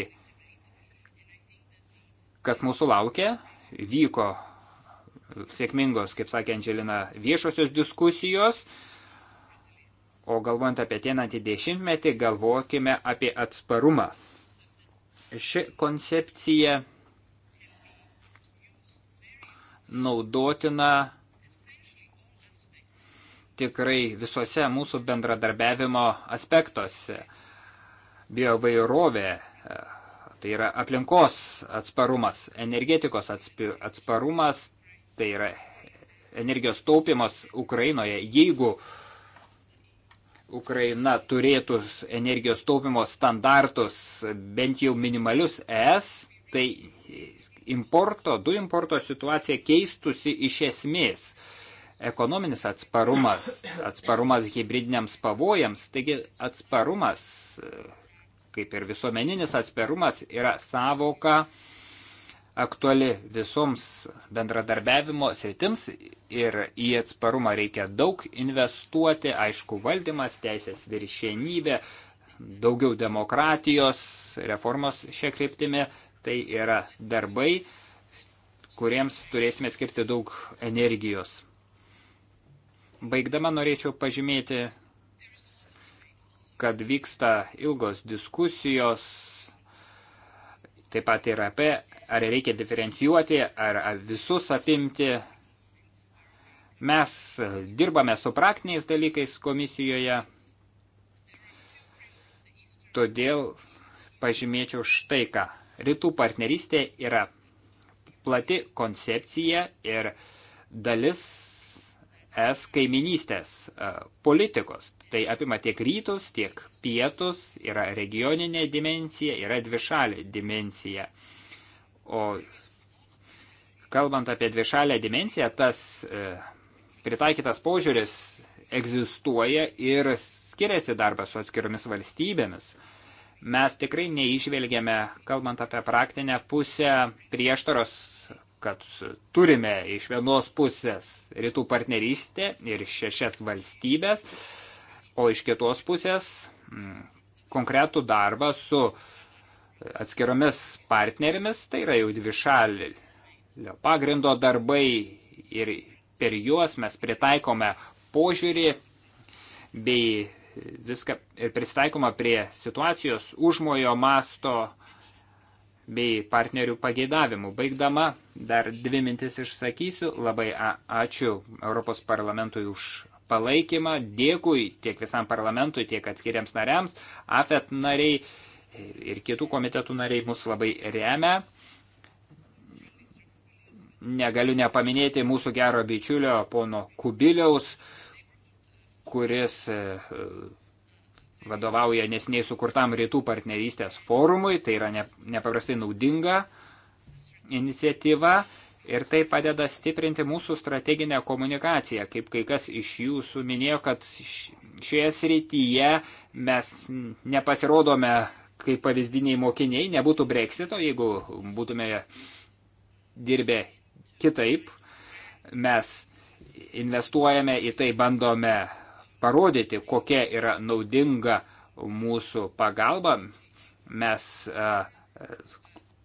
kas mūsų laukia, vyko sėkmingos, kaip sakė Angelina, viešosios diskusijos, O galvojant apie ateinantį dešimtmetį, galvokime apie atsparumą. Ši koncepcija naudotina tikrai visose mūsų bendradarbiavimo aspektuose. Biovairovė, tai yra aplinkos atsparumas, energetikos atsparumas, tai yra energijos taupimas Ukrainoje. Jeigu uh, Ukraina turėtų energijos taupimo standartus bent jau minimalius ES, tai importo, du importo situacija keistusi iš esmės. Ekonominis atsparumas, atsparumas hybridiniams pavojams, taigi atsparumas, kaip ir visuomeninis atsparumas, yra savoka aktuali visoms bendradarbiavimo sritims ir į atsparumą reikia daug investuoti, aišku, valdymas, teisės viršienybė, daugiau demokratijos, reformos šia kryptimi, tai yra darbai, kuriems turėsime skirti daug energijos. Baigdama norėčiau pažymėti, kad vyksta ilgos diskusijos, taip pat ir apie, ar reikia diferencijuoti, ar visus apimti, Mes dirbame su praktiniais dalykais komisijoje, todėl pažymėčiau štai ką. Rytų partnerystė yra plati koncepcija ir dalis es kaiminystės e, politikos. Tai apima tiek rytus, tiek pietus, yra regioninė dimensija, yra dvišalė dimensija. O kalbant apie dvišalę dimensiją, tas e, pritaikytas požiūris egzistuoja ir skiriasi darbas su atskiromis valstybėmis. Mes tikrai neižvelgėme, kalbant apie praktinę pusę, prieštaros, kad turime iš vienos pusės rytų partnerystę ir šešias valstybės, o iš kitos pusės m, mm, konkretų darbą su atskiromis partnerėmis, tai yra jau dvišalio pagrindo darbai ir per juos mes pritaikome požiūrį bei viską ir pristaikoma prie situacijos užmojo masto bei partnerių pageidavimų. Baigdama, dar dvi mintis išsakysiu. Labai ačiū Europos parlamentui už palaikymą. Dėkui tiek visam parlamentui, tiek atskiriams nariams. AFET nariai ir kitų komitetų nariai mus labai remia negaliu nepaminėti mūsų gero bičiulio pono Kubiliaus, kuris e, vadovauja nesiniai sukurtam rytų partnerystės forumui, tai yra nepaprastai naudinga iniciatyva ir tai padeda stiprinti mūsų strateginę komunikaciją, kaip kai kas iš jūsų minėjo, kad šioje srityje mes nepasirodome kaip pavyzdiniai mokiniai, nebūtų breksito, jeigu būtume dirbę Kitaip mes investuojame į tai, bandome parodyti, kokia yra naudinga mūsų pagalba. Mes a, e,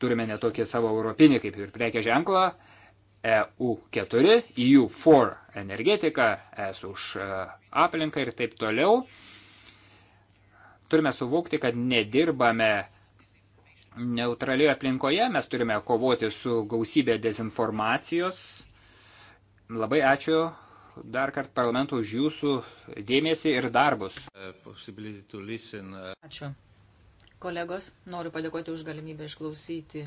turime netokį savo europinį kaip ir prekė ženklą EU4, EU4 energetika, S už e, aplinką ir taip toliau. Turime suvokti, kad nedirbame neutralioje aplinkoje mes turime kovoti su gausybė dezinformacijos. Labai ačiū dar kartą parlamentą už jūsų dėmesį ir darbus. Ačiū. Kolegos, noriu padėkoti už galimybę išklausyti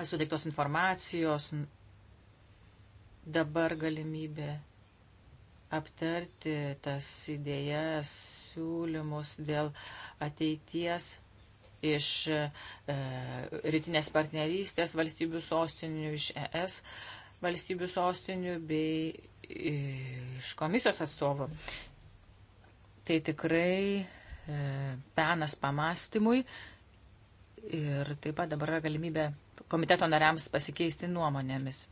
suteiktos informacijos. Dabar galimybė aptarti tas idėjas, siūlymus dėl ateities iš e, rytinės partnerystės valstybių sostinių, iš ES valstybių sostinių bei e, iš komisijos atstovų. Tai tikrai e, penas pamastymui ir taip pat dabar yra galimybė komiteto nariams pasikeisti nuomonėmis.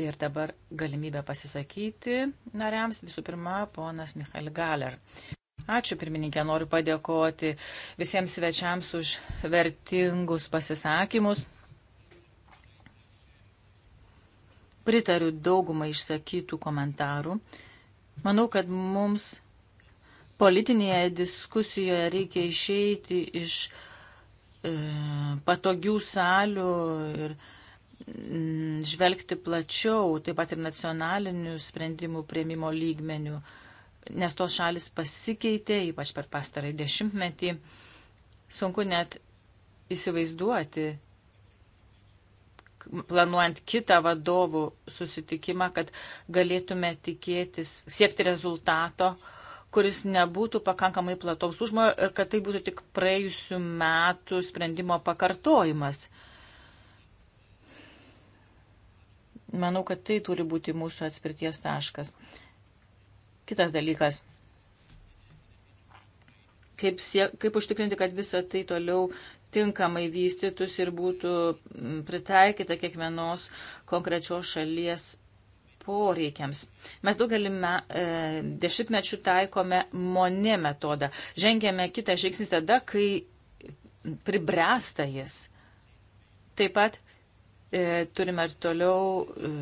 Ir dabar galimybė pasisakyti nariams visų pirma ponas Michael Galer. Ačiū pirmininkė, noriu padėkoti visiems svečiams už vertingus pasisakymus. Pritariu daugumą išsakytų komentarų. Manau, kad mums politinėje diskusijoje reikia išeiti iš e, patogių salių ir mm, žvelgti plačiau, taip pat ir nacionalinių sprendimų prieimimo lygmenių. E, nes tos šalis pasikeitė, ypač per pastarąjį dešimtmetį. Sunku net įsivaizduoti, planuojant kitą vadovų susitikimą, kad galėtume tikėtis, siekti rezultato, kuris nebūtų pakankamai plataus užmojo ir kad tai būtų tik praėjusių metų sprendimo pakartojimas. Manau, kad tai turi būti mūsų atspirties taškas. Kitas dalykas. Kaip, sie, kaip užtikrinti, kad visa tai toliau tinkamai vystytus ir būtų pritaikyta kiekvienos konkrečios šalies poreikiams. Mes daugelį me, e, dešimtmečių taikome monė metodą. Žengėme kitą žingsnį tada, kai pribręsta jis. Taip pat e, turime ir toliau e,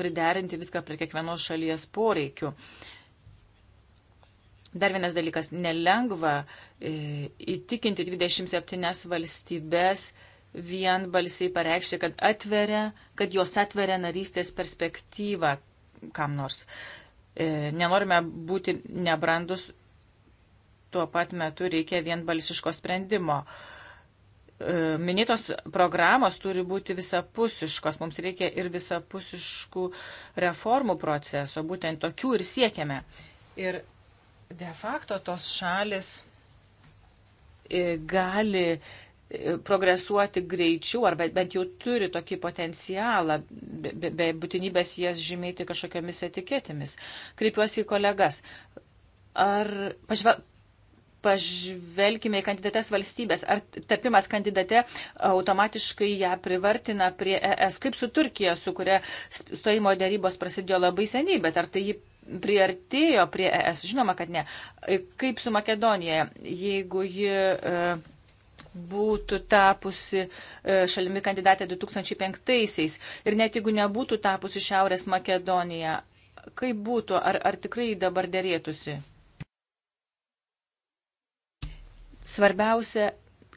priderinti viską prie kiekvienos šalies poreikių. E, Dar vienas dalykas, nelengva e, įtikinti 27 valstybės vien balsiai pareikšti, kad atveria, kad jos atveria narystės perspektyvą kam nors. E, nenorime būti nebrandus, tuo pat metu reikia vien balsiško sprendimo. E, minėtos programos turi būti visapusiškos, mums reikia ir visapusiškų reformų proceso, būtent tokių ir siekiame. Ir de facto tos šalis e, gali e, progresuoti greičiau, arba bent jau turi tokį potencialą, be, be būtinybės jas žymėti kažkokiamis etiketėmis. Kreipiuosi į kolegas. Ar pažva, pažvelkime į kandidates valstybės, ar tapimas kandidate automatiškai ją privartina prie ES, kaip su Turkija, su kuria stojimo dėrybos prasidėjo labai seniai, bet ar tai jį priartėjo prie ES? Žinoma, kad ne. E, kaip su Makedonija, jeigu ji e, būtų tapusi e, šalimi kandidatė 2005-aisiais ir net jeigu nebūtų tapusi Šiaurės Makedonija, kaip būtų, ar, ar tikrai dabar dėrėtųsi? Svarbiausia,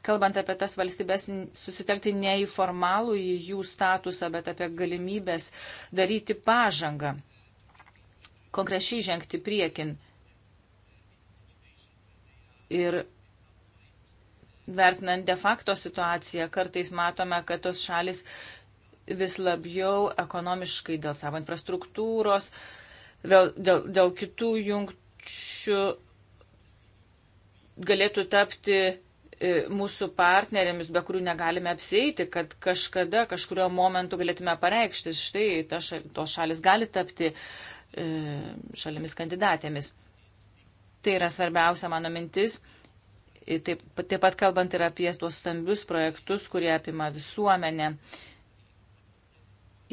kalbant apie tas valstybės, susitelkti ne į formalų į jų statusą, bet apie galimybės daryti pažangą konkrečiai žengti priekin. Ir vertinant de facto situaciją, kartais matome, kad tos šalis vis labiau ekonomiškai dėl savo infrastruktūros, dėl, dėl, dėl kitų jungčių galėtų tapti e, mūsų partnerėmis, be kurių negalime apsieiti, kad kažkada, kažkurio momentu galėtume pareikšti, štai tos šalis gali tapti uh, E, šalimis kandidatėmis. Tai yra svarbiausia mano mintis. Taip, taip pat kalbant ir apie tuos stambius projektus, kurie apima visuomenę.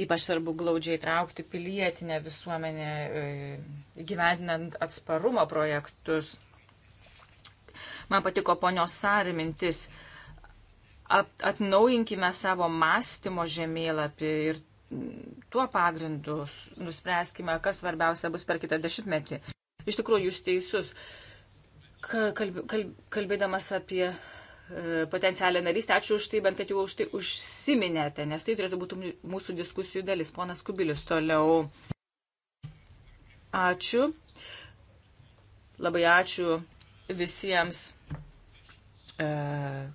Ypač svarbu glaudžiai traukti pilietinę visuomenę, e, gyvendinant atsparumo projektus. Man patiko ponios Sari mintis. Atnaujinkime savo mąstymo žemėlapį ir tuo pagrindu nuspręskime, kas svarbiausia bus per kitą dešimtmetį. Iš tikrųjų, jūs teisus. Kalb, kalb, kalbėdamas apie e, potencialią narystę, ačiū už tai, bent kad jau už tai užsiminėte, nes tai turėtų būti mūsų diskusijų dalis. Ponas Kubilius toliau. Ačiū. Labai ačiū visiems e,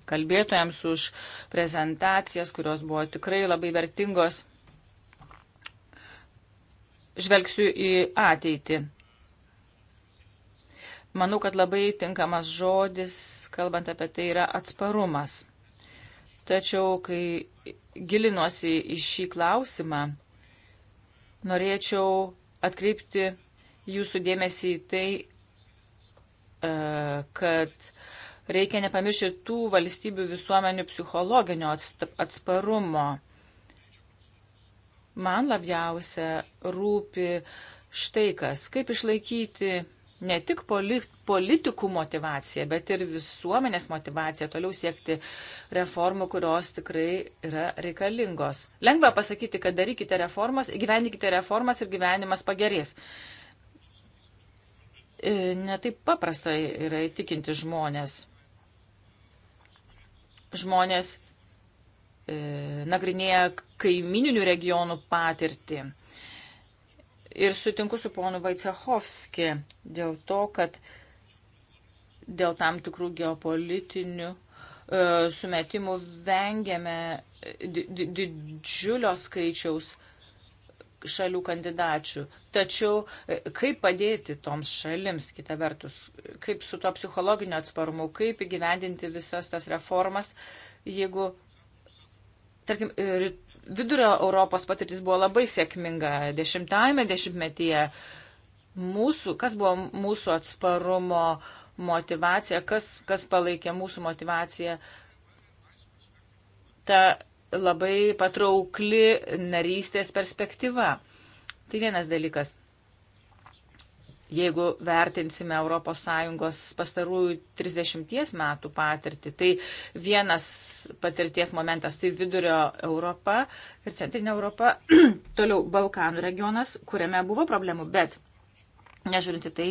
kalbėtojams už prezentacijas, kurios buvo tikrai labai vertingos žvelgsiu į ateitį. Manau, kad labai tinkamas žodis, kalbant apie tai, yra atsparumas. Tačiau, kai gilinuosi į šį klausimą, norėčiau atkreipti jūsų dėmesį į tai, e, kad reikia nepamiršti tų valstybių visuomenių psichologinio atsparumo. Man labiausia rūpi štai kas, kaip išlaikyti ne tik poli, politikų motivaciją, bet ir visuomenės motivaciją toliau siekti reformų, kurios tikrai yra reikalingos. Lengva pasakyti, kad darykite reformas, gyvenkite reformas ir gyvenimas pagerės. E, Netaip paprastai yra įtikinti žmonės. Žmonės E, nagrinėja kaimininių regionų patirtį. Ir sutinku su ponu Vaicehovski dėl to, kad dėl tam tikrų geopolitinių e, sumetimų vengiame didžiulio skaičiaus šalių kandidačių. Tačiau e, kaip padėti toms šalims, kita vertus, kaip su to psichologiniu atsparumu, kaip įgyvendinti visas tas reformas, jeigu Tarkim, e, vidurio Europos patirtis buvo labai sėkminga dešimtajame dešimtmetyje. Mūsų, kas buvo mūsų atsparumo motivacija, kas, kas palaikė mūsų motivaciją, ta labai patraukli narystės perspektyva. Tai vienas dalykas jeigu vertinsime ES pastarųjų 30 metų patirtį, tai vienas patirties momentas - tai vidurio Europa ir centrinė Europa, toliau Balkanų regionas, kuriame buvo problemų, bet nežiūrinti tai,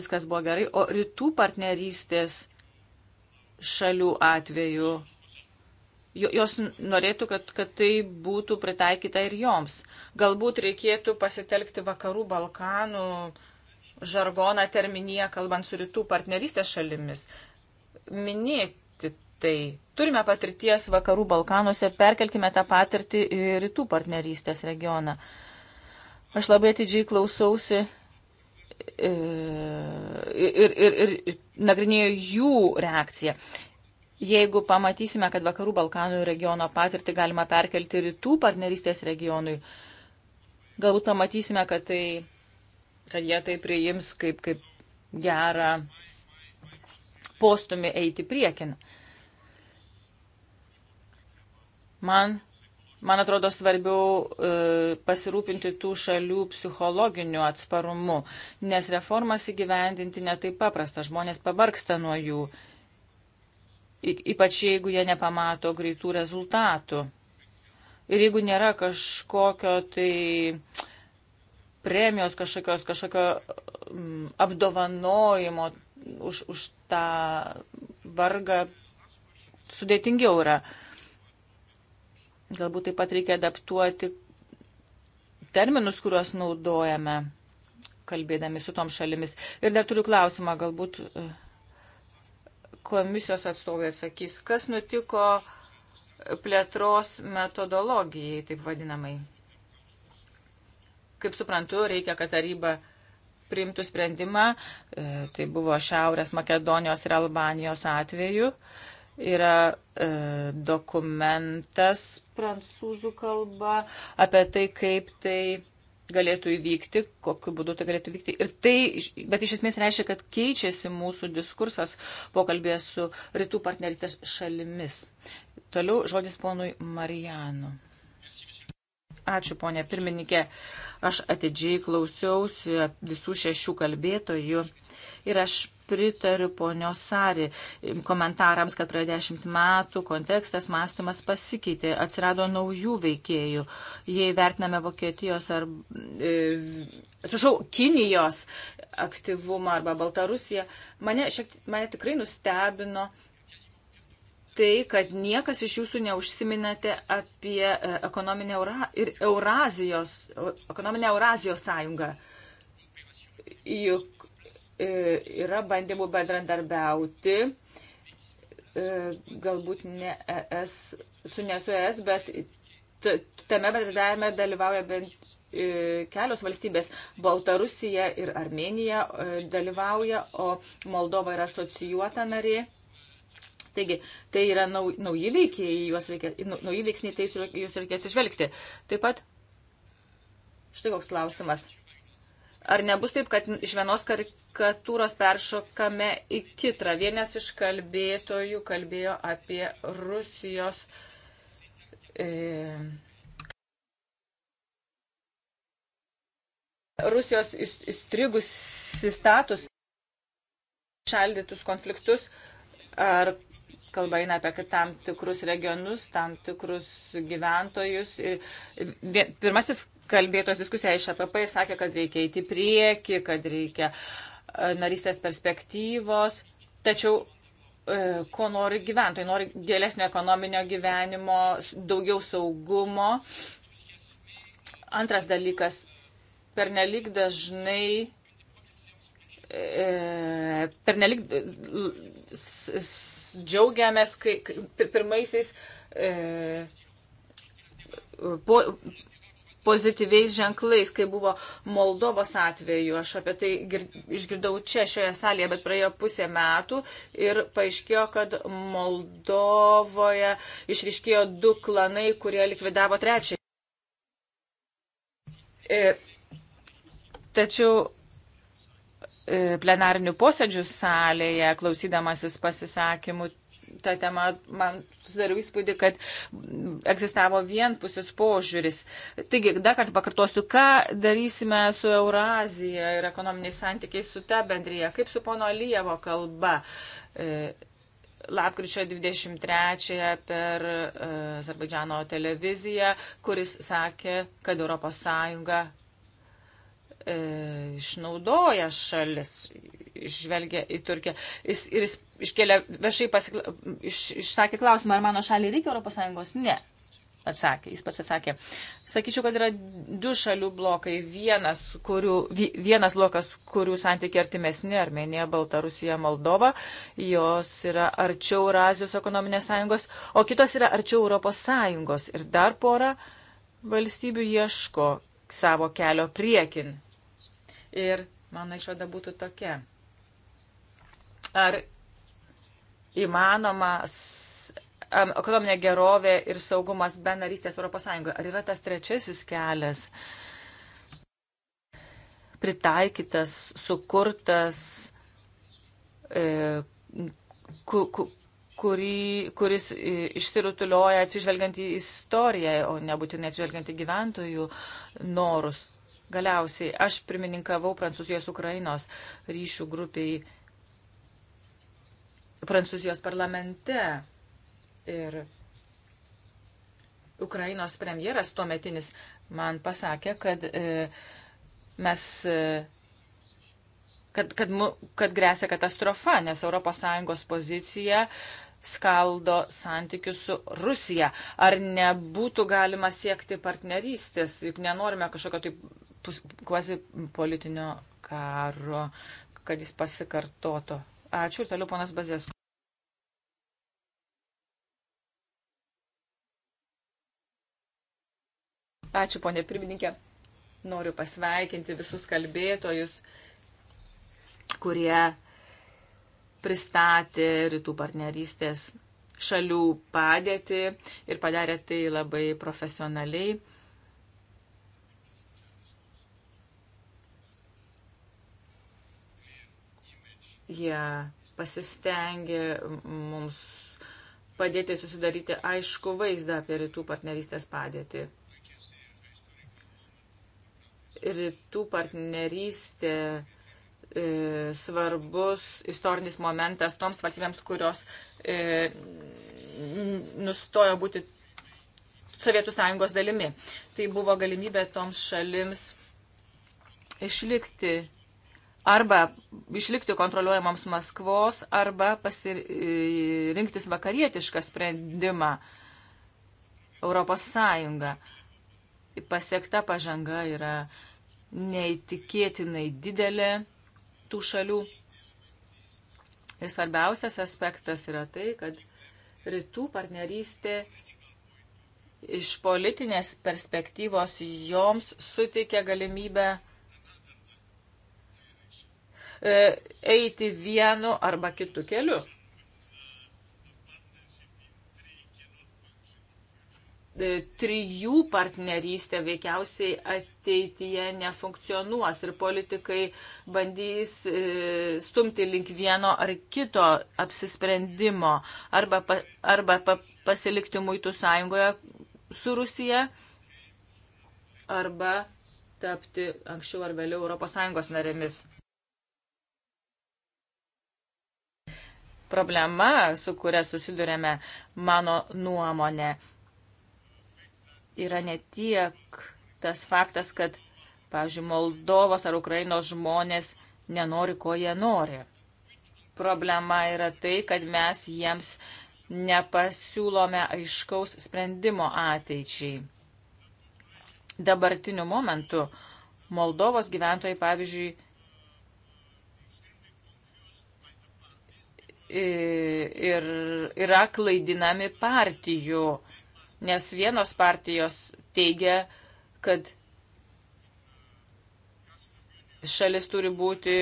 viskas buvo gerai, o rytų partnerystės šalių atveju jos norėtų, kad, kad tai būtų pritaikyta ir joms. Galbūt reikėtų pasitelkti vakarų Balkanų žargoną terminiją, kalbant su rytų partnerystės šalimis. Minėti tai. Turime patirties vakarų Balkanuose, perkelkime tą patirtį į rytų partnerystės regioną. Aš labai atidžiai klausausi e, ir, ir, ir, ir nagrinėjo jų reakciją. Jeigu pamatysime, kad vakarų Balkanų regiono patirtį galima perkelti rytų partnerystės regionui, galbūt pamatysime, kad, tai, kad jie tai priims kaip, kaip gerą postumį eiti priekin. Man, man atrodo svarbiau e, pasirūpinti tų šalių psichologiniu atsparumu, nes reformas įgyvendinti netaip paprasta, žmonės pavarksta nuo jų. E, ypač jeigu jie nepamato greitų rezultatų. Ir jeigu nėra kažkokio tai premijos, kažkokios, kažkokio mm, apdovanojimo už, už tą vargą, sudėtingiau yra. Galbūt taip pat reikia adaptuoti terminus, kuriuos naudojame, kalbėdami su tom šalimis. Ir dar turiu klausimą, galbūt. Uh, komisijos atstovai atsakys, kas nutiko plėtros metodologijai, taip vadinamai. Kaip suprantu, reikia, kad taryba priimtų sprendimą, e, tai buvo Šiaurės Makedonijos ir Albanijos atveju, yra e, dokumentas prancūzų kalba apie tai, kaip tai galėtų įvykti, kokiu būdu tai galėtų įvykti. Ir tai, bet iš esmės reiškia, kad keičiasi mūsų diskursas pokalbėje su rytų partnerystės šalimis. Toliau žodis ponui Marijanu. Ačiū, ponė pirmininkė. Aš atidžiai klausiausi visų šešių kalbėtojų Ir aš pritariu ponios Sari komentarams, kad praėjo dešimt metų kontekstas, mąstymas pasikeitė, atsirado naujų veikėjų. Jei vertiname Vokietijos ar, e, atsiprašau, e, Kinijos aktyvumą arba Baltarusiją, mane, šiek, mane tikrai nustebino tai, kad niekas iš jūsų neužsiminate apie e, ekonominę Eura ir Eurazijos, e, ekonominę Eurazijos sąjungą. Juk E, yra bandymų bendradarbiauti, e, galbūt ne ES, su nesu ES, bet tame bendradarbiavime dalyvauja bent e, kelios valstybės - Baltarusija ir Armenija dalyvauja, o Moldova yra asocijuota narė. Taigi, tai yra nau, nauji veikiai, juos reikia, nauji veiksniai, tai jūs reikia atsižvelgti. Taip pat, štai koks klausimas. Ar nebus taip, kad iš vienos karikatūros peršokame į kitą? Vienas iš kalbėtojų kalbėjo apie Rusijos. E, Rusijos įstrigus status, šaldytus konfliktus, ar kalba eina apie tam tikrus regionus, tam tikrus gyventojus. Ir pirmasis kalbėtos diskusija iš APP sakė, kad reikia eiti prieki, kad reikia e, narystės perspektyvos. Tačiau e, ko nori gyventojai. Nori gėlesnio ekonominio gyvenimo, daugiau saugumo. Antras dalykas, pernelik dažnai. E, pernelik džiaugiamės kai, pirmaisiais po, pozityviais ženklais, kai buvo Moldovos atveju. Aš apie tai gird, išgirdau čia, šioje salėje, bet praėjo pusė metų ir paaiškėjo, kad Moldovoje išriškėjo du klanai, kurie likvidavo trečią. E, tačiau e, plenarinių posėdžių salėje, klausydamasis pasisakymų, tą temą, man susidariu įspūdį, kad egzistavo vienpusis požiūris. Taigi, dar kartą pakartosiu, ką darysime su Eurazija ir ekonominiais santykiais su ta bendryje, kaip su pono Lievo kalba. E, lapkričio 23 per e, Azerbaidžiano televiziją, kuris sakė, kad ES e, išnaudoja šalis, žvelgia į Turkiją. Jis, ir jis iškėlė viešai pasikla, iš, išsakė klausimą, ar mano šaliai reikia ES? Ne. Atsakė, jis pats atsakė. Sakyčiau, kad yra du šalių blokai. Vienas, kurių, vienas blokas, kurių santykiai artimesni - Armenija, Baltarusija, Moldova. Jos yra arčiau Eurazijos ekonominės sąjungos, o kitos yra arčiau Europos sąjungos. Ir dar pora valstybių ieško savo kelio priekin. Ir mano išvada būtų tokia. Ar įmanoma ekonominė gerovė ir saugumas be narystės ES. Ar yra tas trečiasis kelias pritaikytas, sukurtas, e, ku, ku, kurį, kuris e, išsirutulioja atsižvelgiant į istoriją, o nebūtinai atsižvelgiant į gyventojų norus? Galiausiai aš pirmininkavau Prancūzijos Ukrainos ryšių grupiai Prancūzijos parlamente. Ir Ukrainos premjeras tuometinis man pasakė, kad e, mes. E, Kad, kad, kad grėsia katastrofa, nes ES pozicija skaldo santykius su Rusija. Ar nebūtų galima siekti partnerystės, juk nenorime kažkokio taip kvazi politinio karo, kad jis pasikartoto. Ačiū ir toliau ponas Bazesku. Ačiū, ponė pirmininkė. Noriu pasveikinti visus kalbėtojus, kurie pristatė rytų partnerystės šalių padėtį ir padarė tai labai profesionaliai. Jie pasistengė mums padėti susidaryti aišku vaizdą apie rytų partnerystės padėtį. Rytų partnerystė e, svarbus istorinis momentas toms valstybėms, kurios e, nustojo būti Sovietų sąjungos dalimi. Tai buvo galimybė toms šalims išlikti arba išlikti kontroliuojamoms Maskvos, arba pasirinktis vakarietišką sprendimą Europos Sąjungą. Pasiekta pažanga yra neįtikėtinai didelė tų šalių. Ir svarbiausias aspektas yra tai, kad rytų partnerystė iš politinės perspektyvos joms suteikia galimybę E, eiti vienu arba kitu keliu. E, trijų partnerystė veikiausiai ateityje nefunkcionuos ir politikai bandys e, stumti link vieno ar kito apsisprendimo arba, pa, arba pa, pasilikti muitų sąjungoje su Rusija arba tapti anksčiau ar vėliau ES narėmis. problema, su kuria susidurėme, mano nuomonė, yra ne tiek tas faktas, kad, pavyzdžiui, Moldovos ar Ukrainos žmonės nenori, ko jie nori. Problema yra tai, kad mes jiems nepasiūlome aiškaus sprendimo ateičiai. Dabartiniu momentu Moldovos gyventojai, pavyzdžiui, ir yra klaidinami partijų, nes vienos partijos teigia, kad šalis turi būti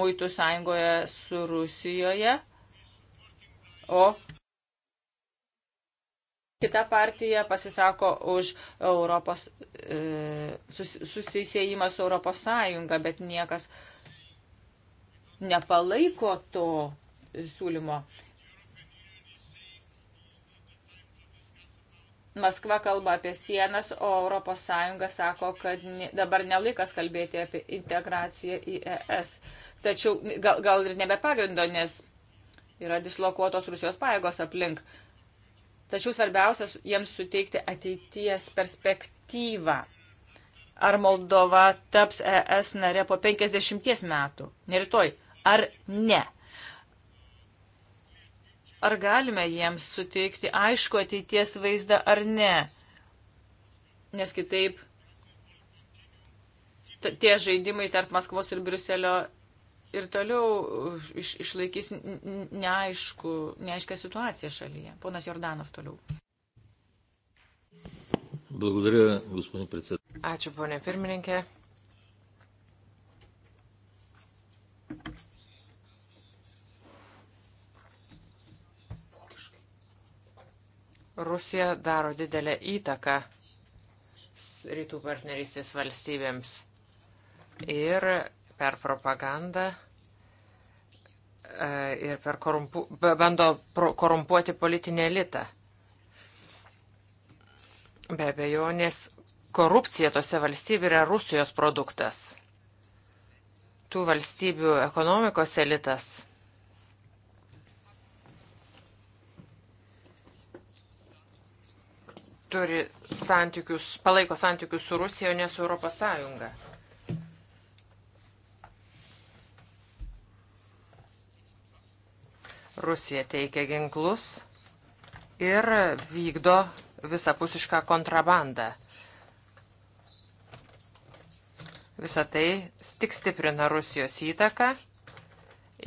muitų sąjungoje su Rusijoje, o kita partija pasisako už Europos, e, sus, susisėjimą su Europos sąjunga, bet niekas nepalaiko to siūlymo. Maskva kalba apie sienas, o ES sako, kad dabar nelaikas kalbėti apie integraciją į ES. Tačiau gal, gal ir nebe pagrindo, nes yra dislokuotos Rusijos pajėgos aplink. Tačiau svarbiausias jiems suteikti ateities perspektyvą. Ar Moldova taps ES nare po 50 metų? Neritoj. Ar ne? Ar galime jiems suteikti aišku ateities vaizdą ar ne? Nes kitaip tie žaidimai tarp Maskvos ir Briuselio ir toliau iš, išlaikys neaišku, neaiškę situaciją šalyje. Ponas Jordanov toliau. Благодаря, господин председател. Ačiū, ponė pirmininkė. Rusija daro didelę įtaką rytų partnerystės valstybėms ir per propagandą e, ir per korumpu, bando korumpuoti politinį elitą. Be abejonės, korupcija tose valstybėse yra Rusijos produktas. Tų valstybių ekonomikos elitas turi santykius, palaiko santykius su Rusija, o ne su Europos Sąjunga. Rusija teikia ginklus ir vykdo visapusišką kontrabandą. Visą tai tik stiprina Rusijos įtaką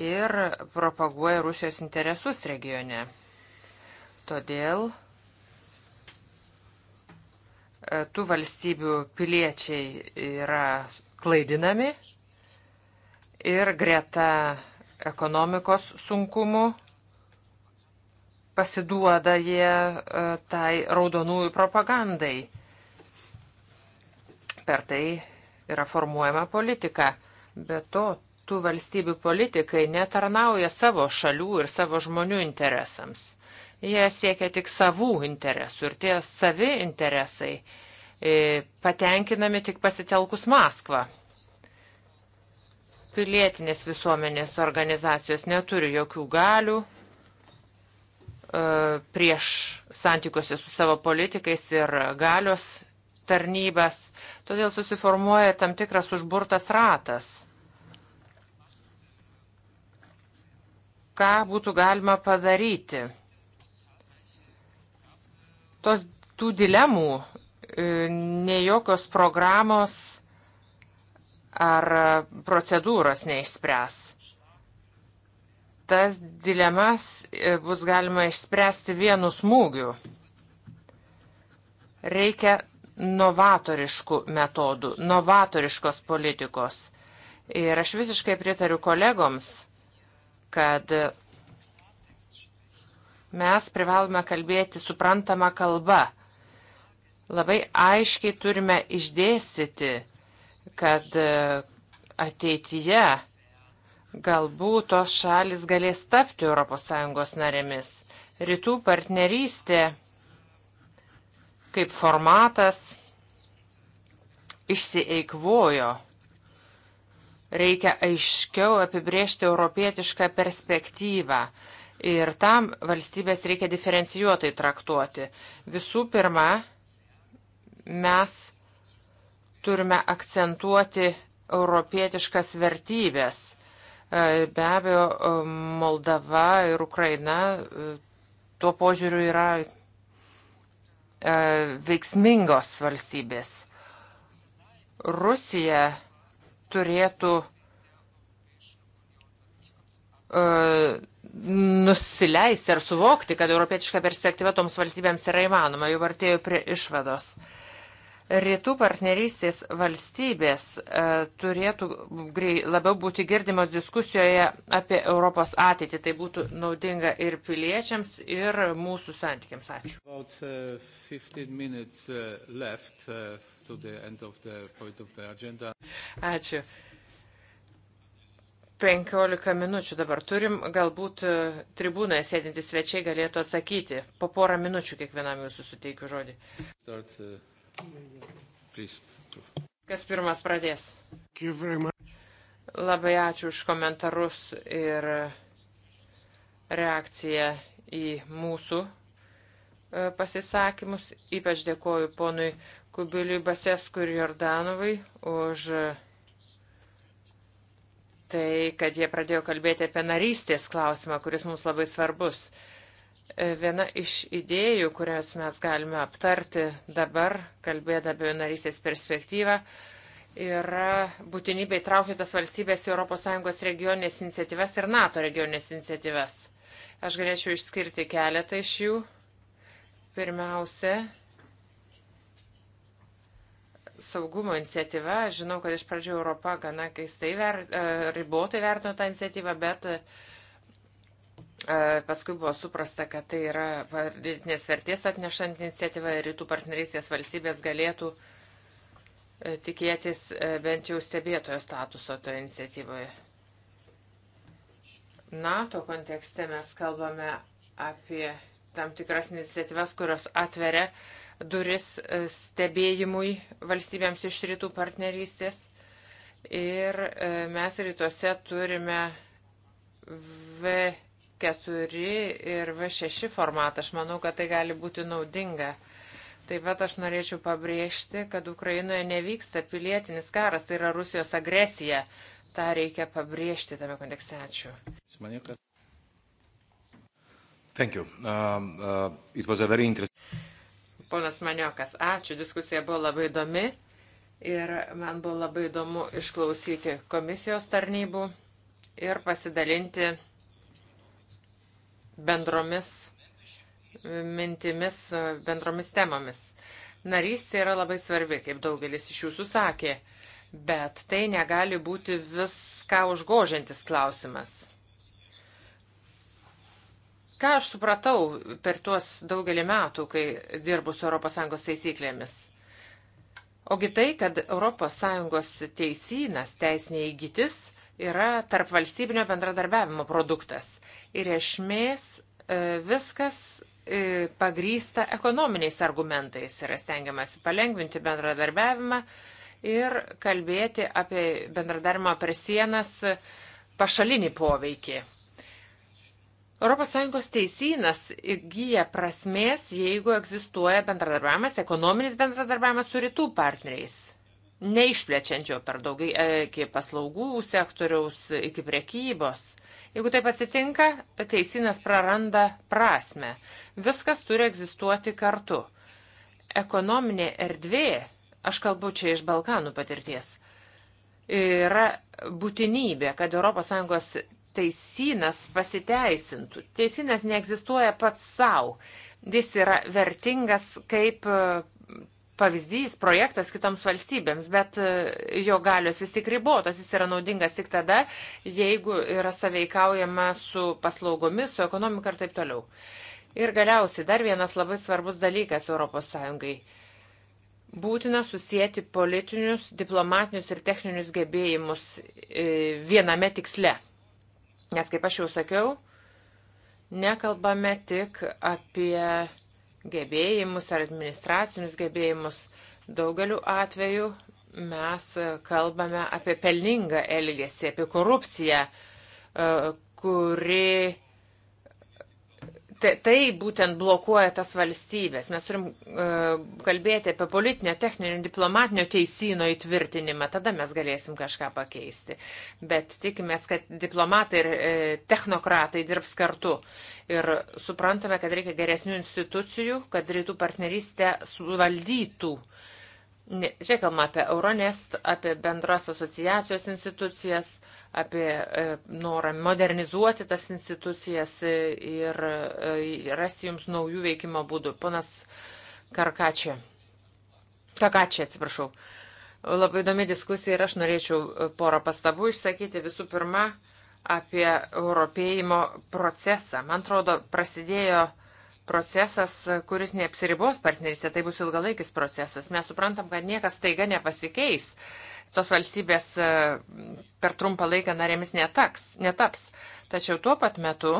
ir propaguoja Rusijos interesus regione. Todėl E, tų valstybių piliečiai yra klaidinami ir greta ekonomikos sunkumų pasiduoda jie e, tai raudonųjų propagandai. Per tai yra formuojama politika. Be to, tų valstybių politikai netarnauja savo šalių ir savo žmonių interesams. Jie siekia tik savų interesų ir tie savi interesai e, patenkinami tik pasitelkus Maskvą. Pilietinės visuomenės organizacijos neturi jokių galių e, prieš santykiuose su savo politikais ir galios tarnybas, todėl susiformuoja tam tikras užburtas ratas. Ką būtų galima padaryti? tos, tų dilemų e, ne jokios programos ar procedūros neišspręs. Tas dilemas e, bus galima išspręsti vienu smūgiu. Reikia novatoriškų metodų, novatoriškos politikos. Ir aš visiškai pritariu kolegoms, kad Mes privalome kalbėti suprantamą kalbą. Labai aiškiai turime išdėstyti, kad e, ateityje galbūt tos šalis galės tapti ES narėmis. Rytų partnerystė kaip formatas išsieikvojo. Reikia aiškiau apibriežti europietišką perspektyvą. Ir tam valstybės reikia diferencijuotai traktuoti. Visų pirma, mes turime akcentuoti europietiškas vertybės. E, be abejo, e, Moldava ir Ukraina e, tuo požiūriu yra veiksmingos valstybės. Rusija turėtų E, nusileisti ar suvokti, kad europietiška perspektyva toms valstybėms yra įmanoma. Jau artėjau prie išvados. Rytų partnerystės valstybės e, turėtų grei, labiau būti girdimos diskusijoje apie Europos ateitį. Tai būtų naudinga ir piliečiams, ir mūsų santykiams. Ačiū. About, uh, left, uh, Ačiū. 15 minučių dabar turim, galbūt e, tribūnoje sėdintys svečiai galėtų atsakyti. Po porą minučių kiekvienam jūsų suteikiu žodį. Start, uh, Kas pirmas pradės? Labai ačiū už komentarus ir e, reakciją į mūsų pasisakymus. Ypač dėkoju ponui Kubiliui Baseskui ir Jordanovai už uh, tai, kad jie pradėjo kalbėti apie narystės klausimą, kuris mums labai svarbus. E, viena iš idėjų, kurias mes galime aptarti dabar, kalbėdami apie narystės perspektyvą, yra būtinybė įtraukti tas valstybės į ES regioninės iniciatyvas ir NATO regioninės iniciatyvas. Aš galėčiau išskirti keletą iš jų. Pirmiausia, saugumo iniciatyva. Žinau, kad iš pradžių Europa gana keistai ver, e, ribotai vertino tą iniciatyvą, bet e, paskui buvo suprasta, kad tai yra pridėtinės vertės atnešant iniciatyvą ir rytų partnerystės valstybės galėtų e, tikėtis bent jau stebėtojo statuso toje iniciatyvoje. NATO kontekste mes kalbame apie tam tikras iniciatyvas, kurios atveria uh, duris e, stebėjimui valstybėms iš rytų partnerystės. Ir e, mes rytuose turime V4 ir V6 formatą. Aš manau, kad tai gali būti naudinga. Taip pat aš norėčiau pabrėžti, kad Ukrainoje nevyksta pilietinis karas, tai yra Rusijos agresija. Ta reikia pabrėžti tame kontekste. Ačiū. Thank you. Um, uh, it was a very interesting. Ponas Maniokas, ačiū, diskusija buvo labai įdomi ir man buvo labai įdomu išklausyti komisijos tarnybų ir pasidalinti bendromis mintimis, bendromis temomis. Narystė yra labai svarbi, kaip daugelis iš jūsų sakė, bet tai negali būti viską užgožiantis klausimas. Ką aš supratau per tuos daugelį metų, kai dirbu su ES taisyklėmis? Ogi tai, kad ES teisynas, teisinė įgytis yra tarp valstybinio bendradarbiavimo produktas. Ir esmės e, viskas e, pagrysta ekonominiais argumentais. Yra stengiamasi palengvinti bendradarbiavimą ir kalbėti apie bendradarbiavimą per sienas e, pašalinį poveikį ES teisynas įgyja prasmės, jeigu egzistuoja bendradarbiavimas, ekonominis bendradarbiavimas su rytų partneriais, neišplečiančio per daug e, iki paslaugų sektoriaus, iki priekybos. Jeigu taip atsitinka, teisinas praranda prasme. Viskas turi egzistuoti kartu. Ekonominė erdvė, aš kalbu čia iš Balkanų patirties, yra būtinybė, kad ES teisynas pasiteisintų. Teisynas neegzistuoja pats savo. Jis yra vertingas kaip e, pavyzdys, projektas kitoms valstybėms, bet e, jo galios jis tik ribotas, jis yra naudingas tik tada, jeigu yra saveikaujama su paslaugomis, su ekonomika ir taip toliau. Ir galiausiai dar vienas labai svarbus dalykas ES būtina susijęti politinius, diplomatinius ir techninius gebėjimus e, viename tiksle. Nes, kaip aš jau sakiau, nekalbame tik apie gebėjimus ar administracinius gebėjimus. Daugeliu atveju mes kalbame apie pelningą elgesį, apie korupciją, e, kuri tai būtent blokuoja tas valstybės. Mes turim uh, kalbėti apie politinio, techninio, diplomatinio teisino įtvirtinimą, tada mes galėsim kažką pakeisti. Bet tikimės, kad diplomatai ir uh, technokratai dirbs kartu. Ir suprantame, kad reikia geresnių institucijų, kad rytų partnerystę suvaldytų uh, Čia kalbama apie Euronest, apie bendras asociacijos institucijas, apie e, norą modernizuoti tas institucijas e, ir e, rasti jums naujų veikimo būdų. Ponas Karkačia. Kakačia, atsiprašau. Labai įdomi diskusija ir aš norėčiau porą pastabų išsakyti. Visų pirma, apie europėjimo procesą. Man atrodo, prasidėjo procesas, kuris neapsiribos partnerystė, tai bus ilgalaikis procesas. Mes suprantam, kad niekas taiga nepasikeis. Tos valstybės e, per trumpą laiką narėmis netaks, netaps. Tačiau tuo pat metu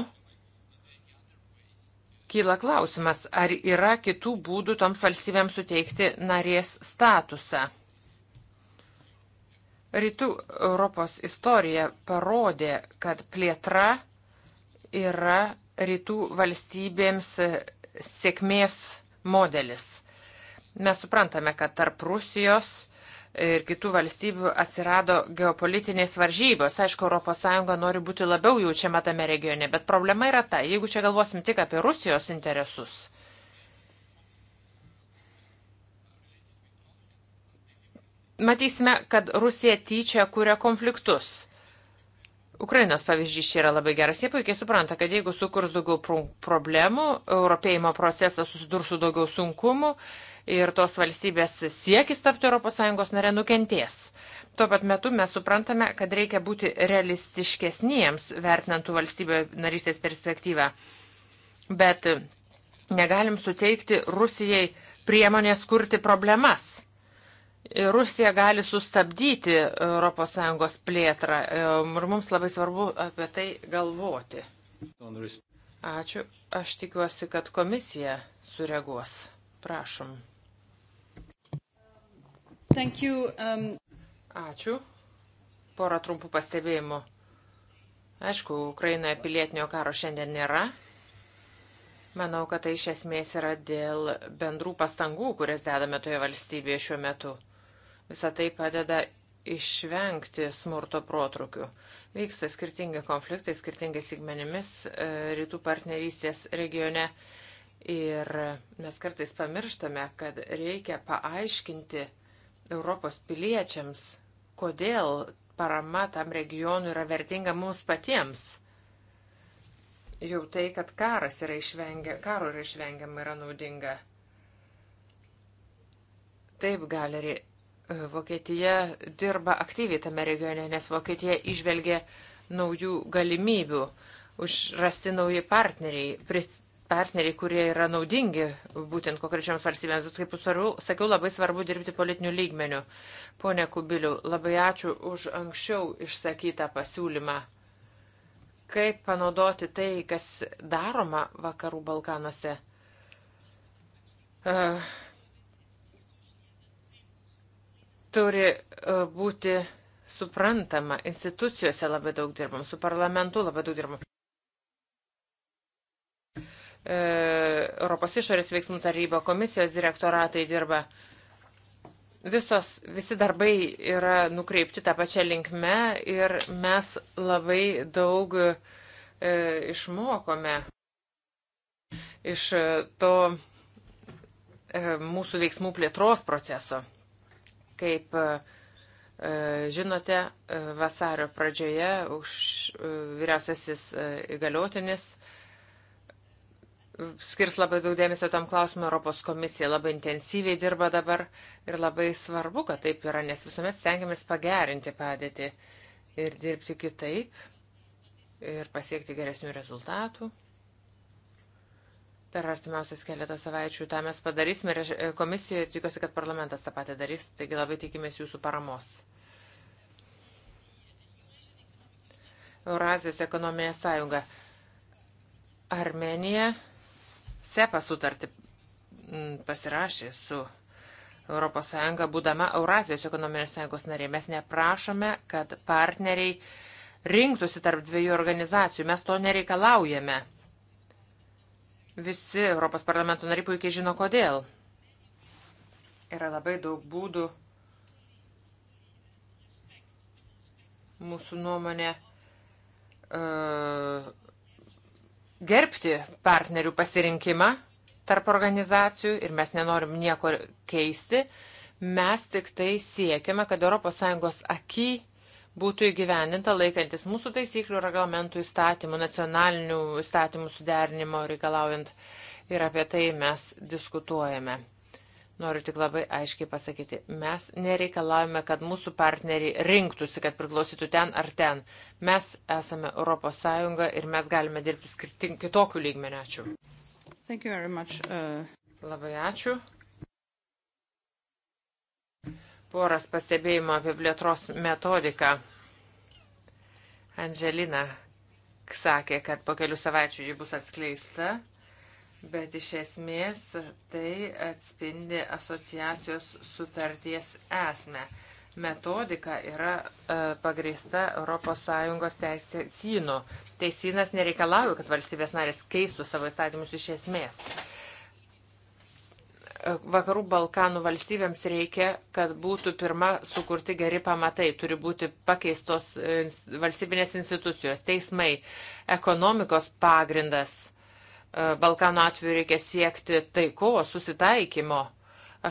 kyla klausimas, ar yra kitų būdų toms valstybėms suteikti narės statusą. Rytų Europos istorija parodė, kad plėtra yra rytų valstybėms sėkmės modelis. Mes suprantame, kad tarp Rusijos ir kitų valstybių atsirado geopolitinės varžybos. Aišku, ES nori būti labiau jaučiama tame regione, bet problema yra ta, jeigu čia galvosim tik apie Rusijos interesus, matysime, kad Rusija tyčia kūrė konfliktus. Ukrainos pavyzdys čia yra labai geras. Jie puikiai supranta, kad jeigu sukurs daugiau problemų, europėjimo procesas susidurs su daugiau sunkumų ir tos valstybės siekis tapti ES nare nukentės. Tuo pat metu mes suprantame, kad reikia būti realistiškesniems vertinantų valstybių narystės perspektyvą. Bet negalim suteikti Rusijai priemonės kurti problemas. Rusija gali sustabdyti ES plėtrą ir mums labai svarbu apie tai galvoti. Ačiū. Aš tikiuosi, kad komisija sureaguos. Prašom. Thank you, um... Ačiū. Porą trumpų pastebėjimų. Aišku, Ukrainoje pilietinio karo šiandien nėra. Manau, kad tai iš esmės yra dėl bendrų pastangų, kurias dedame toje valstybėje šiuo metu. Visą tai padeda išvengti smurto protrukių. Vyksta skirtingi konfliktai, skirtingai sigmenimis e, rytų partnerystės regione. Ir mes kartais pamirštame, kad reikia paaiškinti Europos piliečiams, kodėl parama tam regionui yra vertinga mums patiems. Jau tai, kad karas yra išvengia, karo yra išvengiama, yra naudinga. Taip gali Vokietija dirba aktyviai tame regione, nes Vokietija išvelgia naujų galimybių, užrasti nauji partneriai, pris, partneriai, kurie yra naudingi būtent konkrečioms valstybėms. Kaip svarbu, sakiau, labai svarbu dirbti politinių lygmenių. Pone Kubiliu, labai ačiū už anksčiau išsakytą pasiūlymą. Kaip panaudoti tai, kas daroma vakarų Balkanuose? Uh, turi e, būti suprantama. Institucijose labai daug dirbam, su parlamentu labai daug dirbam. E, Europos išorės veiksmų taryba, komisijos direktoratai dirba. Visos, visi darbai yra nukreipti tą pačią linkmę ir mes labai daug e, išmokome iš to e, mūsų veiksmų plėtros proceso. Kaip e, e, žinote, e, vasario pradžioje už vyriausiasis įgaliotinis skirs labai daug dėmesio tam klausimui, Europos komisija labai intensyviai dirba dabar ir labai svarbu, kad taip yra, nes visuomet stengiamės pagerinti padėtį ir dirbti kitaip ir pasiekti geresnių rezultatų per artimiausias keletą savaičių tą mes padarysime ir e, komisijoje tikiuosi, kad parlamentas tą patį darys, taigi labai tikimės jūsų paramos. Eurazijos ekonominė sąjunga. Armenija SEPA sutartį mm, pasirašė su ES, būdama Eurazijos ekonominės sąjungos narė. Mes neprašome, kad partneriai rinktųsi tarp dviejų organizacijų. Mes to nereikalaujame. Visi Europos parlamento nariai puikiai žino kodėl. Yra labai daug būdų mūsų nuomonė e, gerbti partnerių pasirinkimą tarp organizacijų ir mes nenorim nieko keisti. Mes tik tai siekiame, kad ES aki būtų įgyvendinta laikantis mūsų taisyklių, reglamentų įstatymų, nacionalinių įstatymų suderinimo reikalaujant ir apie tai mes diskutuojame. Noriu tik labai aiškiai pasakyti, mes nereikalavome, kad mūsų partneriai rinktųsi, kad priklausytų ten ar ten. Mes esame ES ir mes galime dirbti skirting, kitokių lygmenių. Ačiū. Uh... Labai ačiū. Poras pastebėjimo apie plėtros metodiką. Angelina sakė, kad po kelių savaičių ji bus atskleista, bet iš esmės tai atspindi asociacijos sutarties esmę. Metodika yra e, pagrįsta ES teisynu. Teisynas nereikalauja, kad valstybės narės keistų savo įstatymus iš esmės. Vakarų Balkanų valstybėms reikia, kad būtų pirma sukurti geri pamatai, turi būti pakeistos e, valstybinės institucijos, teismai, ekonomikos pagrindas. E, Balkanų atveju reikia siekti taiko, susitaikymo.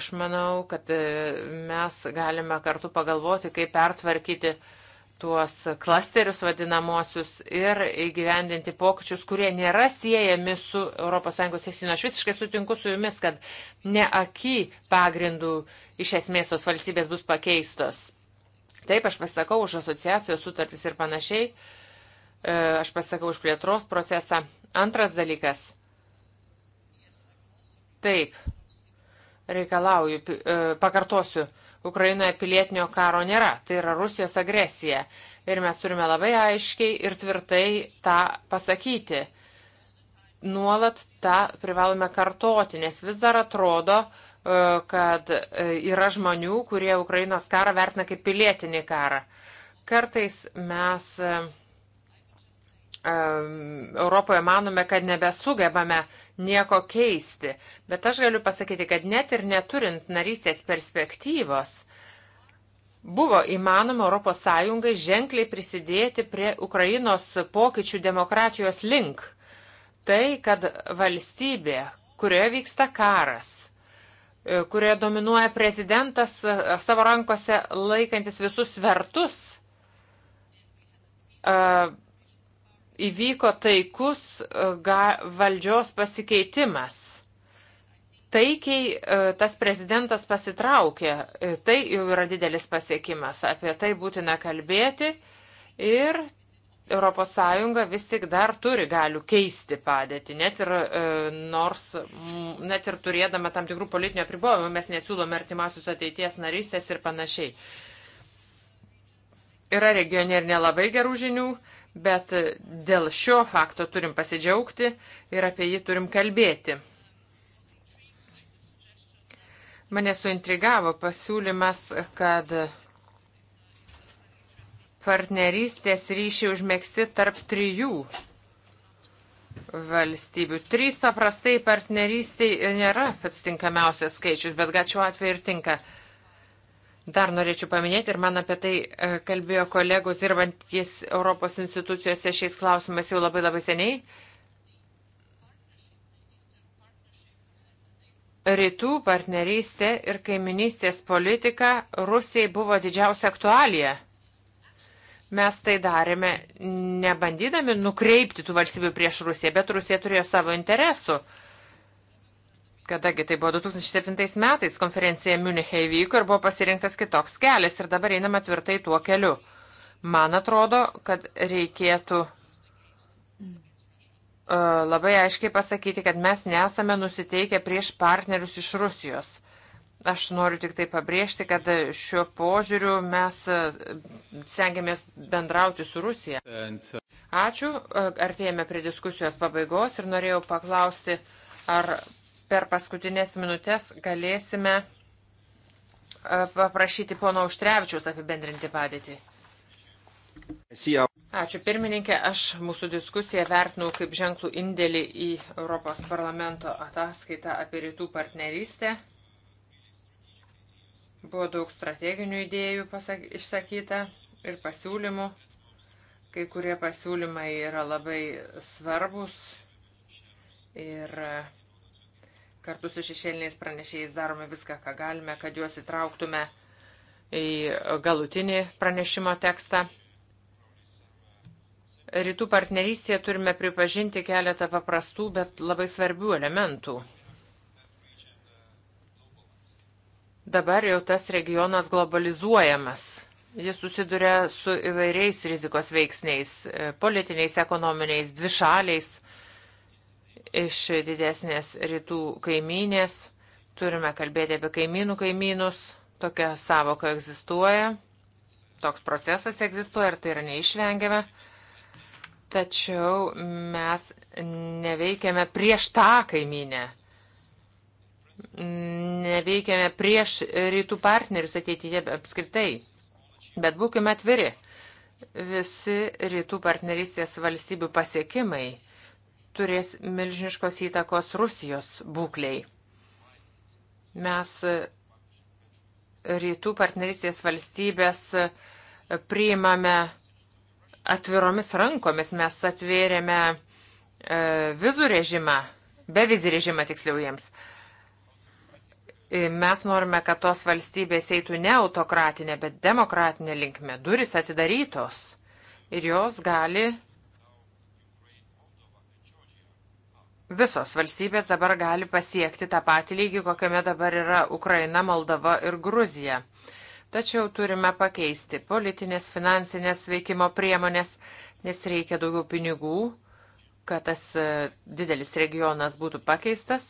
Aš manau, kad e, mes galime kartu pagalvoti, kaip pertvarkyti uh, tuos klasterius vadinamosius ir įgyvendinti pokyčius, kurie nėra siejami su ES teisinu. Aš visiškai sutinku su jumis, kad ne aki pagrindų iš esmės tos valstybės bus pakeistos. Taip, aš pasakau už asociacijos sutartis ir panašiai, e, aš pasakau už plėtros procesą. Antras dalykas. Taip, reikalauju, e, pakartosiu Ukrainoje pilietinio karo nėra, tai yra Rusijos agresija. Ir mes turime labai aiškiai ir tvirtai tą pasakyti. Nuolat tą privalome kartoti, nes vis dar atrodo, e, kad e, yra žmonių, kurie Ukrainos karą vertina kaip pilietinį karą. Kartais mes e, Europoje manome, kad nebesugebame nieko keisti. Bet aš galiu pasakyti, kad net ir neturint narysės perspektyvos, buvo įmanoma ES ženkliai prisidėti prie Ukrainos pokyčių demokratijos link. Tai, kad valstybė, kurioje vyksta karas, e, kurioje dominuoja prezidentas e, savo rankose laikantis visus vertus, e, įvyko taikus e, ga, valdžios pasikeitimas. Taikiai e, tas prezidentas pasitraukė. E, tai jau yra didelis pasiekimas. Apie tai būtina kalbėti. Ir ES vis tik dar turi galių keisti padėtį, net ir, e, nors, net ir turėdama tam tikrų politinio pribojimų, mes nesiūlome artimiausios ateities narystės ir panašiai. Yra regione ir nelabai gerų žinių. E, bet dėl šio fakto turim pasidžiaugti ir apie jį turim kalbėti. Mane suintrigavo pasiūlymas, kad partnerystės ryšiai užmėgsti tarp trijų valstybių. Trys paprastai partnerystiai nėra pats tinkamiausias skaičius, bet gal šiuo atveju ir tinka. Dar norėčiau paminėti ir man apie tai e, kalbėjo kolegos dirbantis Europos institucijose šiais klausimais jau labai labai seniai. Rytų partnerystė ir kaiminystės politika Rusijai buvo didžiausia aktualija mes tai darėme nebandydami nukreipti tų valstybių prieš Rusiją, bet Rusija turėjo savo interesų. Kadangi tai buvo 2007 metais, konferencija Müniche įvyko ir buvo pasirinktas kitoks kelias ir dabar einame tvirtai tuo keliu. Man atrodo, kad reikėtų uh, labai aiškiai pasakyti, kad mes nesame nusiteikę prieš partnerius iš Rusijos. Aš noriu tik tai pabrėžti, kad šiuo požiūriu mes e, stengiamės bendrauti su Rusija. Ačiū, artėjame prie diskusijos pabaigos ir norėjau paklausti, ar per paskutinės minutės galėsime e, paprašyti pono Užtrevičius apibendrinti padėtį. Ačiū pirmininkė, aš mūsų diskusiją vertinau kaip ženklų indėlį į Europos parlamento ataskaitą apie rytų partnerystę. Buvo daug strateginių idėjų pasak, išsakyta ir pasiūlymų. Kai kurie pasiūlymai yra labai svarbus ir Kartu su šešėliniais pranešėjais darome viską, ką galime, kad juos įtrauktume į galutinį pranešimo tekstą. Rytų partnerystėje turime pripažinti keletą paprastų, bet labai svarbių elementų. Dabar jau tas regionas globalizuojamas. Jis susiduria su įvairiais rizikos veiksniais - politiniais, ekonominiais, dvišaliais iš didesnės rytų kaimynės. Turime kalbėti apie kaimynų kaimynus. Tokia savoka egzistuoja. Toks procesas egzistuoja ir tai yra neišvengiama. Tačiau mes neveikiame prieš tą kaimynę. Neveikiame prieš rytų partnerius ateityje apskritai. Bet būkime atviri. Visi rytų partnerystės valstybių pasiekimai turės milžiniškos įtakos Rusijos būkliai. Mes e, rytų partnerystės valstybės e, priimame atviromis rankomis, mes atvėrėme e, vizų režimą, bevizį režimą tiksliau jiems. Mes norime, kad tos valstybės eitų ne autokratinė, bet demokratinė linkme, duris atidarytos ir jos gali visos valstybės dabar gali pasiekti tą patį lygį, kokiame dabar yra Ukraina, Moldova ir Gruzija. Tačiau turime pakeisti politinės, finansinės veikimo priemonės, nes reikia daugiau pinigų, kad tas e, didelis regionas būtų pakeistas.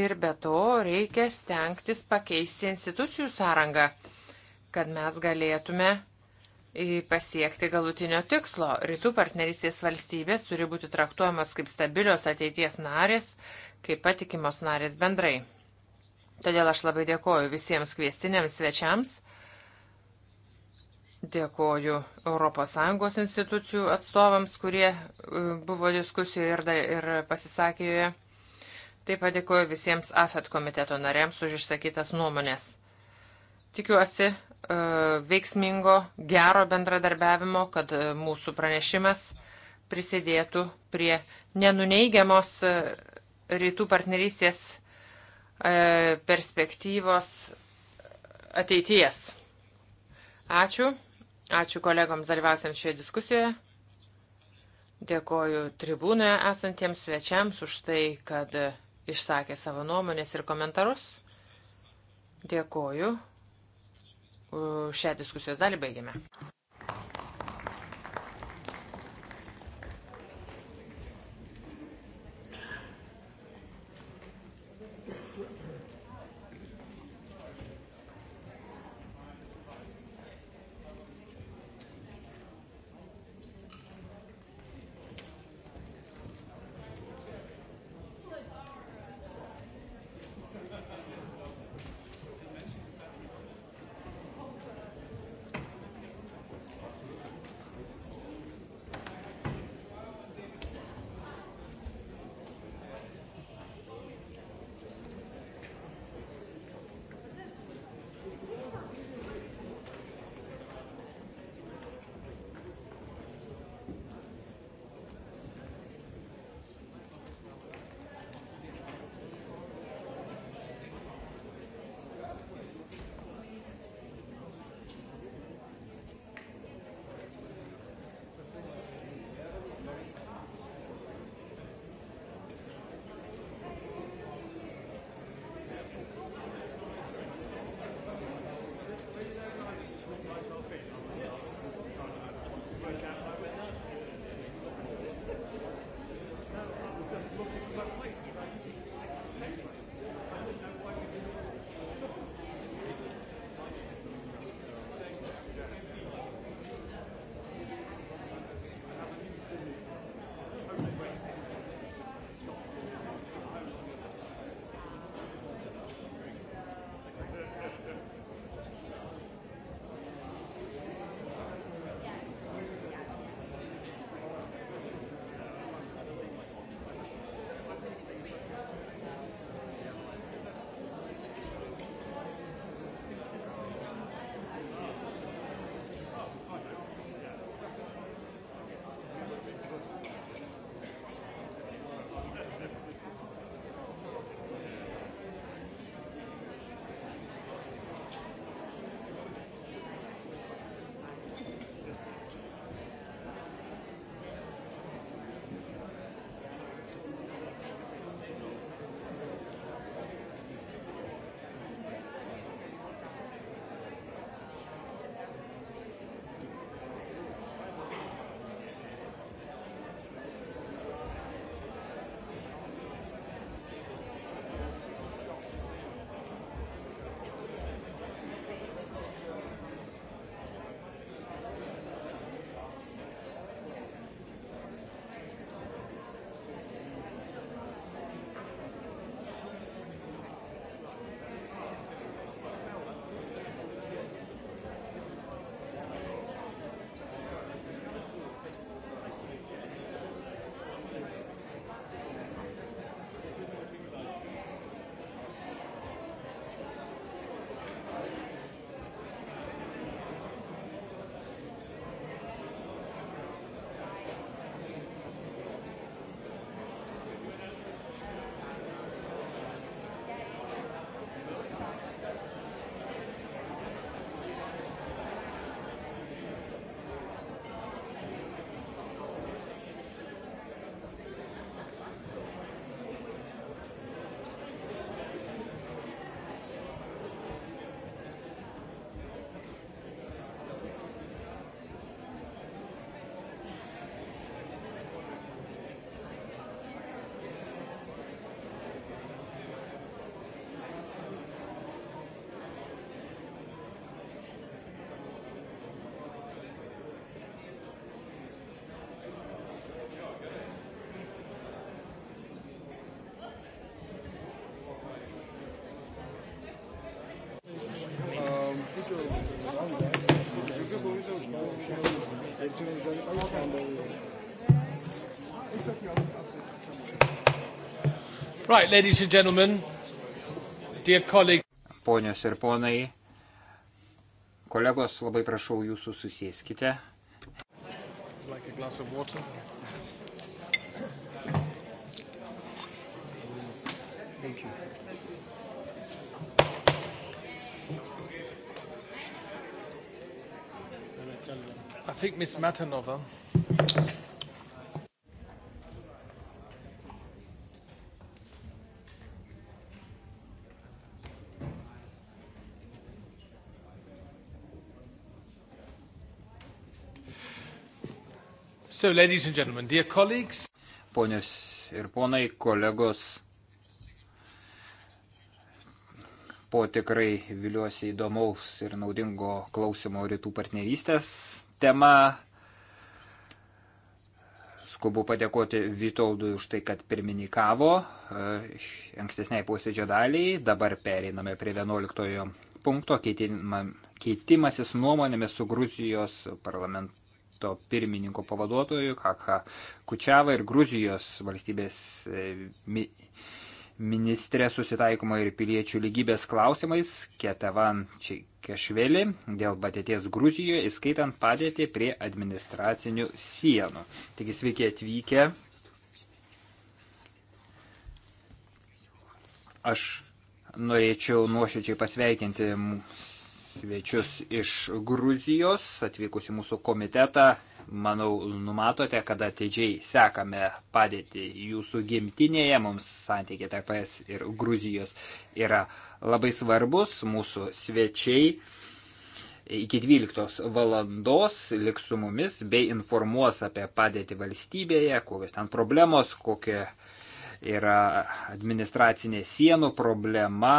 Ir be to reikia stengtis pakeisti institucijų sąrangą, kad mes galėtume pasiekti galutinio tikslo. Rytų partnerystės valstybės turi būti traktuojamos kaip stabilios ateities narės, kaip patikimos narės bendrai. Todėl aš labai dėkoju visiems kviestiniams svečiams, dėkoju ES institucijų atstovams, kurie e, buvo diskusijoje ir, ir pasisakėjoje. Taip pat dėkoju visiems AFET komiteto nariams už išsakytas nuomonės. Tikiuosi, E, veiksmingo, gero bendradarbiavimo, kad e, mūsų pranešimas prisidėtų prie nenuneigiamos e, rytų partnerystės perspektyvos ateities. Ačiū. Ačiū kolegoms dalyvausiams šioje diskusijoje. Dėkoju tribūnoje esantiems svečiams už tai, kad išsakė savo nuomonės ir komentarus. Dėkoju šią diskusijos dalį baigėme. Right, ladies and gentlemen, dear colleagues. Ponios ir ponai, kolegos, labai prašau jūsų susėskite. Like a glass of water. I think Miss Matanova. So, ladies and gentlemen, dear colleagues. Ponios ir ponai, kolegos, po tikrai viliuosi įdomaus ir naudingo klausimo rytų partnerystės sistema. Skubu padėkoti Vitoldui už tai, kad pirmininkavo e, ankstesniai posėdžio daliai. Dabar pereiname prie 11 punkto keitimasis nuomonėmis su Gruzijos parlamento pirmininko pavaduotoju Kaka Kučiava ir Gruzijos valstybės e, ministrė susitaikymo ir piliečių lygybės klausimais Ketavan Čekešvili dėl patėties Gruzijoje, įskaitant padėtį prie administracinių sienų. Taigi sveiki atvykę. Aš norėčiau nuoširdžiai pasveikinti svečius iš Gruzijos, atvykusi mūsų komitetą manau, numatote, kad ateidžiai sekame padėti jūsų gimtinėje, mums santykiai tarp es ir Gruzijos yra labai svarbus, mūsų svečiai iki 12 valandos liks su mumis bei informuos apie padėtį valstybėje, kokios ten problemos, kokia yra administracinė sienų problema,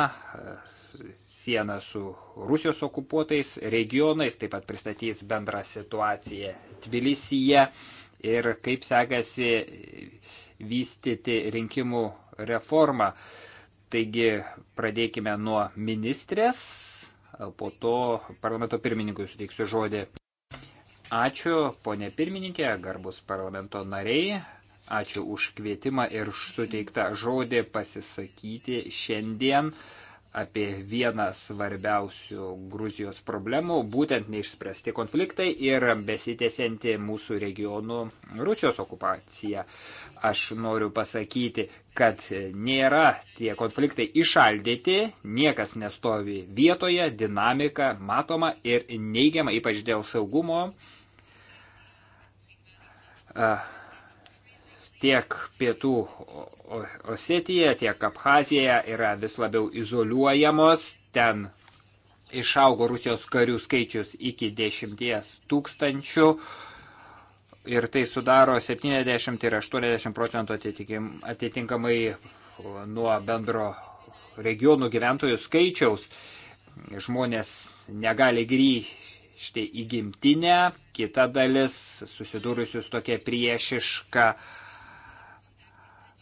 sieną su Rusijos okupuotais regionais, taip pat pristatys bendrą situaciją Tbilisyje ir kaip sekasi vystyti rinkimų reformą. Taigi pradėkime nuo ministrės, po to parlamento pirmininkui suteiksiu žodį. Ačiū, ponė pirmininkė, garbus parlamento nariai, ačiū už kvietimą ir suteiktą žodį pasisakyti šiandien. Uh, apie vieną svarbiausių Gruzijos problemų, būtent neišspręsti konfliktai ir besitėsianti mūsų regionų Rusijos okupacija. Aš noriu pasakyti, kad nėra tie konfliktai išaldyti, niekas nestovi vietoje, dinamika matoma ir neigiama, ypač dėl saugumo. Uh tiek pietų Osetija, tiek Abhazija yra vis labiau izoliuojamos. Ten išaugo Rusijos karių skaičius iki 10 tūkstančių ir tai sudaro 70 ir 80 procentų atitinkamai nuo bendro regionų gyventojų skaičiaus. Žmonės negali grįžti į gimtinę, kita dalis susidūrusius tokia priešiška uh,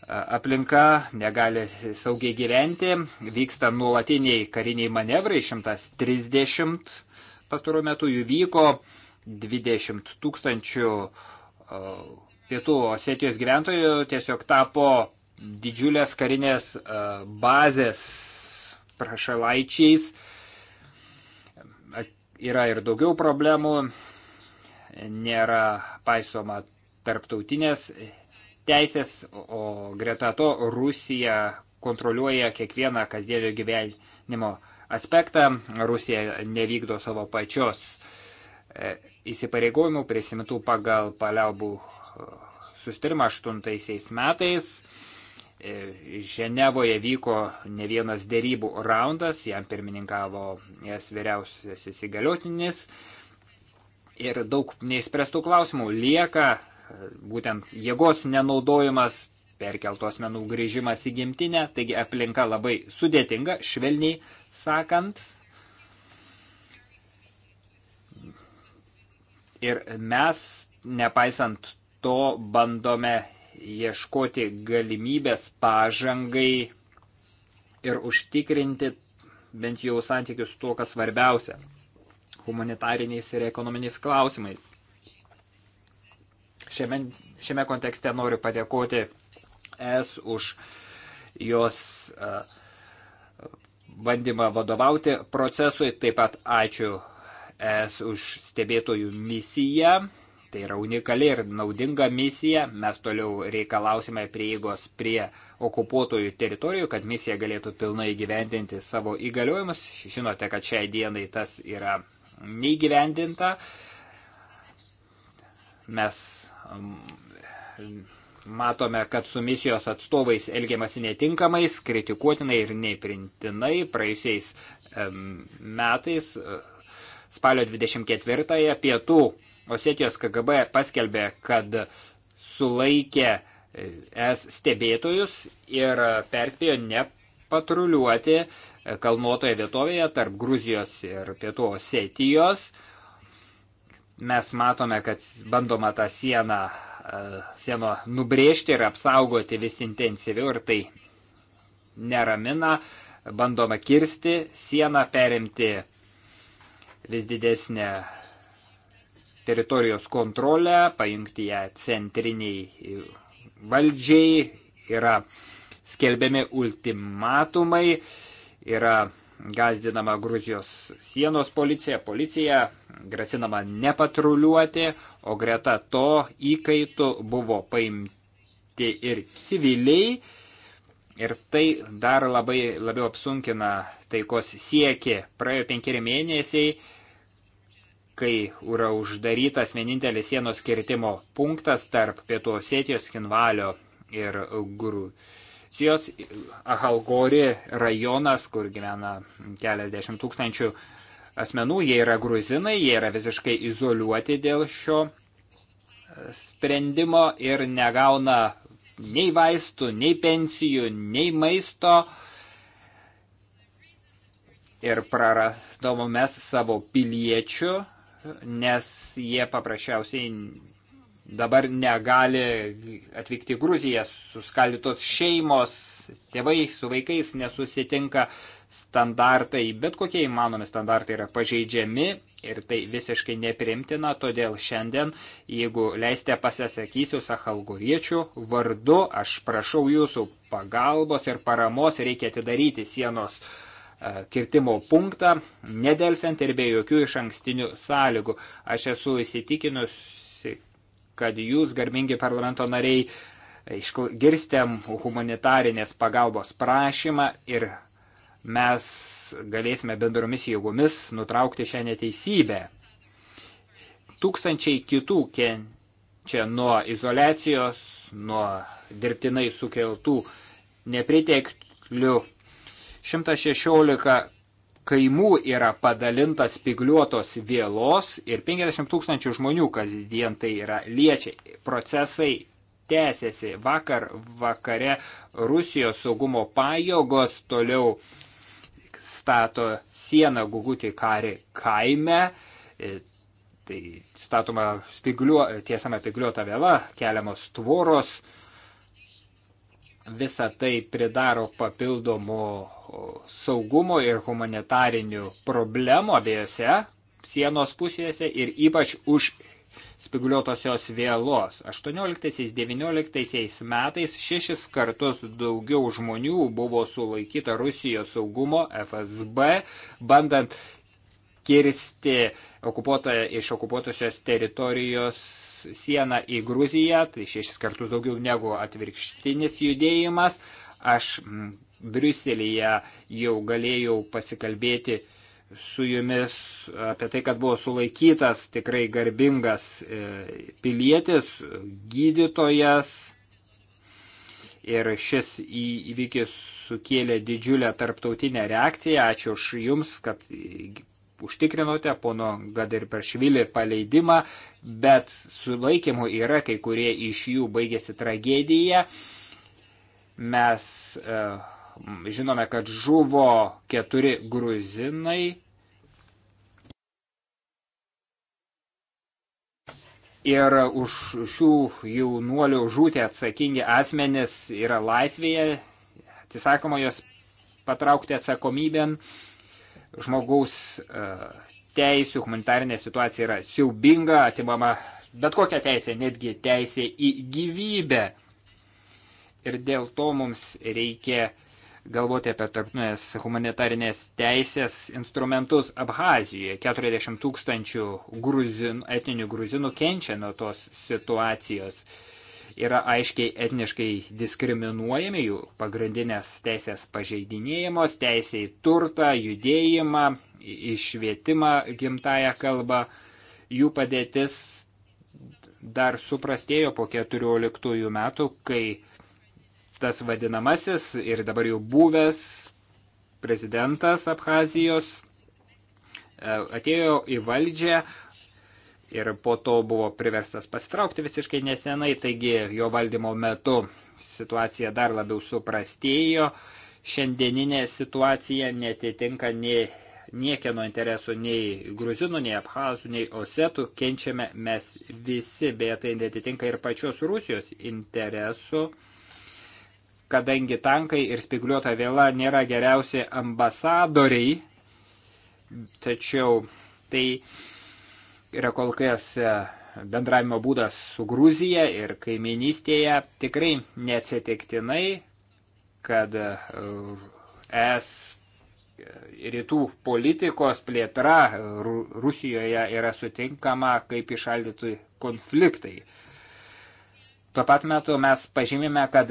aplinka, negali saugiai gyventi, vyksta nuolatiniai kariniai manevrai, 130 pastaruoju metu jų vyko, 20 tūkstančių pietų Osetijos gyventojų tiesiog tapo didžiulės karinės bazės prašalaičiais. Yra ir daugiau problemų, nėra paisoma tarptautinės teisės, o greta to Rusija kontroliuoja kiekvieną kasdienio gyvenimo aspektą. Rusija nevykdo savo pačios e, įsipareigojimų prisimintų pagal paliaubų e, sustarimą 8 metais. E, Ženevoje vyko ne vienas dėrybų raundas, jam pirmininkavo jas vyriausias įsigaliotinis ir daug neįspręstų klausimų lieka būtent jėgos nenaudojimas, perkeltos menų grįžimas į gimtinę, taigi aplinka labai sudėtinga, švelniai sakant. Ir mes, nepaisant to, bandome ieškoti galimybės pažangai ir užtikrinti bent jau santykius tuo, kas svarbiausia - humanitariniais ir ekonominiais klausimais. Šiame, šiame kontekste noriu padėkoti es už jos bandymą vadovauti procesui. Taip pat ačiū es už stebėtojų misiją. Tai yra unikali ir naudinga misija. Mes toliau reikalausime prieigos prie okupuotojų teritorijų, kad misija galėtų pilnai gyvendinti savo įgaliojimus. Žinote, kad šiai dienai tas yra neįgyvendinta. Mes matome, kad su misijos atstovais elgiamasi netinkamais, kritikuotinai ir neprintinai. Praėjusiais metais, e, spalio 24-ąją, pietų Osetijos KGB paskelbė, kad sulaikė e, es stebėtojus ir perspėjo nepatruliuoti e, kalnuotoje vietovėje tarp Gruzijos ir pietų Osetijos. Mes matome, kad bandoma tą sieną, e, sieną nubrėžti ir apsaugoti vis intensyviau ir tai neramina. Bandoma kirsti sieną, perimti vis didesnę teritorijos kontrolę, pajungti ją centriniai valdžiai, yra skelbiami ultimatumai, yra gazdinama Gruzijos sienos policija, policija grasinama nepatruliuoti, o greta to įkaitų buvo paimti ir civiliai. Ir tai dar labai labiau apsunkina taikos siekį. Praėjo penkeri mėnesiai, kai yra uždarytas vienintelis sienos kirtimo punktas tarp Pietų Osetijos, Kinvalio ir Gruzijos, Ahalgori rajonas, kur gyvena keliasdešimt tūkstančių žmonių asmenų, jie yra gruzinai, jie yra visiškai izoliuoti dėl šio e, sprendimo ir negauna nei vaistų, nei pensijų, nei maisto. Ir praradom mes savo piliečių, nes jie paprasčiausiai dabar negali atvykti į Gruziją, suskaldytos šeimos, tėvai su vaikais nesusitinka, standartai, bet kokie įmanomi standartai yra pažeidžiami ir tai visiškai neprimtina, todėl šiandien, jeigu leistė pasisakysiu sahalguriečių vardu, aš prašau jūsų pagalbos ir paramos, reikia atidaryti sienos e, kirtimo punktą, nedelsiant ir be jokių iš ankstinių sąlygų. Aš esu įsitikinusi, kad jūs, garbingi parlamento nariai, išgirstėm humanitarinės pagalbos prašymą ir mes galėsime bendromis jėgomis nutraukti šią neteisybę. Tūkstančiai kitų kenčia nuo izolacijos, nuo dirbtinai sukeltų nepriteklių. 116 kaimų yra padalintas spigliuotos vėlos ir 50 tūkstančių žmonių kasdien tai yra liečiai. Procesai tęsiasi. Vakar vakare Rusijos saugumo pajėgos toliau uh, stato sieną Gugutį karį kaime, e, tai statoma spigliuo, tiesama spigliuota vėla, keliamos tvoros, visa tai pridaro papildomų saugumo ir humanitarinių problemų abiejose sienos pusėse ir ypač už spiguliuotosios vėlos. 18-19 metais šešis kartus daugiau žmonių buvo sulaikyta Rusijos saugumo FSB, bandant kirsti okupuotą, iš okupuotosios teritorijos sieną į Gruziją, tai šešis kartus daugiau negu atvirkštinis judėjimas. Aš mm, Briuselėje jau galėjau pasikalbėti su jumis apie tai, kad buvo sulaikytas tikrai garbingas e, pilietis, gydytojas. Ir šis įvykis sukėlė didžiulę tarptautinę reakciją. Ačiū už Jums, kad užtikrinote pono Gadirperšvilį paleidimą, bet sulaikymų yra, kai kurie iš jų baigėsi tragedija. Mes e, žinome, kad žuvo keturi gruzinai, Ir už šių jaunuolių žūtį atsakingi asmenys yra laisvėje, atsisakoma jos patraukti atsakomybėn. Žmogaus e, teisų humanitarinė situacija yra siaubinga, atimama bet kokia teisė, netgi teisė į gyvybę. Ir dėl to mums reikia galvoti apie tarptautinės humanitarinės teisės instrumentus Abhazijoje. 40 tūkstančių gruzin, etninių gruzinų kenčia nuo tos situacijos. Yra aiškiai etniškai diskriminuojami, jų pagrindinės teisės pažeidinėjimos, teisė į turtą, judėjimą, išvietimą gimtają kalbą. Jų padėtis dar suprastėjo po 14 metų, kai tas vadinamasis ir dabar jau buvęs prezidentas Abhazijos e, atėjo į valdžią ir po to buvo priverstas pasitraukti visiškai nesenai, taigi jo valdymo metu situacija dar labiau suprastėjo, šiandieninė situacija netitinka nei niekieno interesų, nei gruzinų, nei abhazų, nei osetų, kenčiame mes visi, bet tai netitinka ir pačios Rusijos interesų kadangi tankai ir spigliuota vėla nėra geriausi ambasadoriai, tačiau tai yra kol kas e, bendravimo būdas su Gruzija ir kaiminystėje tikrai neatsitiktinai, kad e, es e, rytų politikos plėtra Rusijoje yra sutinkama kaip išaldytų konfliktai. Tuo pat metu mes pažymime, kad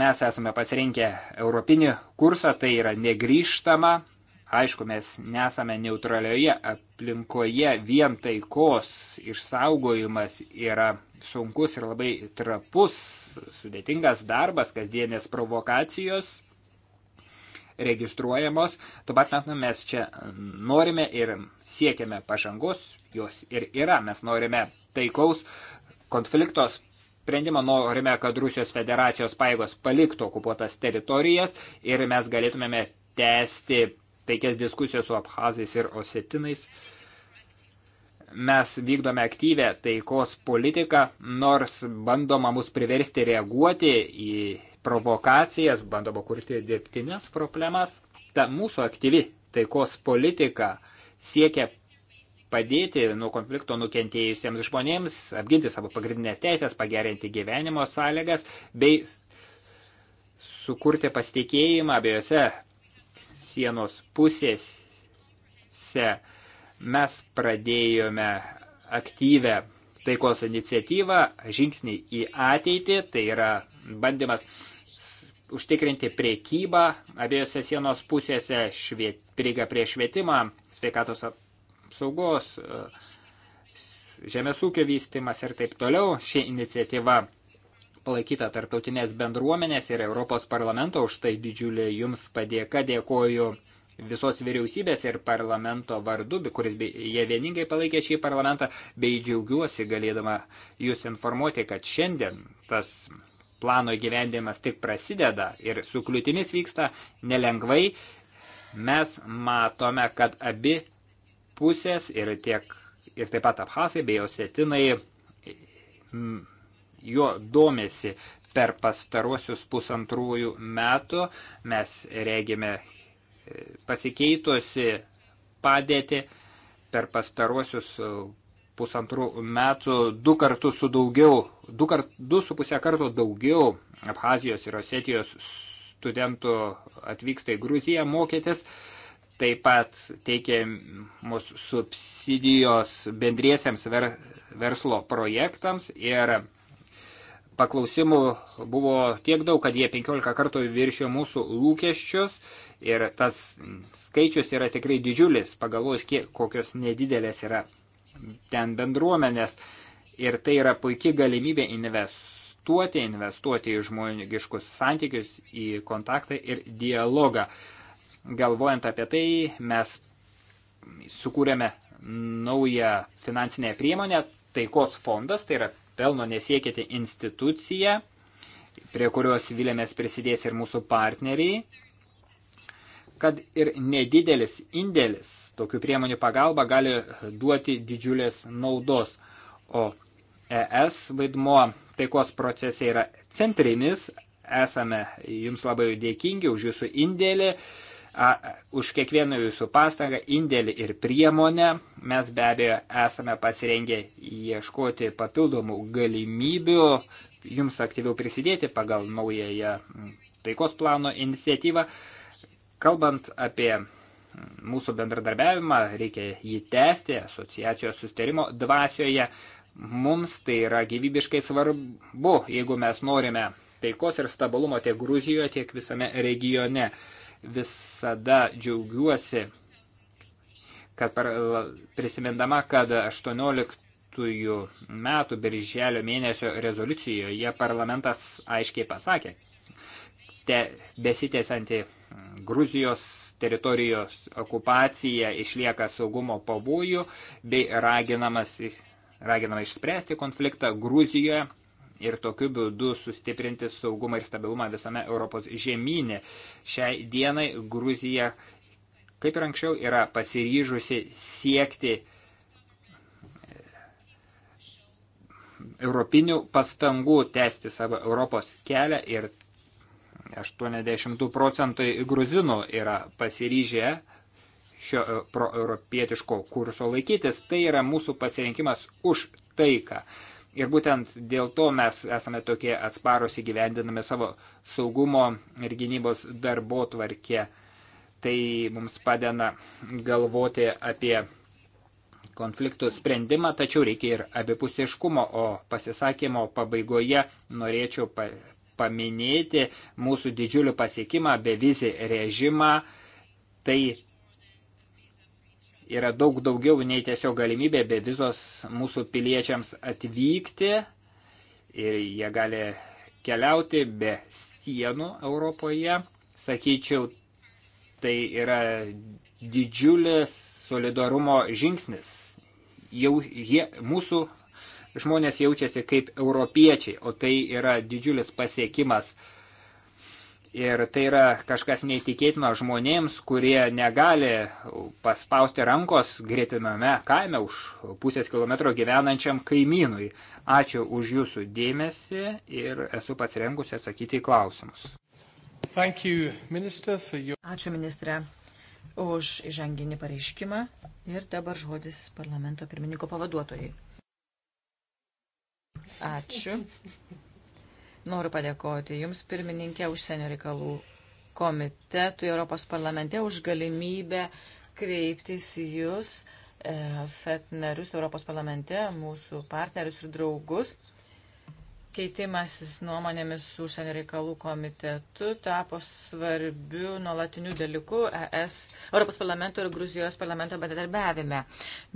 mes esame pasirinkę europinį kursą, tai yra negryžtama. Aišku, mes nesame neutralioje aplinkoje, vien taikos išsaugojimas yra sunkus ir labai trapus, sudėtingas darbas, kasdienės provokacijos registruojamos. Tuo pat metu mes čia norime ir siekiame pažangos, jos ir yra. Mes norime taikaus konfliktos sprendimą norime, kad Rusijos federacijos paėgos paliktų okupuotas teritorijas ir mes galėtumėme tęsti taikias diskusijas su Abhazais ir Osetinais. Mes vykdome aktyvę taikos politiką, nors bandoma mus priversti reaguoti į provokacijas, bandoma kurti dirbtinės problemas. Ta mūsų aktyvi taikos politika siekia padėti nuo konflikto nukentėjusiems žmonėms, apginti savo pagrindinės teisės, pagerinti gyvenimo sąlygas bei sukurti pasitikėjimą abiejose sienos pusėse. Mes pradėjome aktyvę taikos iniciatyvą, žingsnį į ateitį, tai yra bandymas užtikrinti priekybą abiejose sienos pusėse, šviet, prieiga prie švietimą, sveikatos apsaugos, e, žemės ūkio vystimas ir taip toliau. Ši iniciatyva palaikyta tarptautinės bendruomenės ir Europos parlamento, už tai didžiulė jums padėka, dėkoju visos vyriausybės ir parlamento vardu, kuris jie vieningai palaikė šį parlamentą, bei džiaugiuosi galėdama jūs informuoti, kad šiandien tas plano gyvendimas tik prasideda ir su kliūtimis vyksta nelengvai. Mes matome, kad abi pusės ir tiek ir taip pat Abhasai bei Osetinai juo domėsi per pastaruosius pusantrųjų metų. Mes regime e, pasikeitusi padėti per pastaruosius pusantrų metų du kartus su daugiau, du, kart, du su pusę karto daugiau Abhazijos ir Osetijos studentų atvyksta į Gruziją mokytis. Taip pat teikiamos subsidijos bendriesiams ver, verslo projektams ir paklausimų buvo tiek daug, kad jie 15 kartų viršė mūsų lūkesčius ir tas skaičius yra tikrai didžiulis, pagalvojus, kiek, kokios nedidelės yra ten bendruomenės ir tai yra puikia galimybė investuoti, investuoti į žmogiškus santykius, į kontaktą ir dialogą. Uh, Galvojant apie tai, mes sukūrėme naują finansinę priemonę, taikos fondas, tai yra pelno nesiekėti institucija, prie kurios vilėmės prisidės ir mūsų partneriai, kad ir nedidelis indėlis tokių priemonių pagalba gali duoti didžiulės naudos, o ES vaidmuo taikos procese yra centrinis, esame jums labai dėkingi už jūsų indėlį, a, už kiekvieną jūsų pastangą, indėlį ir priemonę. Mes be abejo esame pasirengę ieškoti papildomų galimybių jums aktyviau prisidėti pagal naująją taikos plano iniciatyvą. Kalbant apie mūsų bendradarbiavimą, reikia jį tęsti asociacijos susterimo dvasioje. Mums tai yra gyvybiškai svarbu, jeigu mes norime taikos ir stabilumo tiek Gruzijoje, tiek visame regione visada džiaugiuosi, kad per, prisimindama, kad 18 metų birželio mėnesio rezoliucijoje parlamentas aiškiai pasakė, te, besitėsianti Gruzijos teritorijos okupacija išlieka saugumo pavojų bei raginamas raginama išspręsti konfliktą Gruzijoje ir tokiu būdu sustiprinti saugumą ir stabilumą visame Europos žemynė. Šiai dienai Gruzija, kaip ir anksčiau, yra pasiryžusi siekti e, europinių pastangų tęsti savo Europos kelią ir 80 procentai gruzinų yra pasiryžę šio e, proeuropietiško kurso laikytis. Tai yra mūsų pasirinkimas už taiką. Ir būtent dėl to mes esame tokie atsparus įgyvendinami savo saugumo ir gynybos darbo tvarkė. Tai mums padeda galvoti apie konfliktų sprendimą, tačiau reikia ir abipusiškumo, o pasisakymo pabaigoje norėčiau pa paminėti mūsų didžiulį pasiekimą bevizį režimą. Tai yra daug daugiau nei tiesiog galimybė be vizos mūsų piliečiams atvykti ir jie gali keliauti be sienų Europoje. Sakyčiau, tai yra didžiulis solidarumo žingsnis. Jau jie, mūsų žmonės jaučiasi kaip europiečiai, o tai yra didžiulis pasiekimas. Uh, Ir tai yra kažkas neįtikėtino žmonėms, kurie negali paspausti rankos greitiname kaime už pusės kilometro gyvenančiam kaimynui. Ačiū už jūsų dėmesį ir esu pasirengusi atsakyti į klausimus. You, minister, your... Ačiū ministrė už įžanginį pareiškimą ir dabar žodis parlamento pirmininko pavaduotojai. Ačiū. Noriu padėkoti Jums, pirmininkė, užsienio reikalų komitetui Europos parlamente už galimybę kreiptis į Jūs, e, FET narius Europos parlamente, mūsų partnerius ir draugus. Keitimasis nuomonėmis su užsienio reikalų komitetu tapo svarbiu nuolatiniu dalyku ES, Europos parlamento ir Gruzijos parlamento bendradarbiavime.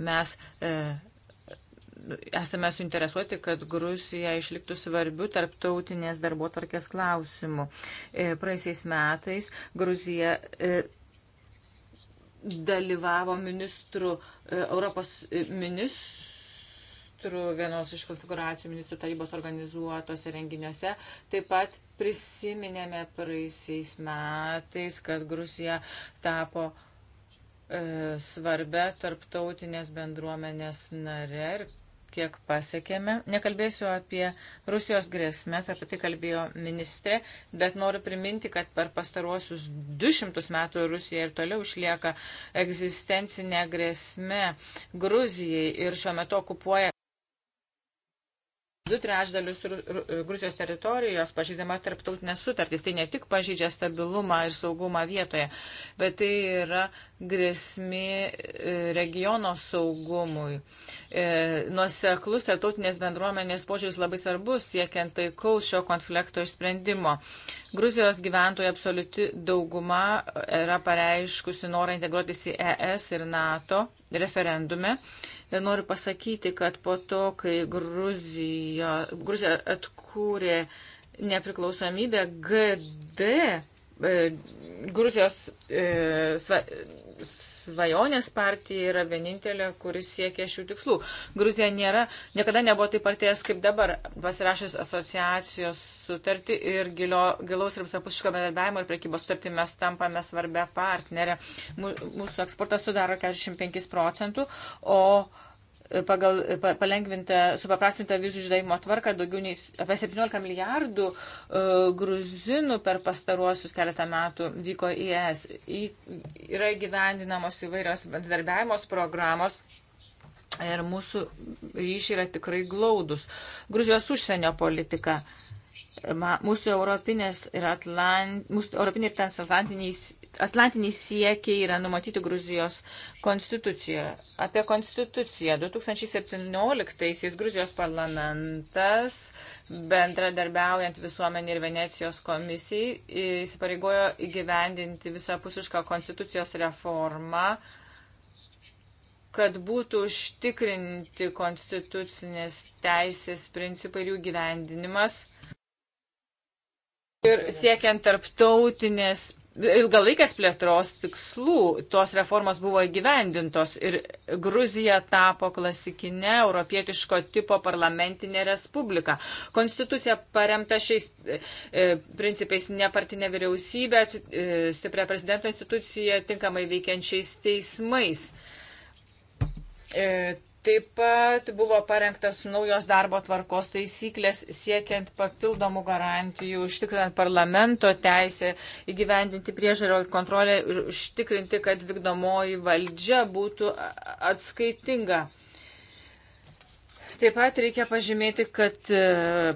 Mes e, esame suinteresuoti, kad Gruzija išliktų svarbių tarptautinės darbo tarkės klausimų. E, praeisiais metais Gruzija e, dalyvavo ministrų, e, Europos ministrų vienos iš konfiguracijų ministrų tarybos organizuotose renginiuose. Taip pat prisiminėme praeisiais metais, kad Gruzija tapo svarbia tarptautinės bendruomenės nare ir kiek pasiekėme. Nekalbėsiu apie Rusijos grėsmės, apie tai kalbėjo ministrė, bet noriu priminti, kad per pastaruosius 200 metų Rusija ir toliau išlieka egzistencinė grėsmė Gruzijai ir šiuo metu okupuoja du trešdalius Gruzijos teritorijos pažydžiama tarptautinės sutartys. Tai ne tik pažydžia stabilumą ir saugumą vietoje, bet tai yra grėsmi e, regiono saugumui. E, nuoseklus tarptautinės bendruomenės požiūris labai svarbus siekiant taikaus šio konflikto išsprendimo. Gruzijos gyventojų absoliuti dauguma yra pareiškusi norą integruotis į ES ir NATO referendume. E, noriu pasakyti, kad po to, kai Gruzija, Gruzija atkūrė nepriklausomybę, GD, e, Gruzijos e, sva, svajonės partija yra vienintelė, kuris siekia šių tikslų. Gruzija nėra, niekada nebuvo taip artėjęs kaip dabar, pasirašęs asociacijos sutartį ir gilio, gilaus ir visapusiško bendarbiavimo ir prekybos sutartį mes tampame svarbę partnerę. Mūsų eksportas sudaro 45 procentų, o pagal palengvintą, supaprastintą vizų išdavimo tvarką daugiau nei apie 17 milijardų e, gruzinų per pastaruosius keletą metų vyko į ES. Į, yra gyvendinamos įvairios bendradarbiavimos programos. Ir mūsų ryšiai yra tikrai glaudus. Gruzijos užsienio politika. Mūsų, ir Atlant, mūsų europiniai ir transatlantiniai Atlantiniai siekiai yra numatyti Gruzijos konstitucijoje. Apie konstituciją 2017-aisiais Gruzijos parlamentas, bendradarbiaujant visuomenį ir Venecijos komisijai, įsipareigojo įgyvendinti visapusišką konstitucijos reformą kad būtų užtikrinti konstitucinės teisės principai ir jų gyvendinimas ir siekiant tarptautinės ilgalaikės plėtros tikslų tos reformos buvo įgyvendintos ir Gruzija tapo klasikinė europietiško tipo parlamentinė respublika. Konstitucija paremta šiais e, principais nepartinė vyriausybė, e, stipria prezidento institucija, tinkamai veikiančiais teismais. E, Taip pat buvo parengtas naujos darbo tvarkos taisyklės siekiant papildomų garantijų, užtikrinant parlamento teisę įgyvendinti priežarą ir kontrolę ir užtikrinti, kad vykdomoji valdžia būtų atskaitinga. Taip pat reikia pažymėti, kad e,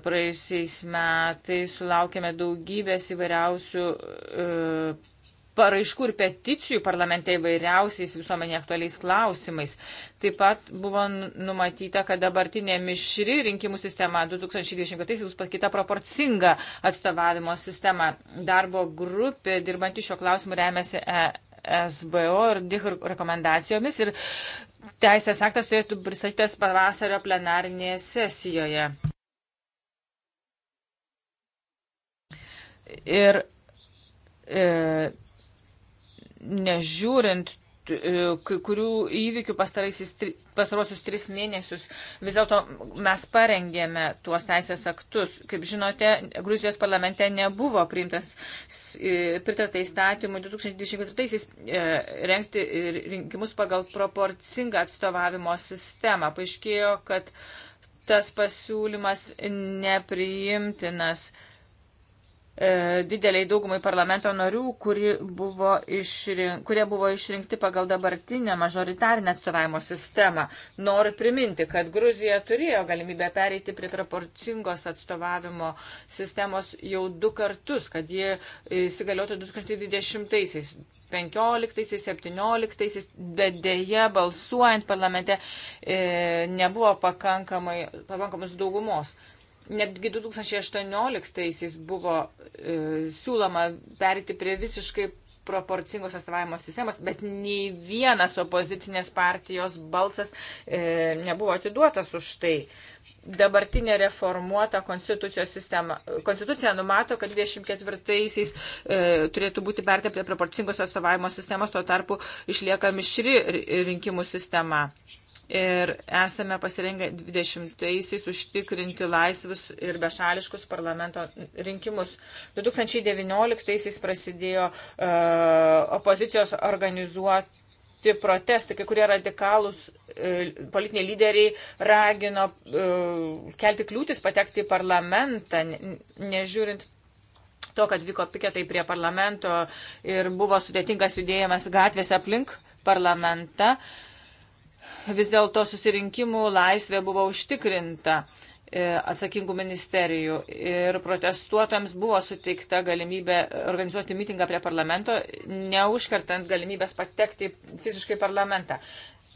praėjusiais metais sulaukėme daugybės įvairiausių e, paraiškų ir peticijų parlamente įvairiausiais visuomenė aktualiais klausimais. Taip pat buvo numatyta, kad dabartinė mišri rinkimų sistema 2020 bus pakita proporcinga atstovavimo sistema. Darbo grupė dirbantį šio klausimu remiasi e SBO ir DIH rekomendacijomis ir teisės aktas turėtų būti pristatytas pavasario plenarinėje sesijoje. Ir e, nežiūrint e, kai kurių įvykių pastarosius tris mėnesius. Vis dėlto mes parengėme tuos teisės aktus. Kaip žinote, Gruzijos parlamente nebuvo priimtas e, pritarta įstatymų 2024-aisiais rengti rinkimus pagal proporcingą atstovavimo sistemą. Paaiškėjo, kad tas pasiūlymas nepriimtinas. E, dideliai daugumai parlamento narių, kuri buvo išrink, kurie buvo išrinkti pagal dabartinę mažoritarinę atstovavimo sistemą. Noriu priminti, kad Gruzija turėjo galimybę pereiti prie proporcingos atstovavimo sistemos jau du kartus, kad jie įsigaliotų 2020-aisiais. 15-17, bet dėja balsuojant parlamente e, nebuvo pakankamai, pakankamas daugumos. E, netgi 2018-aisiais buvo e, siūloma perėti prie visiškai proporcingos atstovavimo sistemos, bet nei vienas opozicinės partijos balsas e, nebuvo atiduotas už tai. Dabartinė reformuota konstitucijos sistema. Konstitucija numato, kad 24-aisiais e, turėtų būti pertė prie proporcingos atstovavimo sistemos, tuo tarpu išlieka mišri rinkimų sistema. E, ir esame pasirengę 20-aisiais užtikrinti laisvus ir bešališkus parlamento rinkimus. 2019-aisiais prasidėjo uh, opozicijos organizuoti protestai, kai kurie radikalūs uh, politiniai lyderiai ragino uh, kelti kliūtis patekti į parlamentą, ne, nežiūrint to, kad vyko piketai prie parlamento ir buvo sudėtingas judėjimas gatvėse aplink parlamentą. Uh, vis dėlto susirinkimų laisvė buvo užtikrinta e, atsakingų ministerijų ir protestuotams buvo suteikta galimybė organizuoti mitingą prie parlamento, neužkartant galimybės patekti fiziškai parlamentą.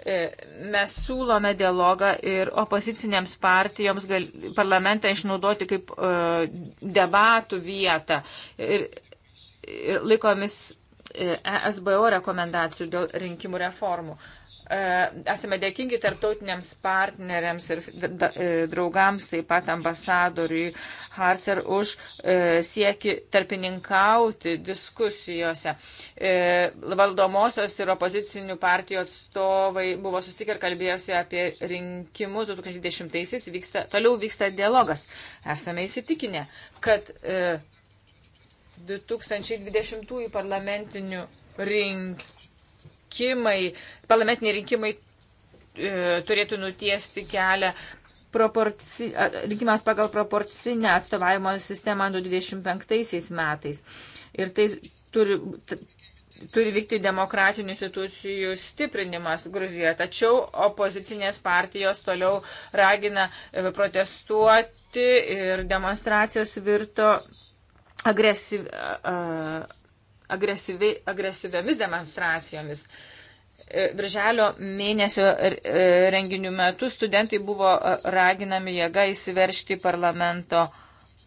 E, mes siūlome dialogą ir opozicinėms partijoms gal, parlamentą išnaudoti kaip uh, debatų vietą ir, ir laikomis ESBO rekomendacijų dėl rinkimų reformų. E, esame dėkingi tarptautiniams partneriams ir e, draugams, taip pat ambasadoriui Harcer už e, sieki tarpininkauti diskusijose. Valdomosios ir opozicinių partijų atstovai buvo susitikę ir kalbėjosi apie rinkimus 2010-aisiais, vyksta, toliau vyksta dialogas. Esame įsitikinę, kad 2020 parlamentinių rinkimai, parlamentiniai rinkimai e, turėtų nutiesti kelią proporci, rinkimas pagal proporcinę atstovavimo sistemą 25 metais. Ir tai turi, turi vykti demokratinių institucijų stiprinimas Gruzijoje. Tačiau opozicinės partijos toliau ragina e, protestuoti ir demonstracijos virto agresyv, agresyvi, agresyviamis demonstracijomis. E, Birželio mėnesio e, renginių metu studentai buvo raginami jėga įsiveršti parlamento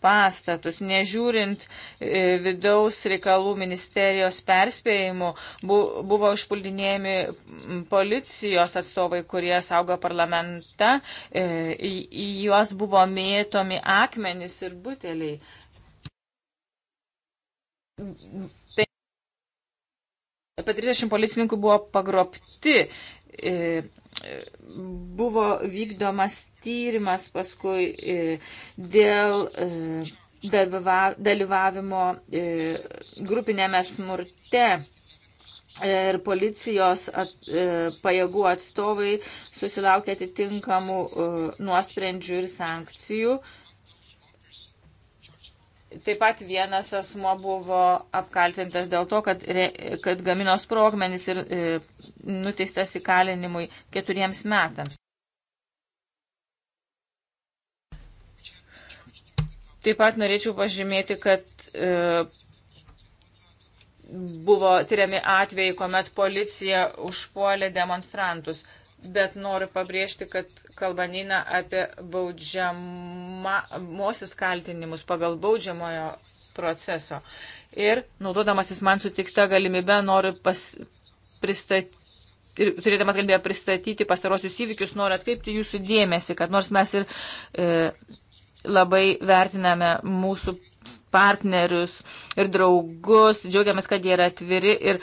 pastatus. Nežiūrint e, vidaus reikalų ministerijos perspėjimų, buvo užpuldinėjami policijos atstovai, kurie saugo parlamentą, į juos buvo mėtomi akmenys ir buteliai. Tai- apie 30 policininkų buvo pagrobti. E, buvo vykdomas tyrimas paskui e, dėl e, dalyvavimo grupinėme smurte. Ir policijos at, e, pajėgų atstovai susilaukė atitinkamų e, nuosprendžių ir sankcijų. E, Taip pat vienas asmo buvo apkaltintas dėl to, kad, re, kad gamino sprogmenis ir e, nuteistas įkalinimui keturiems metams. Taip pat norėčiau pažymėti, kad e, buvo tyriami atvejai, kuomet policija užpuolė demonstrantus. E, bet noriu pabrėžti, kad kalba neina apie baudžiamosius kaltinimus pagal baudžiamojo proceso. Ir naudodamasis man sutikta galimybė, noriu pas, pristatyti. Ir turėdamas galimybę pristatyti pastarosius įvykius, noriu atkreipti jūsų dėmesį, kad nors mes ir e, labai vertiname mūsų partnerius ir draugus, džiaugiamės, kad jie yra atviri ir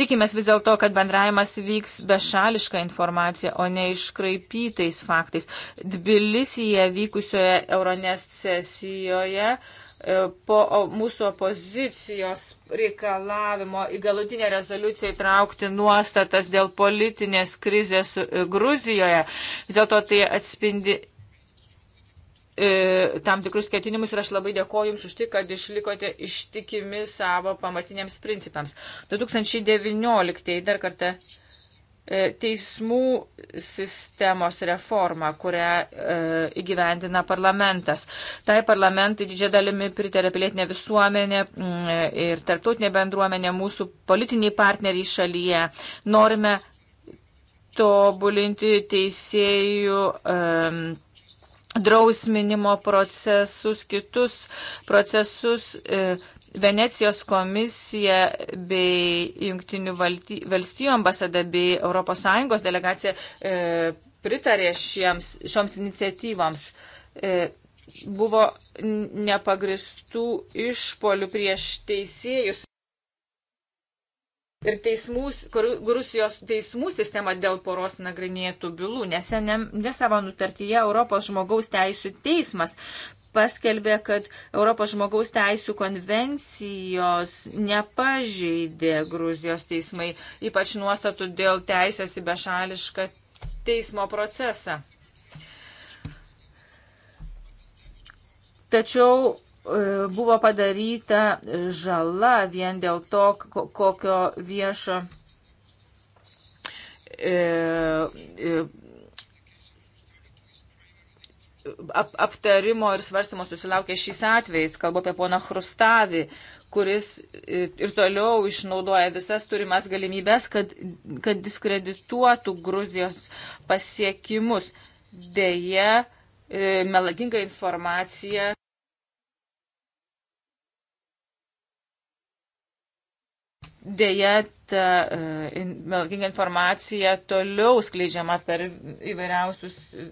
Tikimės vis dėlto, kad bendravimas vyks bešališką informaciją, o ne iškraipytais faktais. Dbilisyje vykusioje Euronest sesijoje e, po mūsų opozicijos reikalavimo į galutinę rezoliuciją įtraukti nuostatas dėl politinės krizės e, Gruzijoje. Vis dėlto tai atspindi E, tam tikrus ketinimus ir aš labai dėkoju Jums už tai, kad išlikote ištikimi savo pamatiniams principams. 2019 dar kartą e, teismų sistemos reforma, kurią e, įgyvendina parlamentas. Tai parlamentai didžia dalimi pritarė pilietinė visuomenė mm, e, ir tarptautinė bendruomenė, mūsų politiniai partneriai šalyje. Norime tobulinti teisėjų e, drausminimo procesus, kitus procesus. E, Venecijos komisija bei Junktinių valstybių ambasada bei ES delegacija e, pritarė šiems, šioms iniciatyvams. E, buvo nepagristų išpolių prieš teisėjus ir teismų, kur, Rusijos teismų sistema dėl poros nagrinėtų bylų, nes ne savo nutartyje Europos žmogaus teisų teismas paskelbė, kad Europos žmogaus teisų konvencijos nepažeidė Gruzijos teismai, ypač nuostatų dėl teisės į bešališką teismo procesą. Tačiau E, buvo padaryta žala vien dėl to, kokio viešo e, e, aptarimo ir svarstymo susilaukė šis atvejs. Kalbu apie poną Hrustavį, kuris ir toliau išnaudoja visas turimas galimybės, kad, kad diskredituotų Gruzijos pasiekimus. Deja, melaginga informacija. Deja, ta e, melginga informacija toliau skleidžiama per įvairiausius e,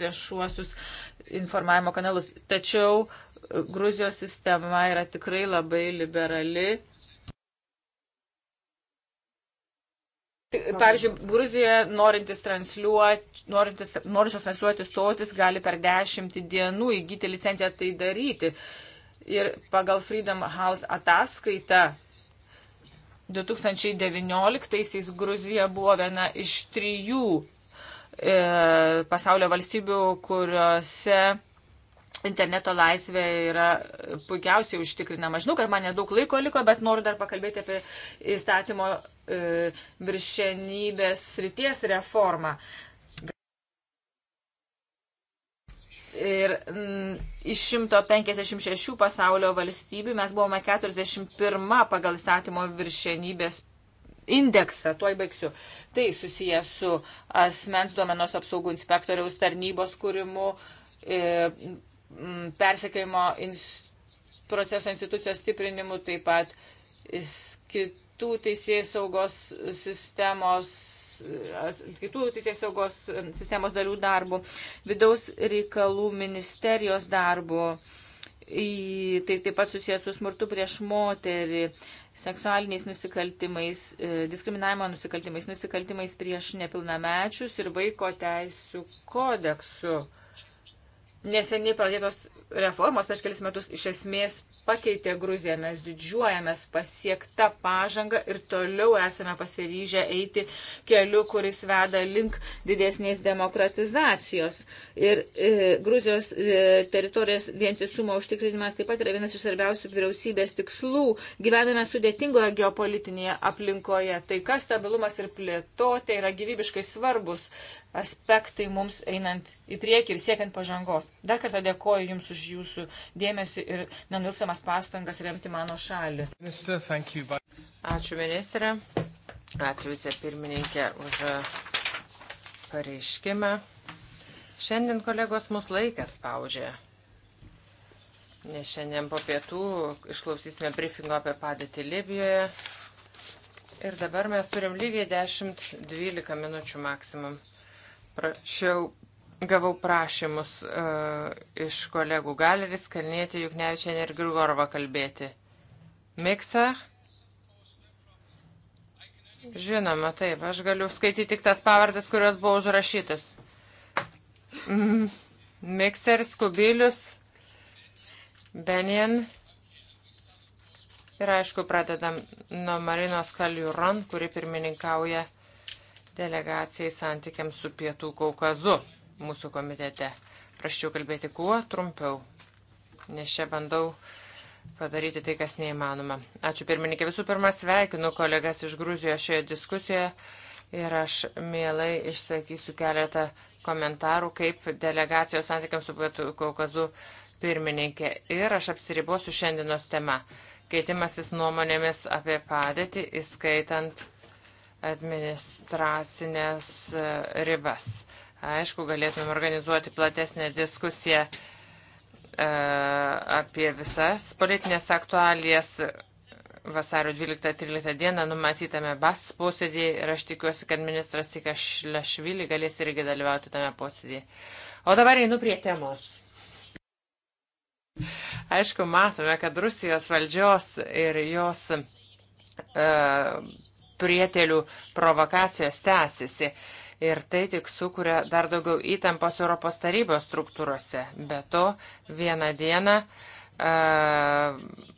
viešuosius informavimo kanalus. Tačiau e, Gruzijos sistema yra tikrai labai liberali. Pavyzdžiui, Gruzijoje norintis transliuoti, norintis, norinčios transliuoti stotis gali per dešimt dienų įgyti licenciją tai daryti. Ir pagal Freedom House ataskaitą 2019-aisiais Gruzija buvo viena iš trijų e, pasaulio valstybių, kuriuose interneto laisvė yra puikiausiai užtikrinama. Žinau, kad man nedaug laiko liko, bet noriu dar pakalbėti apie įstatymo e, viršenybės srities reformą. E, Ir m, mm, iš 156 pasaulio valstybių mes buvome 41 pagal įstatymo viršenybės indeksą, tuoj baigsiu. Tai susijęs su asmens duomenos apsaugų inspektoriaus tarnybos kūrimu, e, mm, persekėjimo ins, proceso institucijos stiprinimu, taip pat kitų teisėjų saugos sistemos kitų teisės saugos sistemos dalių darbų, vidaus reikalų ministerijos darbų, tai taip pat susijęs su smurtu prieš moterį, seksualiniais nusikaltimais, e, diskriminavimo nusikaltimais, nusikaltimais prieš nepilnamečius ir vaiko teisų kodeksu. Neseniai pradėtos reformos prieš kelis metus iš esmės pakeitė Gruziją. Mes didžiuojamės pasiektą pažangą ir toliau esame pasiryžę eiti keliu, kuris veda link didesnės demokratizacijos. Ir e, Gruzijos e, teritorijos vientisumo užtikrinimas taip pat yra vienas iš svarbiausių vyriausybės tikslų. Gyvename sudėtingoje geopolitinėje aplinkoje. Tai kas stabilumas ir plėtotė yra gyvybiškai svarbus aspektai mums einant į priekį ir siekiant pažangos. Dar kartą dėkoju Jums už už jūsų dėmesį ir nenulsamas pastangas remti mano šalį. Minister, Ačiū ministrė, ačiū vicepirmininkė už pareiškimą. Šiandien kolegos mūsų laikas spaudžia. Nes šiandien po pietų išklausysime briefingo apie padėtį Libijoje. Ir dabar mes turim lygiai 10-12 minučių maksimum. Prašiau Gavau prašymus uh, iš kolegų Galeris, Kalnėti, Juknevičianė ir Grigorova kalbėti. Miksa? Žinoma, taip, aš galiu skaityti tik tas pavardas, kurios buvo užrašytas. Mm, Mikser, Skubilius, Benjen. Ir aišku, pradedam nuo Marinos Kaliuron, kuri pirmininkauja delegacijai santykiams su Pietų Kaukazu mūsų komitete. Praščiau kalbėti kuo trumpiau, nes čia bandau padaryti tai, kas neįmanoma. Ačiū pirmininkė. Visų pirma, sveikinu kolegas iš Gruzijos šioje diskusijoje ir aš mielai išsakysiu keletą komentarų kaip delegacijos santykiams su Pietų Kaukazu pirmininkė. Ir aš apsiribosiu šiandienos tema. Keitimasis nuomonėmis apie padėtį, įskaitant administracinės e, ribas. Aišku, galėtumėm organizuoti platesnę diskusiją e, apie visas politinės aktualijas vasario 12-13 dieną numatytame BAS posėdėje ir aš tikiuosi, kad ministras Ikašlašvili galės irgi dalyvauti tame posėdėje. O dabar einu prie temos. Aišku, matome, kad Rusijos valdžios ir jos uh, prietelių provokacijos tęsiasi. Uh, ir tai tik sukuria dar daugiau įtampos Europos tarybos struktūrose. Be to, vieną dieną uh,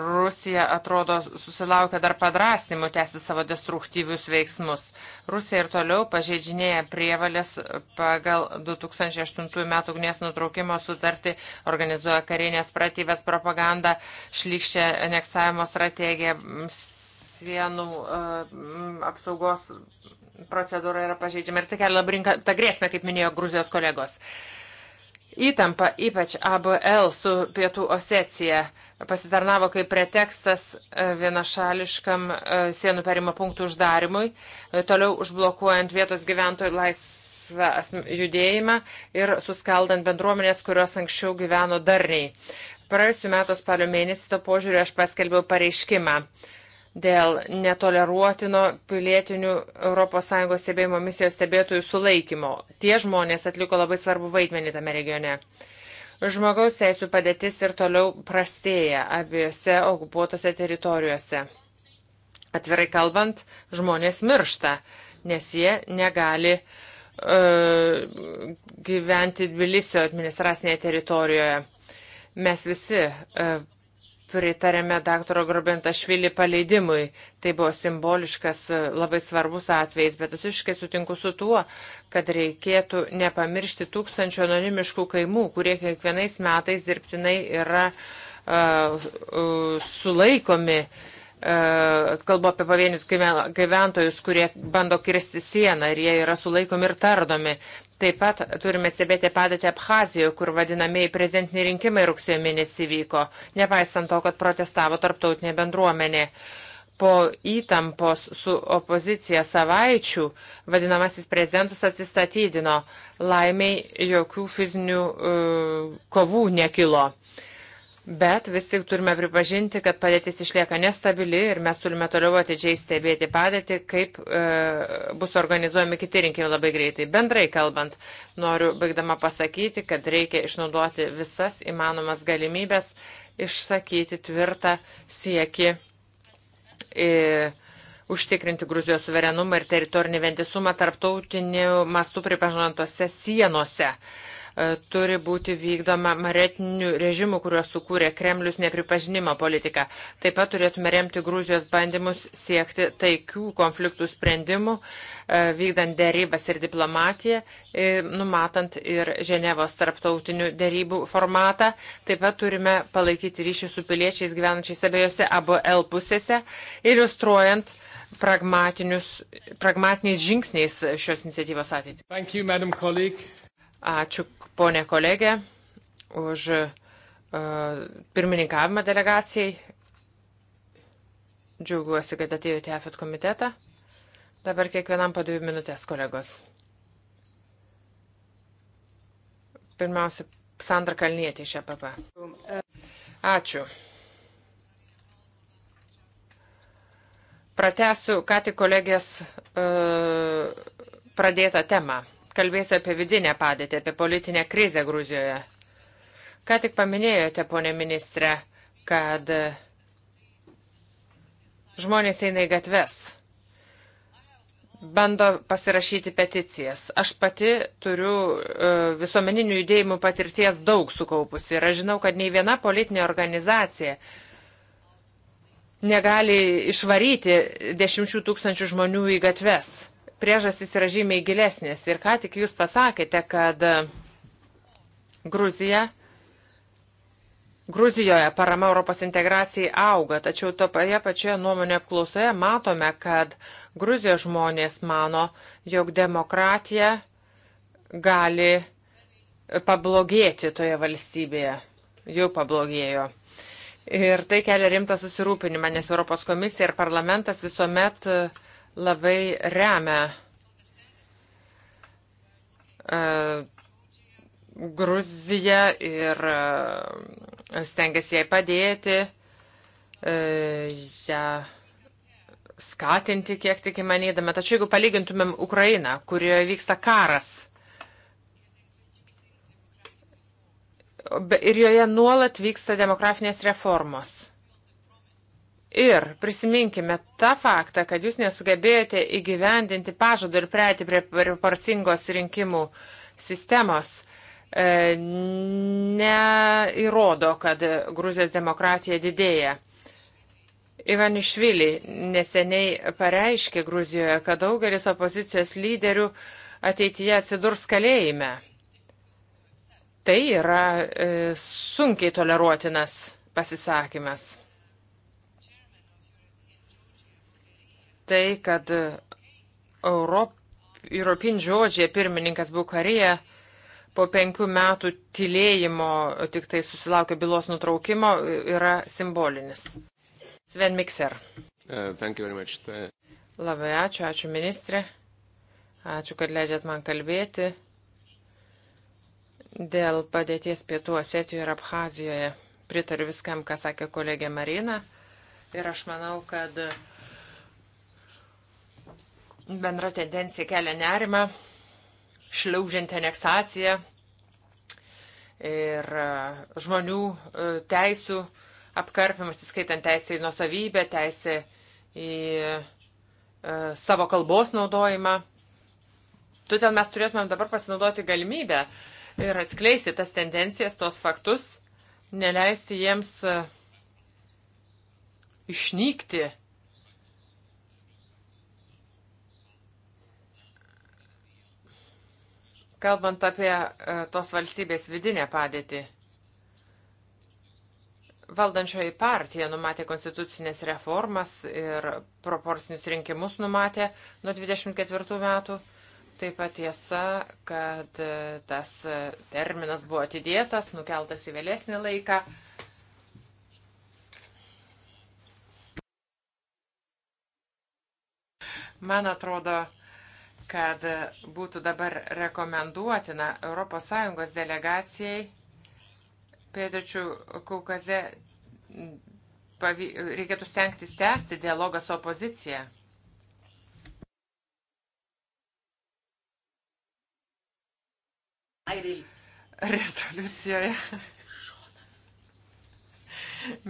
Rusija atrodo susilaukia dar padrasnimų tęsti savo destruktyvius veiksmus. Rusija ir toliau pažeidžinėja prievalės pagal 2008 m. ugnies nutraukimo sutartį, organizuoja karinės pratybės propagandą, šlykščia aneksavimo strategiją, sienų e, apsaugos procedūra yra pažeidžiama ir tai kelia labrinką tą grėsmę, kaip minėjo Gruzijos kolegos. Įtampa, ypač ABL su Pietų Osecija, pasitarnavo kaip pretekstas e, vienašališkam e, sienų perimo punktų uždarimui, e, toliau užblokuojant vietos gyventojų laisvą judėjimą ir suskaldant bendruomenės, kurios anksčiau gyveno darniai. Praėjusiu metu spalio mėnesį to požiūriu aš paskelbiau pareiškimą dėl netoleruotino pilietinių ES stebėjimo misijos stebėtojų sulaikymo. Tie žmonės atliko labai svarbu vaidmenį tame regione. Žmogaus teisų padėtis ir toliau prastėja abiejose okupuotose teritorijose. Atvirai kalbant, žmonės miršta, nes jie negali uh, gyventi Tbilisio administracinėje teritorijoje. Mes visi uh, pritarėme daktaro Grobentašvili paleidimui. Tai buvo simboliškas, e, labai svarbus atvejis, bet aš iškai sutinku su tuo, kad reikėtų nepamiršti tūkstančių anonimiškų kaimų, kurie kiekvienais metais dirbtinai yra uh, uh, sulaikomi. Uh, kalbu apie pavienius gyventojus, kurie bando kirsti sieną ir jie yra sulaikomi ir tardomi. Taip pat turime stebėti padėtį Abhazijoje, kur vadinamieji prezidentiniai rinkimai rugsėjo mėnesį vyko, nepaisant to, kad protestavo tarptautinė bendruomenė. Po įtampos su opozicija savaičių vadinamasis prezidentas atsistatydino. Laimiai jokių fizinių uh, kovų nekilo. Bet vis tik turime pripažinti, kad padėtis išlieka nestabili ir mes turime toliau atidžiai stebėti padėtį, kaip e, bus organizuojami kiti rinkimai labai greitai. Bendrai kalbant, noriu baigdama pasakyti, kad reikia išnaudoti visas įmanomas galimybės išsakyti tvirtą sieki. E, užtikrinti Gruzijos suverenumą ir teritorinį vientisumą tarptautiniu mastu pripažinantose sienose. Uh, E, turi būti vykdoma maretinių režimų, kuriuos sukūrė Kremlius nepripažinimo politika. Taip pat turėtume remti Gruzijos bandymus siekti taikių konfliktų sprendimų, e, vykdant dėrybas ir diplomatiją, e, numatant ir Ženevos tarptautinių dėrybų formatą. Taip pat turime palaikyti ryšį su piliečiais gyvenančiais abiejose ABL pusėse, iliustruojant pragmatiniais žingsniais šios iniciatyvos ateitį. Ačiū, ponė kolegė, už e, pirmininkavimą delegacijai. Džiaugiuosi, kad atėjote į AFET komitetą. Dabar kiekvienam po dvi minutės, kolegos. Pirmiausia, Sandra Kalnietė iš APP. E Ačiū. Pratesiu ką tik kolegės uh, pradėtą temą. Kalbėsiu apie vidinę padėtį, apie politinę krizę Gruzijoje. Ką tik paminėjote, ponė ministrė, kad žmonės eina į gatves, bando pasirašyti peticijas. Aš pati turiu e, visuomeninių judėjimų patirties daug sukaupusi ir aš žinau, kad nei viena politinė organizacija negali išvaryti dešimčių tūkstančių žmonių į gatves priežastys yra žymiai gilesnės. Ir ką tik jūs pasakėte, kad Gruzija, Gruzijoje parama Europos integracijai auga, tačiau toje pačioje nuomonė apklausoje matome, kad Gruzijos žmonės mano, jog demokratija gali pablogėti toje valstybėje. Jau pablogėjo. Ir tai kelia rimtą susirūpinimą, nes Europos komisija ir parlamentas visuomet uh, labai remia uh, e, Gruziją ir uh, stengiasi jai padėti, uh, ją skatinti, kiek tik įmanydami. Tačiau jeigu palygintumėm Ukrainą, kurioje vyksta karas, ir joje nuolat vyksta demografinės reformos. Ir prisiminkime tą faktą, kad jūs nesugebėjote įgyvendinti pažadų ir prieiti prie proporcingos rinkimų sistemos. E, neįrodo, kad Gruzijos demokratija didėja. Ivanišvili neseniai pareiškė Gruzijoje, kad daugelis opozicijos lyderių ateityje atsidurs kalėjime. Tai yra e, sunkiai toleruotinas pasisakymas. tai, kad Europ, Europin žodžiai pirmininkas Bukarija po penkių metų tylėjimo tik tai susilaukė bylos nutraukimo yra simbolinis. Sven Mikser. Uh, uh Labai ačiū, ačiū ministrė. Ačiū, kad leidžiat man kalbėti dėl padėties pietų Osetijoje ir Abhazijoje. Pritariu viskam, ką sakė kolegė Marina. Ir aš manau, kad uh, Bendra tendencija kelia nerima, šliaužianti aneksacija ir e, žmonių e, teisų apkarpimas, įskaitant teisę į nusavybę, teisę į e, savo kalbos naudojimą. Todėl mes turėtumėm dabar pasinaudoti galimybę ir atskleisti tas tendencijas, tuos faktus, neleisti jiems išnykti Kalbant apie e, tos valstybės vidinę padėtį, valdančioji partija numatė konstitucinės reformas ir proporcinius rinkimus numatė nuo 24 metų. Taip pat tiesa, kad e, tas e, terminas buvo atidėtas, nukeltas į vėlesnį laiką. Man atrodo, kad būtų dabar rekomenduotina ES delegacijai Pėtričių Kaukaze pavy, reikėtų stengtis tęsti dialogą su opozicija. Rezoliucijoje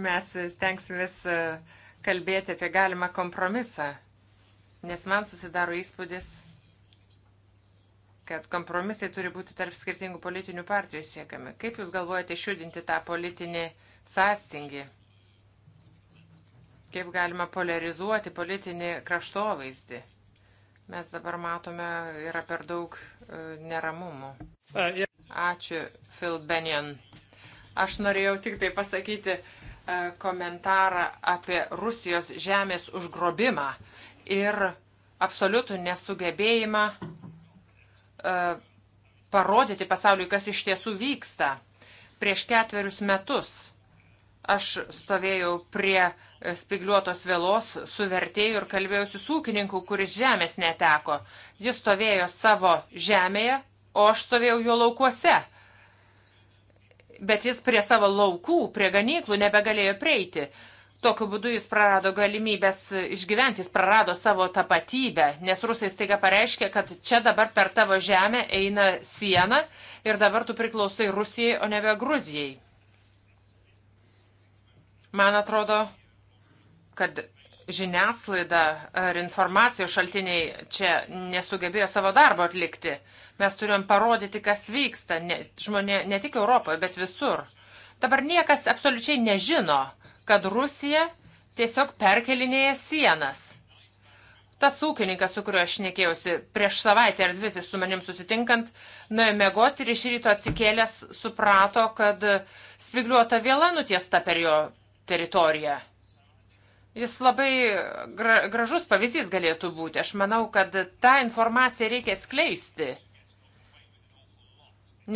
mes stengsimės e, kalbėti apie galimą kompromisą, nes man susidaro įspūdis, kad kompromisai turi būti tarp skirtingų politinių partijų siekami. Kaip Jūs galvojate išjudinti tą politinį sąstingį? Kaip galima polarizuoti politinį kraštovaizdį? Mes dabar matome, yra per daug e, neramumų. Ačiū, Phil Benjan. Aš norėjau tik tai pasakyti e, komentarą apie Rusijos žemės užgrobimą ir absoliutų nesugebėjimą E, parodyti pasauliui, kas iš tiesų vyksta. Prieš ketverius metus aš stovėjau prie spigliuotos vėlos su vertėju ir kalbėjausi su ūkininku, kuris žemės neteko. Jis stovėjo savo žemėje, o aš stovėjau jo laukuose. Bet jis prie savo laukų, prie ganyklų nebegalėjo prieiti. Tokiu būdu jis prarado galimybės išgyventi, jis prarado savo tapatybę, nes rusai staiga pareiškė, kad čia dabar per tavo žemę eina siena ir dabar tu priklausai Rusijai, o nebe Gruzijai. Man atrodo, kad žiniasklaida ar informacijos šaltiniai čia nesugebėjo savo darbo atlikti. Mes turėjom parodyti, kas vyksta, ne, žmonė, ne tik Europoje, bet visur. Dabar niekas absoliučiai nežino, kad Rusija tiesiog perkelinėja sienas. Tas ūkininkas, su kuriuo aš nekėjausi prieš savaitę ar dvi su manim susitinkant, nuėjo mėgoti ir iš ryto atsikėlęs suprato, kad spigliuota viela nutiesta per jo teritoriją. Jis labai gra gražus pavyzdys galėtų būti. Aš manau, kad tą informaciją reikia skleisti.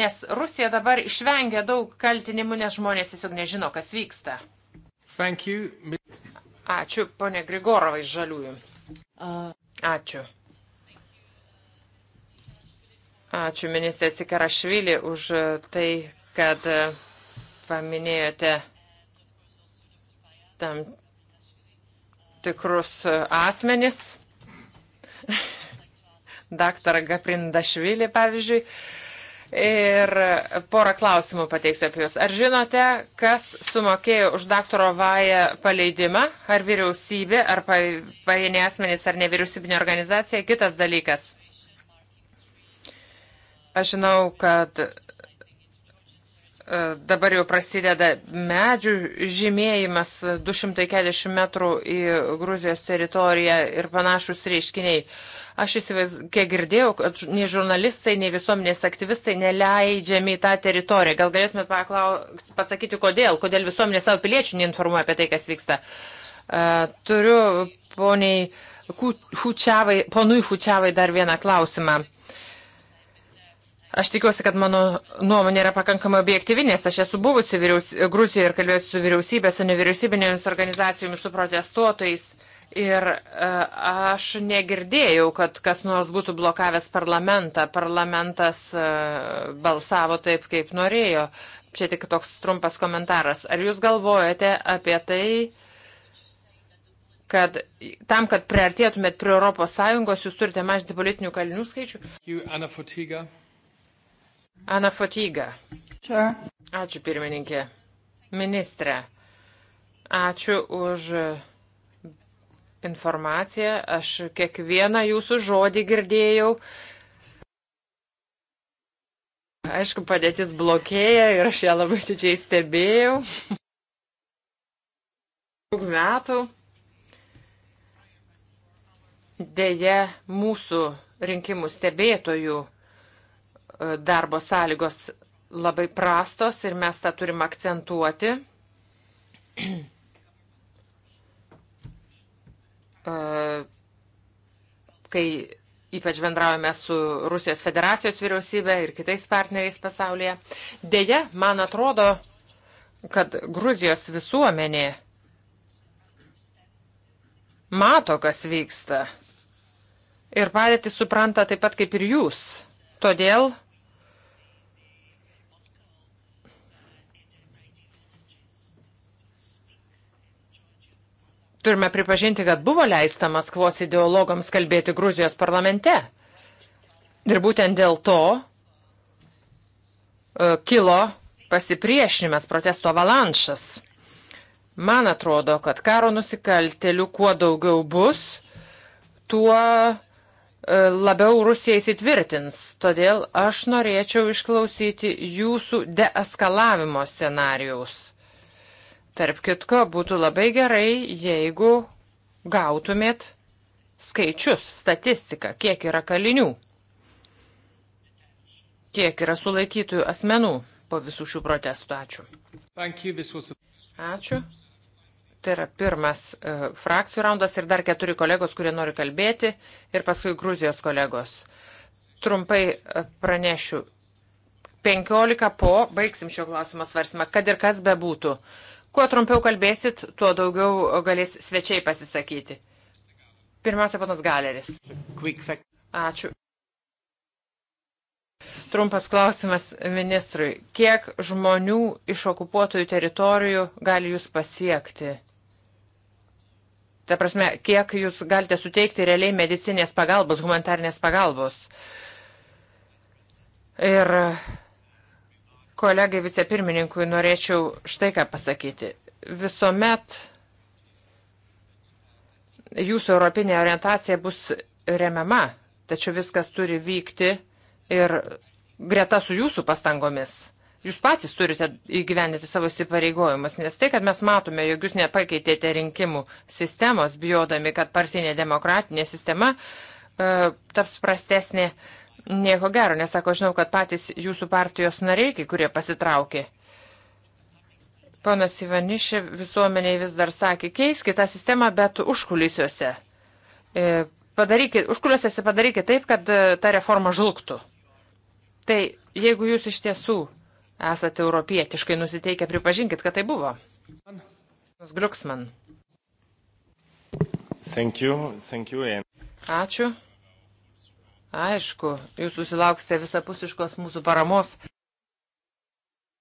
Nes Rusija dabar išvengia daug kaltinimų, nes žmonės tiesiog nežino, kas vyksta. Ačiū, ponė Grigorovai, žaliųjų. Ačiū. Ačiū, ministrė Cikarašvili, už tai, kad e, paminėjote tam tikrus e, asmenis. Daktarą Gaprindašvili, pavyzdžiui. Ir porą klausimų pateiksiu apie juos. Ar žinote, kas sumokėjo už daktaro Vaja paleidimą? Ar vyriausybė, ar pavieniai asmenys, ar nevyriausybinė organizacija? Kitas dalykas. Aš žinau, kad E, dabar jau prasideda medžių žymėjimas 240 metrų į Gruzijos teritoriją ir panašus reiškiniai. Aš įsivaizduoju, kiek girdėjau, kad nei žurnalistai, nei visuomenės aktyvistai neleidžiami į tą teritoriją. Gal galėtumėt paklau, pasakyti, kodėl, kodėl visuomenė savo piliečių neinformuoja apie tai, kas vyksta. E, turiu poniai, Hučiavai, ponui Hučiavai dar vieną klausimą Aš tikiuosi, kad mano nuomonė yra pakankamai objektyvi, nes aš esu buvusi vyriaus... Gruzijoje ir kalbėjusi su vyriausybės, su nevyriausybinėmis organizacijomis, su protestuotojais. Ir e, aš negirdėjau, kad kas nors būtų blokavęs parlamentą. Parlamentas e, balsavo taip, kaip norėjo. Čia tik toks trumpas komentaras. Ar jūs galvojate apie tai, kad tam, kad priartėtumėt prie ES, jūs turite mažinti politinių kalinių skaičių? You, Ana Fotyga. Sure. Ačiū pirmininkė. Ministre, ačiū už informaciją. Aš kiekvieną jūsų žodį girdėjau. Aišku, padėtis blokėja ir aš ją labai didžiai stebėjau. Daug metų. Deja, mūsų rinkimų stebėtojų E, darbo sąlygos labai prastos ir mes tą turim akcentuoti. E, kai ypač bendraujame su Rusijos federacijos vyriausybė ir kitais partneriais pasaulyje. Deja, man atrodo, kad Gruzijos visuomenė mato, kas vyksta ir padėtį supranta taip pat kaip ir jūs. Todėl Turime pripažinti, kad buvo leista Maskvos ideologams kalbėti Gruzijos parlamente. Ir būtent dėl to e, kilo pasipriešinimas, protesto avalanšas. Man atrodo, kad karo nusikaltelių kuo daugiau bus, tuo e, labiau Rusija įsitvirtins. Todėl aš norėčiau išklausyti jūsų deeskalavimo scenarijaus. Tarp kitko, būtų labai gerai, jeigu gautumėt skaičius, statistiką, kiek yra kalinių, kiek yra sulaikytųjų asmenų po visų šių protestų. Ačiū. Ačiū. Tai yra pirmas uh, frakcijų raundas ir dar keturi kolegos, kurie nori kalbėti ir paskui Gruzijos kolegos. Trumpai uh, pranešiu. 15 po baigsim šio klausimo svarsimą, kad ir kas bebūtų. Uh, Kuo trumpiau kalbėsit, tuo daugiau galės svečiai pasisakyti. Pirmiausia, panas Galeris. Ačiū. Trumpas klausimas ministrui. Kiek žmonių iš okupuotojų teritorijų gali jūs pasiekti? Ta prasme, kiek jūs galite suteikti realiai medicinės pagalbos, humanitarnės pagalbos? Ir kolegai vicepirmininkui norėčiau štai ką pasakyti. Visuomet jūsų europinė orientacija bus remiama, tačiau viskas turi vykti ir greta su jūsų pastangomis. Jūs patys turite įgyvendinti savo įsipareigojimus, nes tai, kad mes matome, jog jūs nepakeitėte rinkimų sistemos, bijodami, kad partinė demokratinė sistema e, taps prastesnė, e, Nieko gero, nesako, žinau, kad patys jūsų partijos nariai, kai kurie pasitraukė. Ponas Ivanišė visuomeniai vis dar sakė, keiskite tą sistemą, bet užkulisiuose. E, padarykit, užkulisiuose padarykit taip, kad e, ta reforma žlugtų. Tai jeigu jūs iš tiesų esate europietiškai nusiteikę, pripažinkit, kad tai buvo. Gliuksman. Thank you, thank you. Ačiū. Aišku, jūs susilauksite visapusiškos mūsų paramos,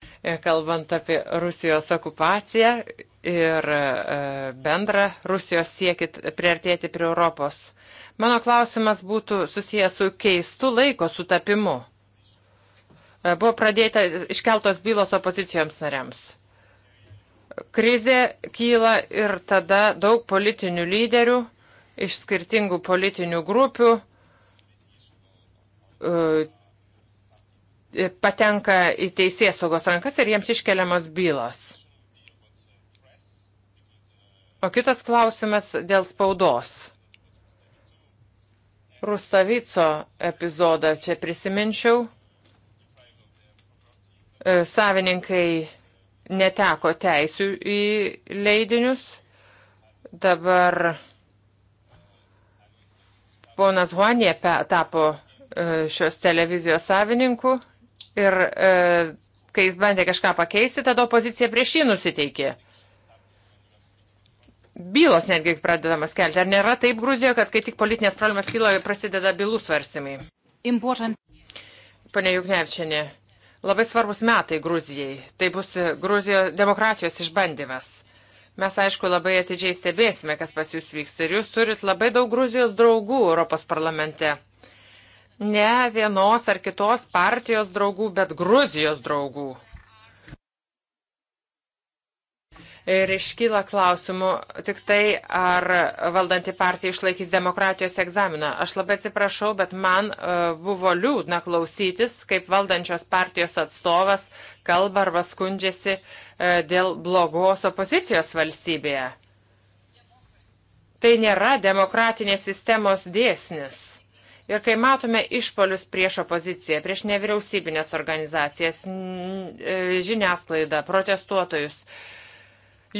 e, kalbant apie Rusijos okupaciją ir e, bendrą Rusijos siekit priartėti prie Europos. Mano klausimas būtų susijęs su keistu laiko sutapimu. E, buvo pradėta iškeltos bylos opozicijoms nariams. Krizė kyla ir tada daug politinių lyderių iš skirtingų politinių grupių E, patenka į teisės saugos rankas ir jiems iškeliamos bylos. O kitas klausimas dėl spaudos. Rustavico epizodą čia prisiminčiau. E, savininkai neteko teisių į leidinius. Dabar ponas Huanė tapo E, šios televizijos savininkų ir e, kai jis bandė kažką pakeisti, tada opozicija prieš jį nusiteikė. Bylos netgi pradedamas kelti. Ar nėra taip Gruzijoje, kad kai tik politinės problemas kyla, prasideda bylų svarsimai? Important. Pane Juknevčianė, labai svarbus metai Gruzijai. Tai bus Gruzijos demokratijos išbandymas. Mes, aišku, labai atidžiai stebėsime, kas pas jūs vyks. Ir jūs turit labai daug Gruzijos draugų Europos parlamente ne vienos ar kitos partijos draugų, bet Gruzijos draugų. Ir iškyla klausimų tik tai, ar valdanti partija išlaikys demokratijos egzaminą. Aš labai atsiprašau, bet man uh, buvo liūdna klausytis, kaip valdančios partijos atstovas kalba arba skundžiasi uh, dėl blogos opozicijos valstybėje. Tai nėra demokratinės sistemos dėsnis Ir kai matome išpolius prieš opoziciją, prieš nevyriausybinės organizacijas, e, žiniasklaidą, protestuotojus,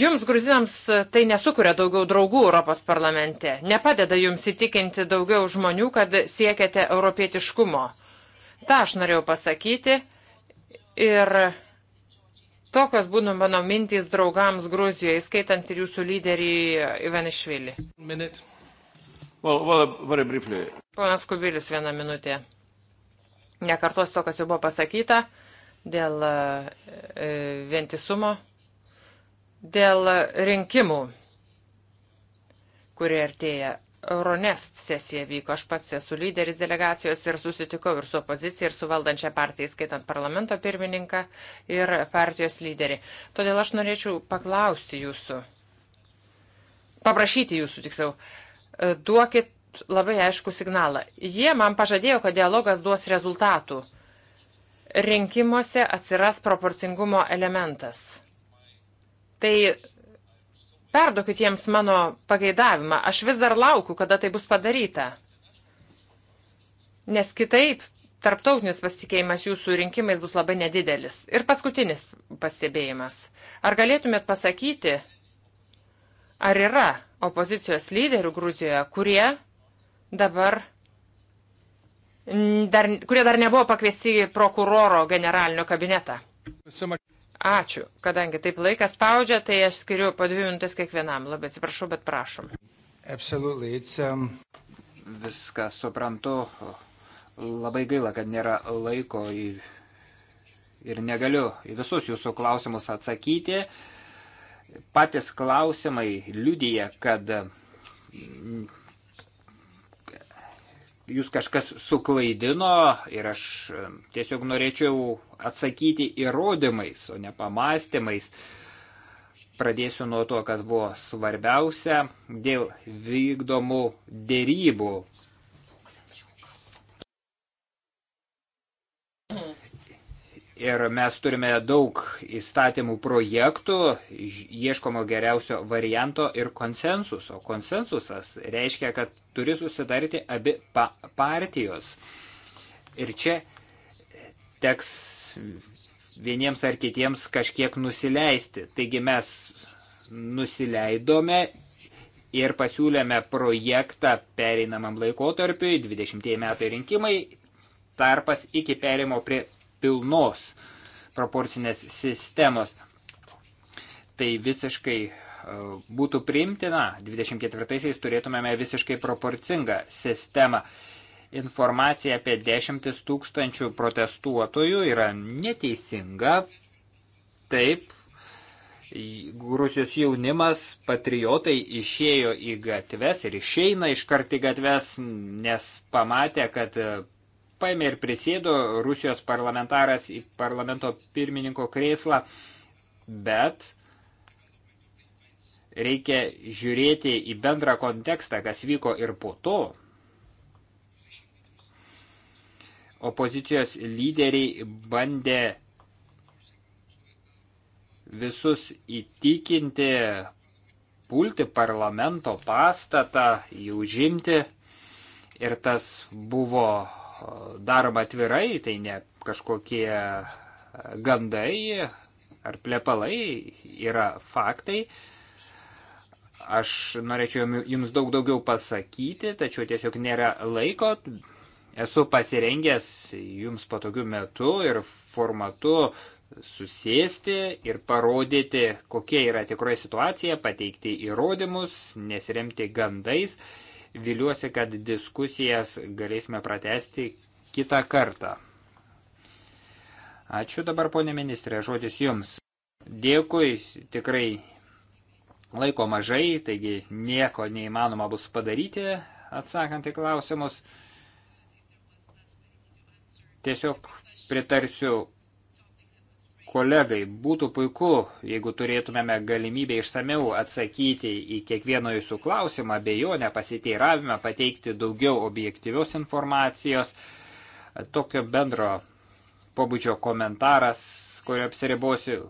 jums, gruzinams, tai nesukuria daugiau draugų Europos parlamente, nepadeda jums įtikinti daugiau žmonių, kad siekiate europietiškumo. Ta aš norėjau pasakyti ir tokios būtų mano mintys draugams Gruzijoje, skaitant ir jūsų lyderį Ivanišvili. Minute. Well, well, Ponas Kubilis, vieną minutę. Nekartos to, kas jau buvo pasakyta dėl e, e, vientisumo, dėl rinkimų, kurie artėja. Euronest sesija vyko, aš pats esu lyderis delegacijos ir susitikau ir su opozicija, ir su valdančia partija, skaitant parlamento pirmininką ir partijos lyderį. Todėl aš norėčiau paklausti jūsų, paprašyti jūsų tiksliau, uh, E, duokit labai aišku signalą. Jie man pažadėjo, kad dialogas duos rezultatų. Rinkimuose atsiras proporcingumo elementas. Tai perduokit jiems mano pageidavimą. Aš vis dar laukiu, kada tai bus padaryta. Nes kitaip tarptautinis pasitikėjimas jūsų rinkimais bus labai nedidelis. Ir paskutinis pastebėjimas. Ar galėtumėt pasakyti, ar yra opozicijos lyderių Gruzijoje, kurie dabar dar, kurie dar nebuvo pakviesti į prokuroro generalinio kabinetą. Ačiū, kadangi taip laikas spaudžia, tai aš skiriu po dvi minutės kiekvienam. Labai atsiprašau, bet prašom. Absoliučiai, um, viską suprantu. Labai gaila, kad nėra laiko į, ir negaliu į visus jūsų klausimus atsakyti. Uh, Patys klausimai liudyja, kad mm, jūs kažkas suklaidino ir aš mm, tiesiog norėčiau atsakyti įrodymais, o ne pamastymais. Pradėsiu nuo to, kas buvo svarbiausia dėl vykdomų dėrybų Ir mes turime daug įstatymų projektų, ieškomo geriausio varianto ir konsensuso. Konsensusas reiškia, kad turi susidaryti abi pa partijos. Ir čia teks vieniems ar kitiems kažkiek nusileisti. Taigi mes nusileidome ir pasiūlėme projektą pereinamam laikotarpiui, 20 metai rinkimai, tarpas iki perimo prie pilnos proporcinės sistemos. Tai visiškai e, būtų priimtina, 24-aisiais turėtumėme visiškai proporcingą sistemą. Informacija apie dešimtis tūkstančių protestuotojų yra neteisinga. Taip, Gruzijos jaunimas, patriotai išėjo į gatves ir išeina iš karto į gatves, nes pamatė, kad paėmė ir prisėdo Rusijos parlamentaras į parlamento pirmininko krėslą, bet reikia žiūrėti į bendrą kontekstą, kas vyko ir po to. Opozicijos lyderiai bandė visus įtikinti, pulti parlamento pastatą, jį užimti. Ir tas buvo daroma atvirai, tai ne kažkokie gandai ar plepalai yra faktai. Aš norėčiau jums daug daugiau pasakyti, tačiau tiesiog nėra laiko. Esu pasirengęs jums patogiu metu ir formatu susėsti ir parodyti, kokia yra tikroji situacija, pateikti įrodymus, nesiremti gandais Viliuosi, kad diskusijas galėsime pratesti kitą kartą. Ačiū dabar, ponė ministrė, žodis jums. Dėkui, tikrai laiko mažai, taigi nieko neįmanoma bus padaryti, atsakant į klausimus. Tiesiog pritarsiu kolegai. Būtų puiku, jeigu turėtumėme galimybę išsameu atsakyti į kiekvieno jūsų klausimą, be jo nepasiteiravime pateikti daugiau objektyvios informacijos. Tokio bendro pobūdžio komentaras, kurio apsiribosiu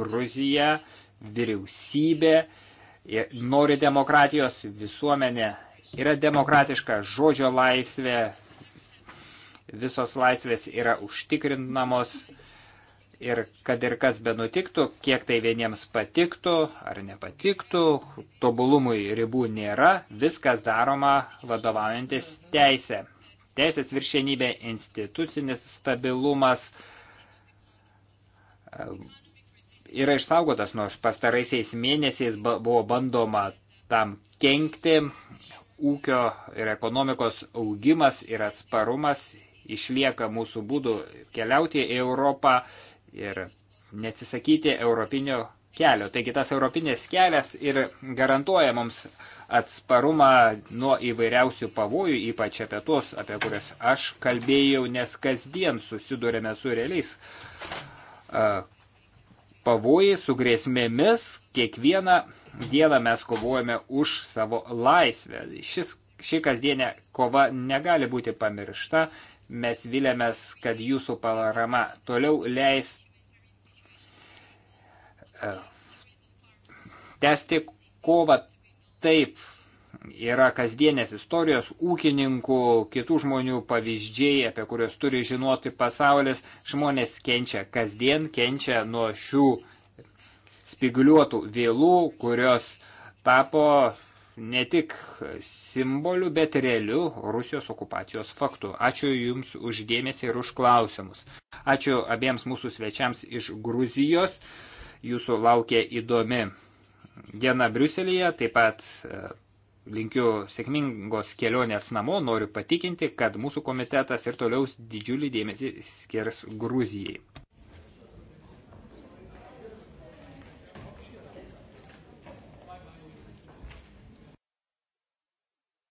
Gruzija, vyriausybė, nori demokratijos, visuomenė yra demokratiška, žodžio laisvė, visos laisvės yra užtikrinamos Ir kad ir kas be nutiktų, kiek tai vieniems patiktų ar nepatiktų, tobulumui ribų nėra, viskas daroma vadovaujantis teisė. Teisės viršienybė, institucinis stabilumas e, yra išsaugotas, nors pastaraisiais mėnesiais buvo bandoma tam kenkti. Ūkio ir ekonomikos augimas ir atsparumas išlieka mūsų būdų keliauti į Europą ir neatsisakyti europinio kelio. Taigi tas europinis kelias ir garantuoja mums atsparumą nuo įvairiausių pavojų, ypač apie tuos, apie kurias aš kalbėjau, nes kasdien susidurėme su realiais pavojai, su grėsmėmis. Kiekvieną dieną mes kovojame už savo laisvę. Šis, ši kasdienė kova negali būti pamiršta. Mes vilėmės, kad jūsų parama toliau leis tęsti kovą taip yra kasdienės istorijos, ūkininkų, kitų žmonių pavyzdžiai, apie kuriuos turi žinoti pasaulis. Žmonės kenčia kasdien, kenčia nuo šių spigliuotų vėlų, kurios tapo ne tik simboliu, bet realiu Rusijos okupacijos faktu. Ačiū Jums uždėmesį ir už klausimus. Ačiū abiems mūsų svečiams iš Gruzijos jūsų laukia įdomi diena Briuselėje, taip pat e, linkiu sėkmingos kelionės namo, noriu patikinti, kad mūsų komitetas ir toliau didžiulį dėmesį skirs Gruzijai.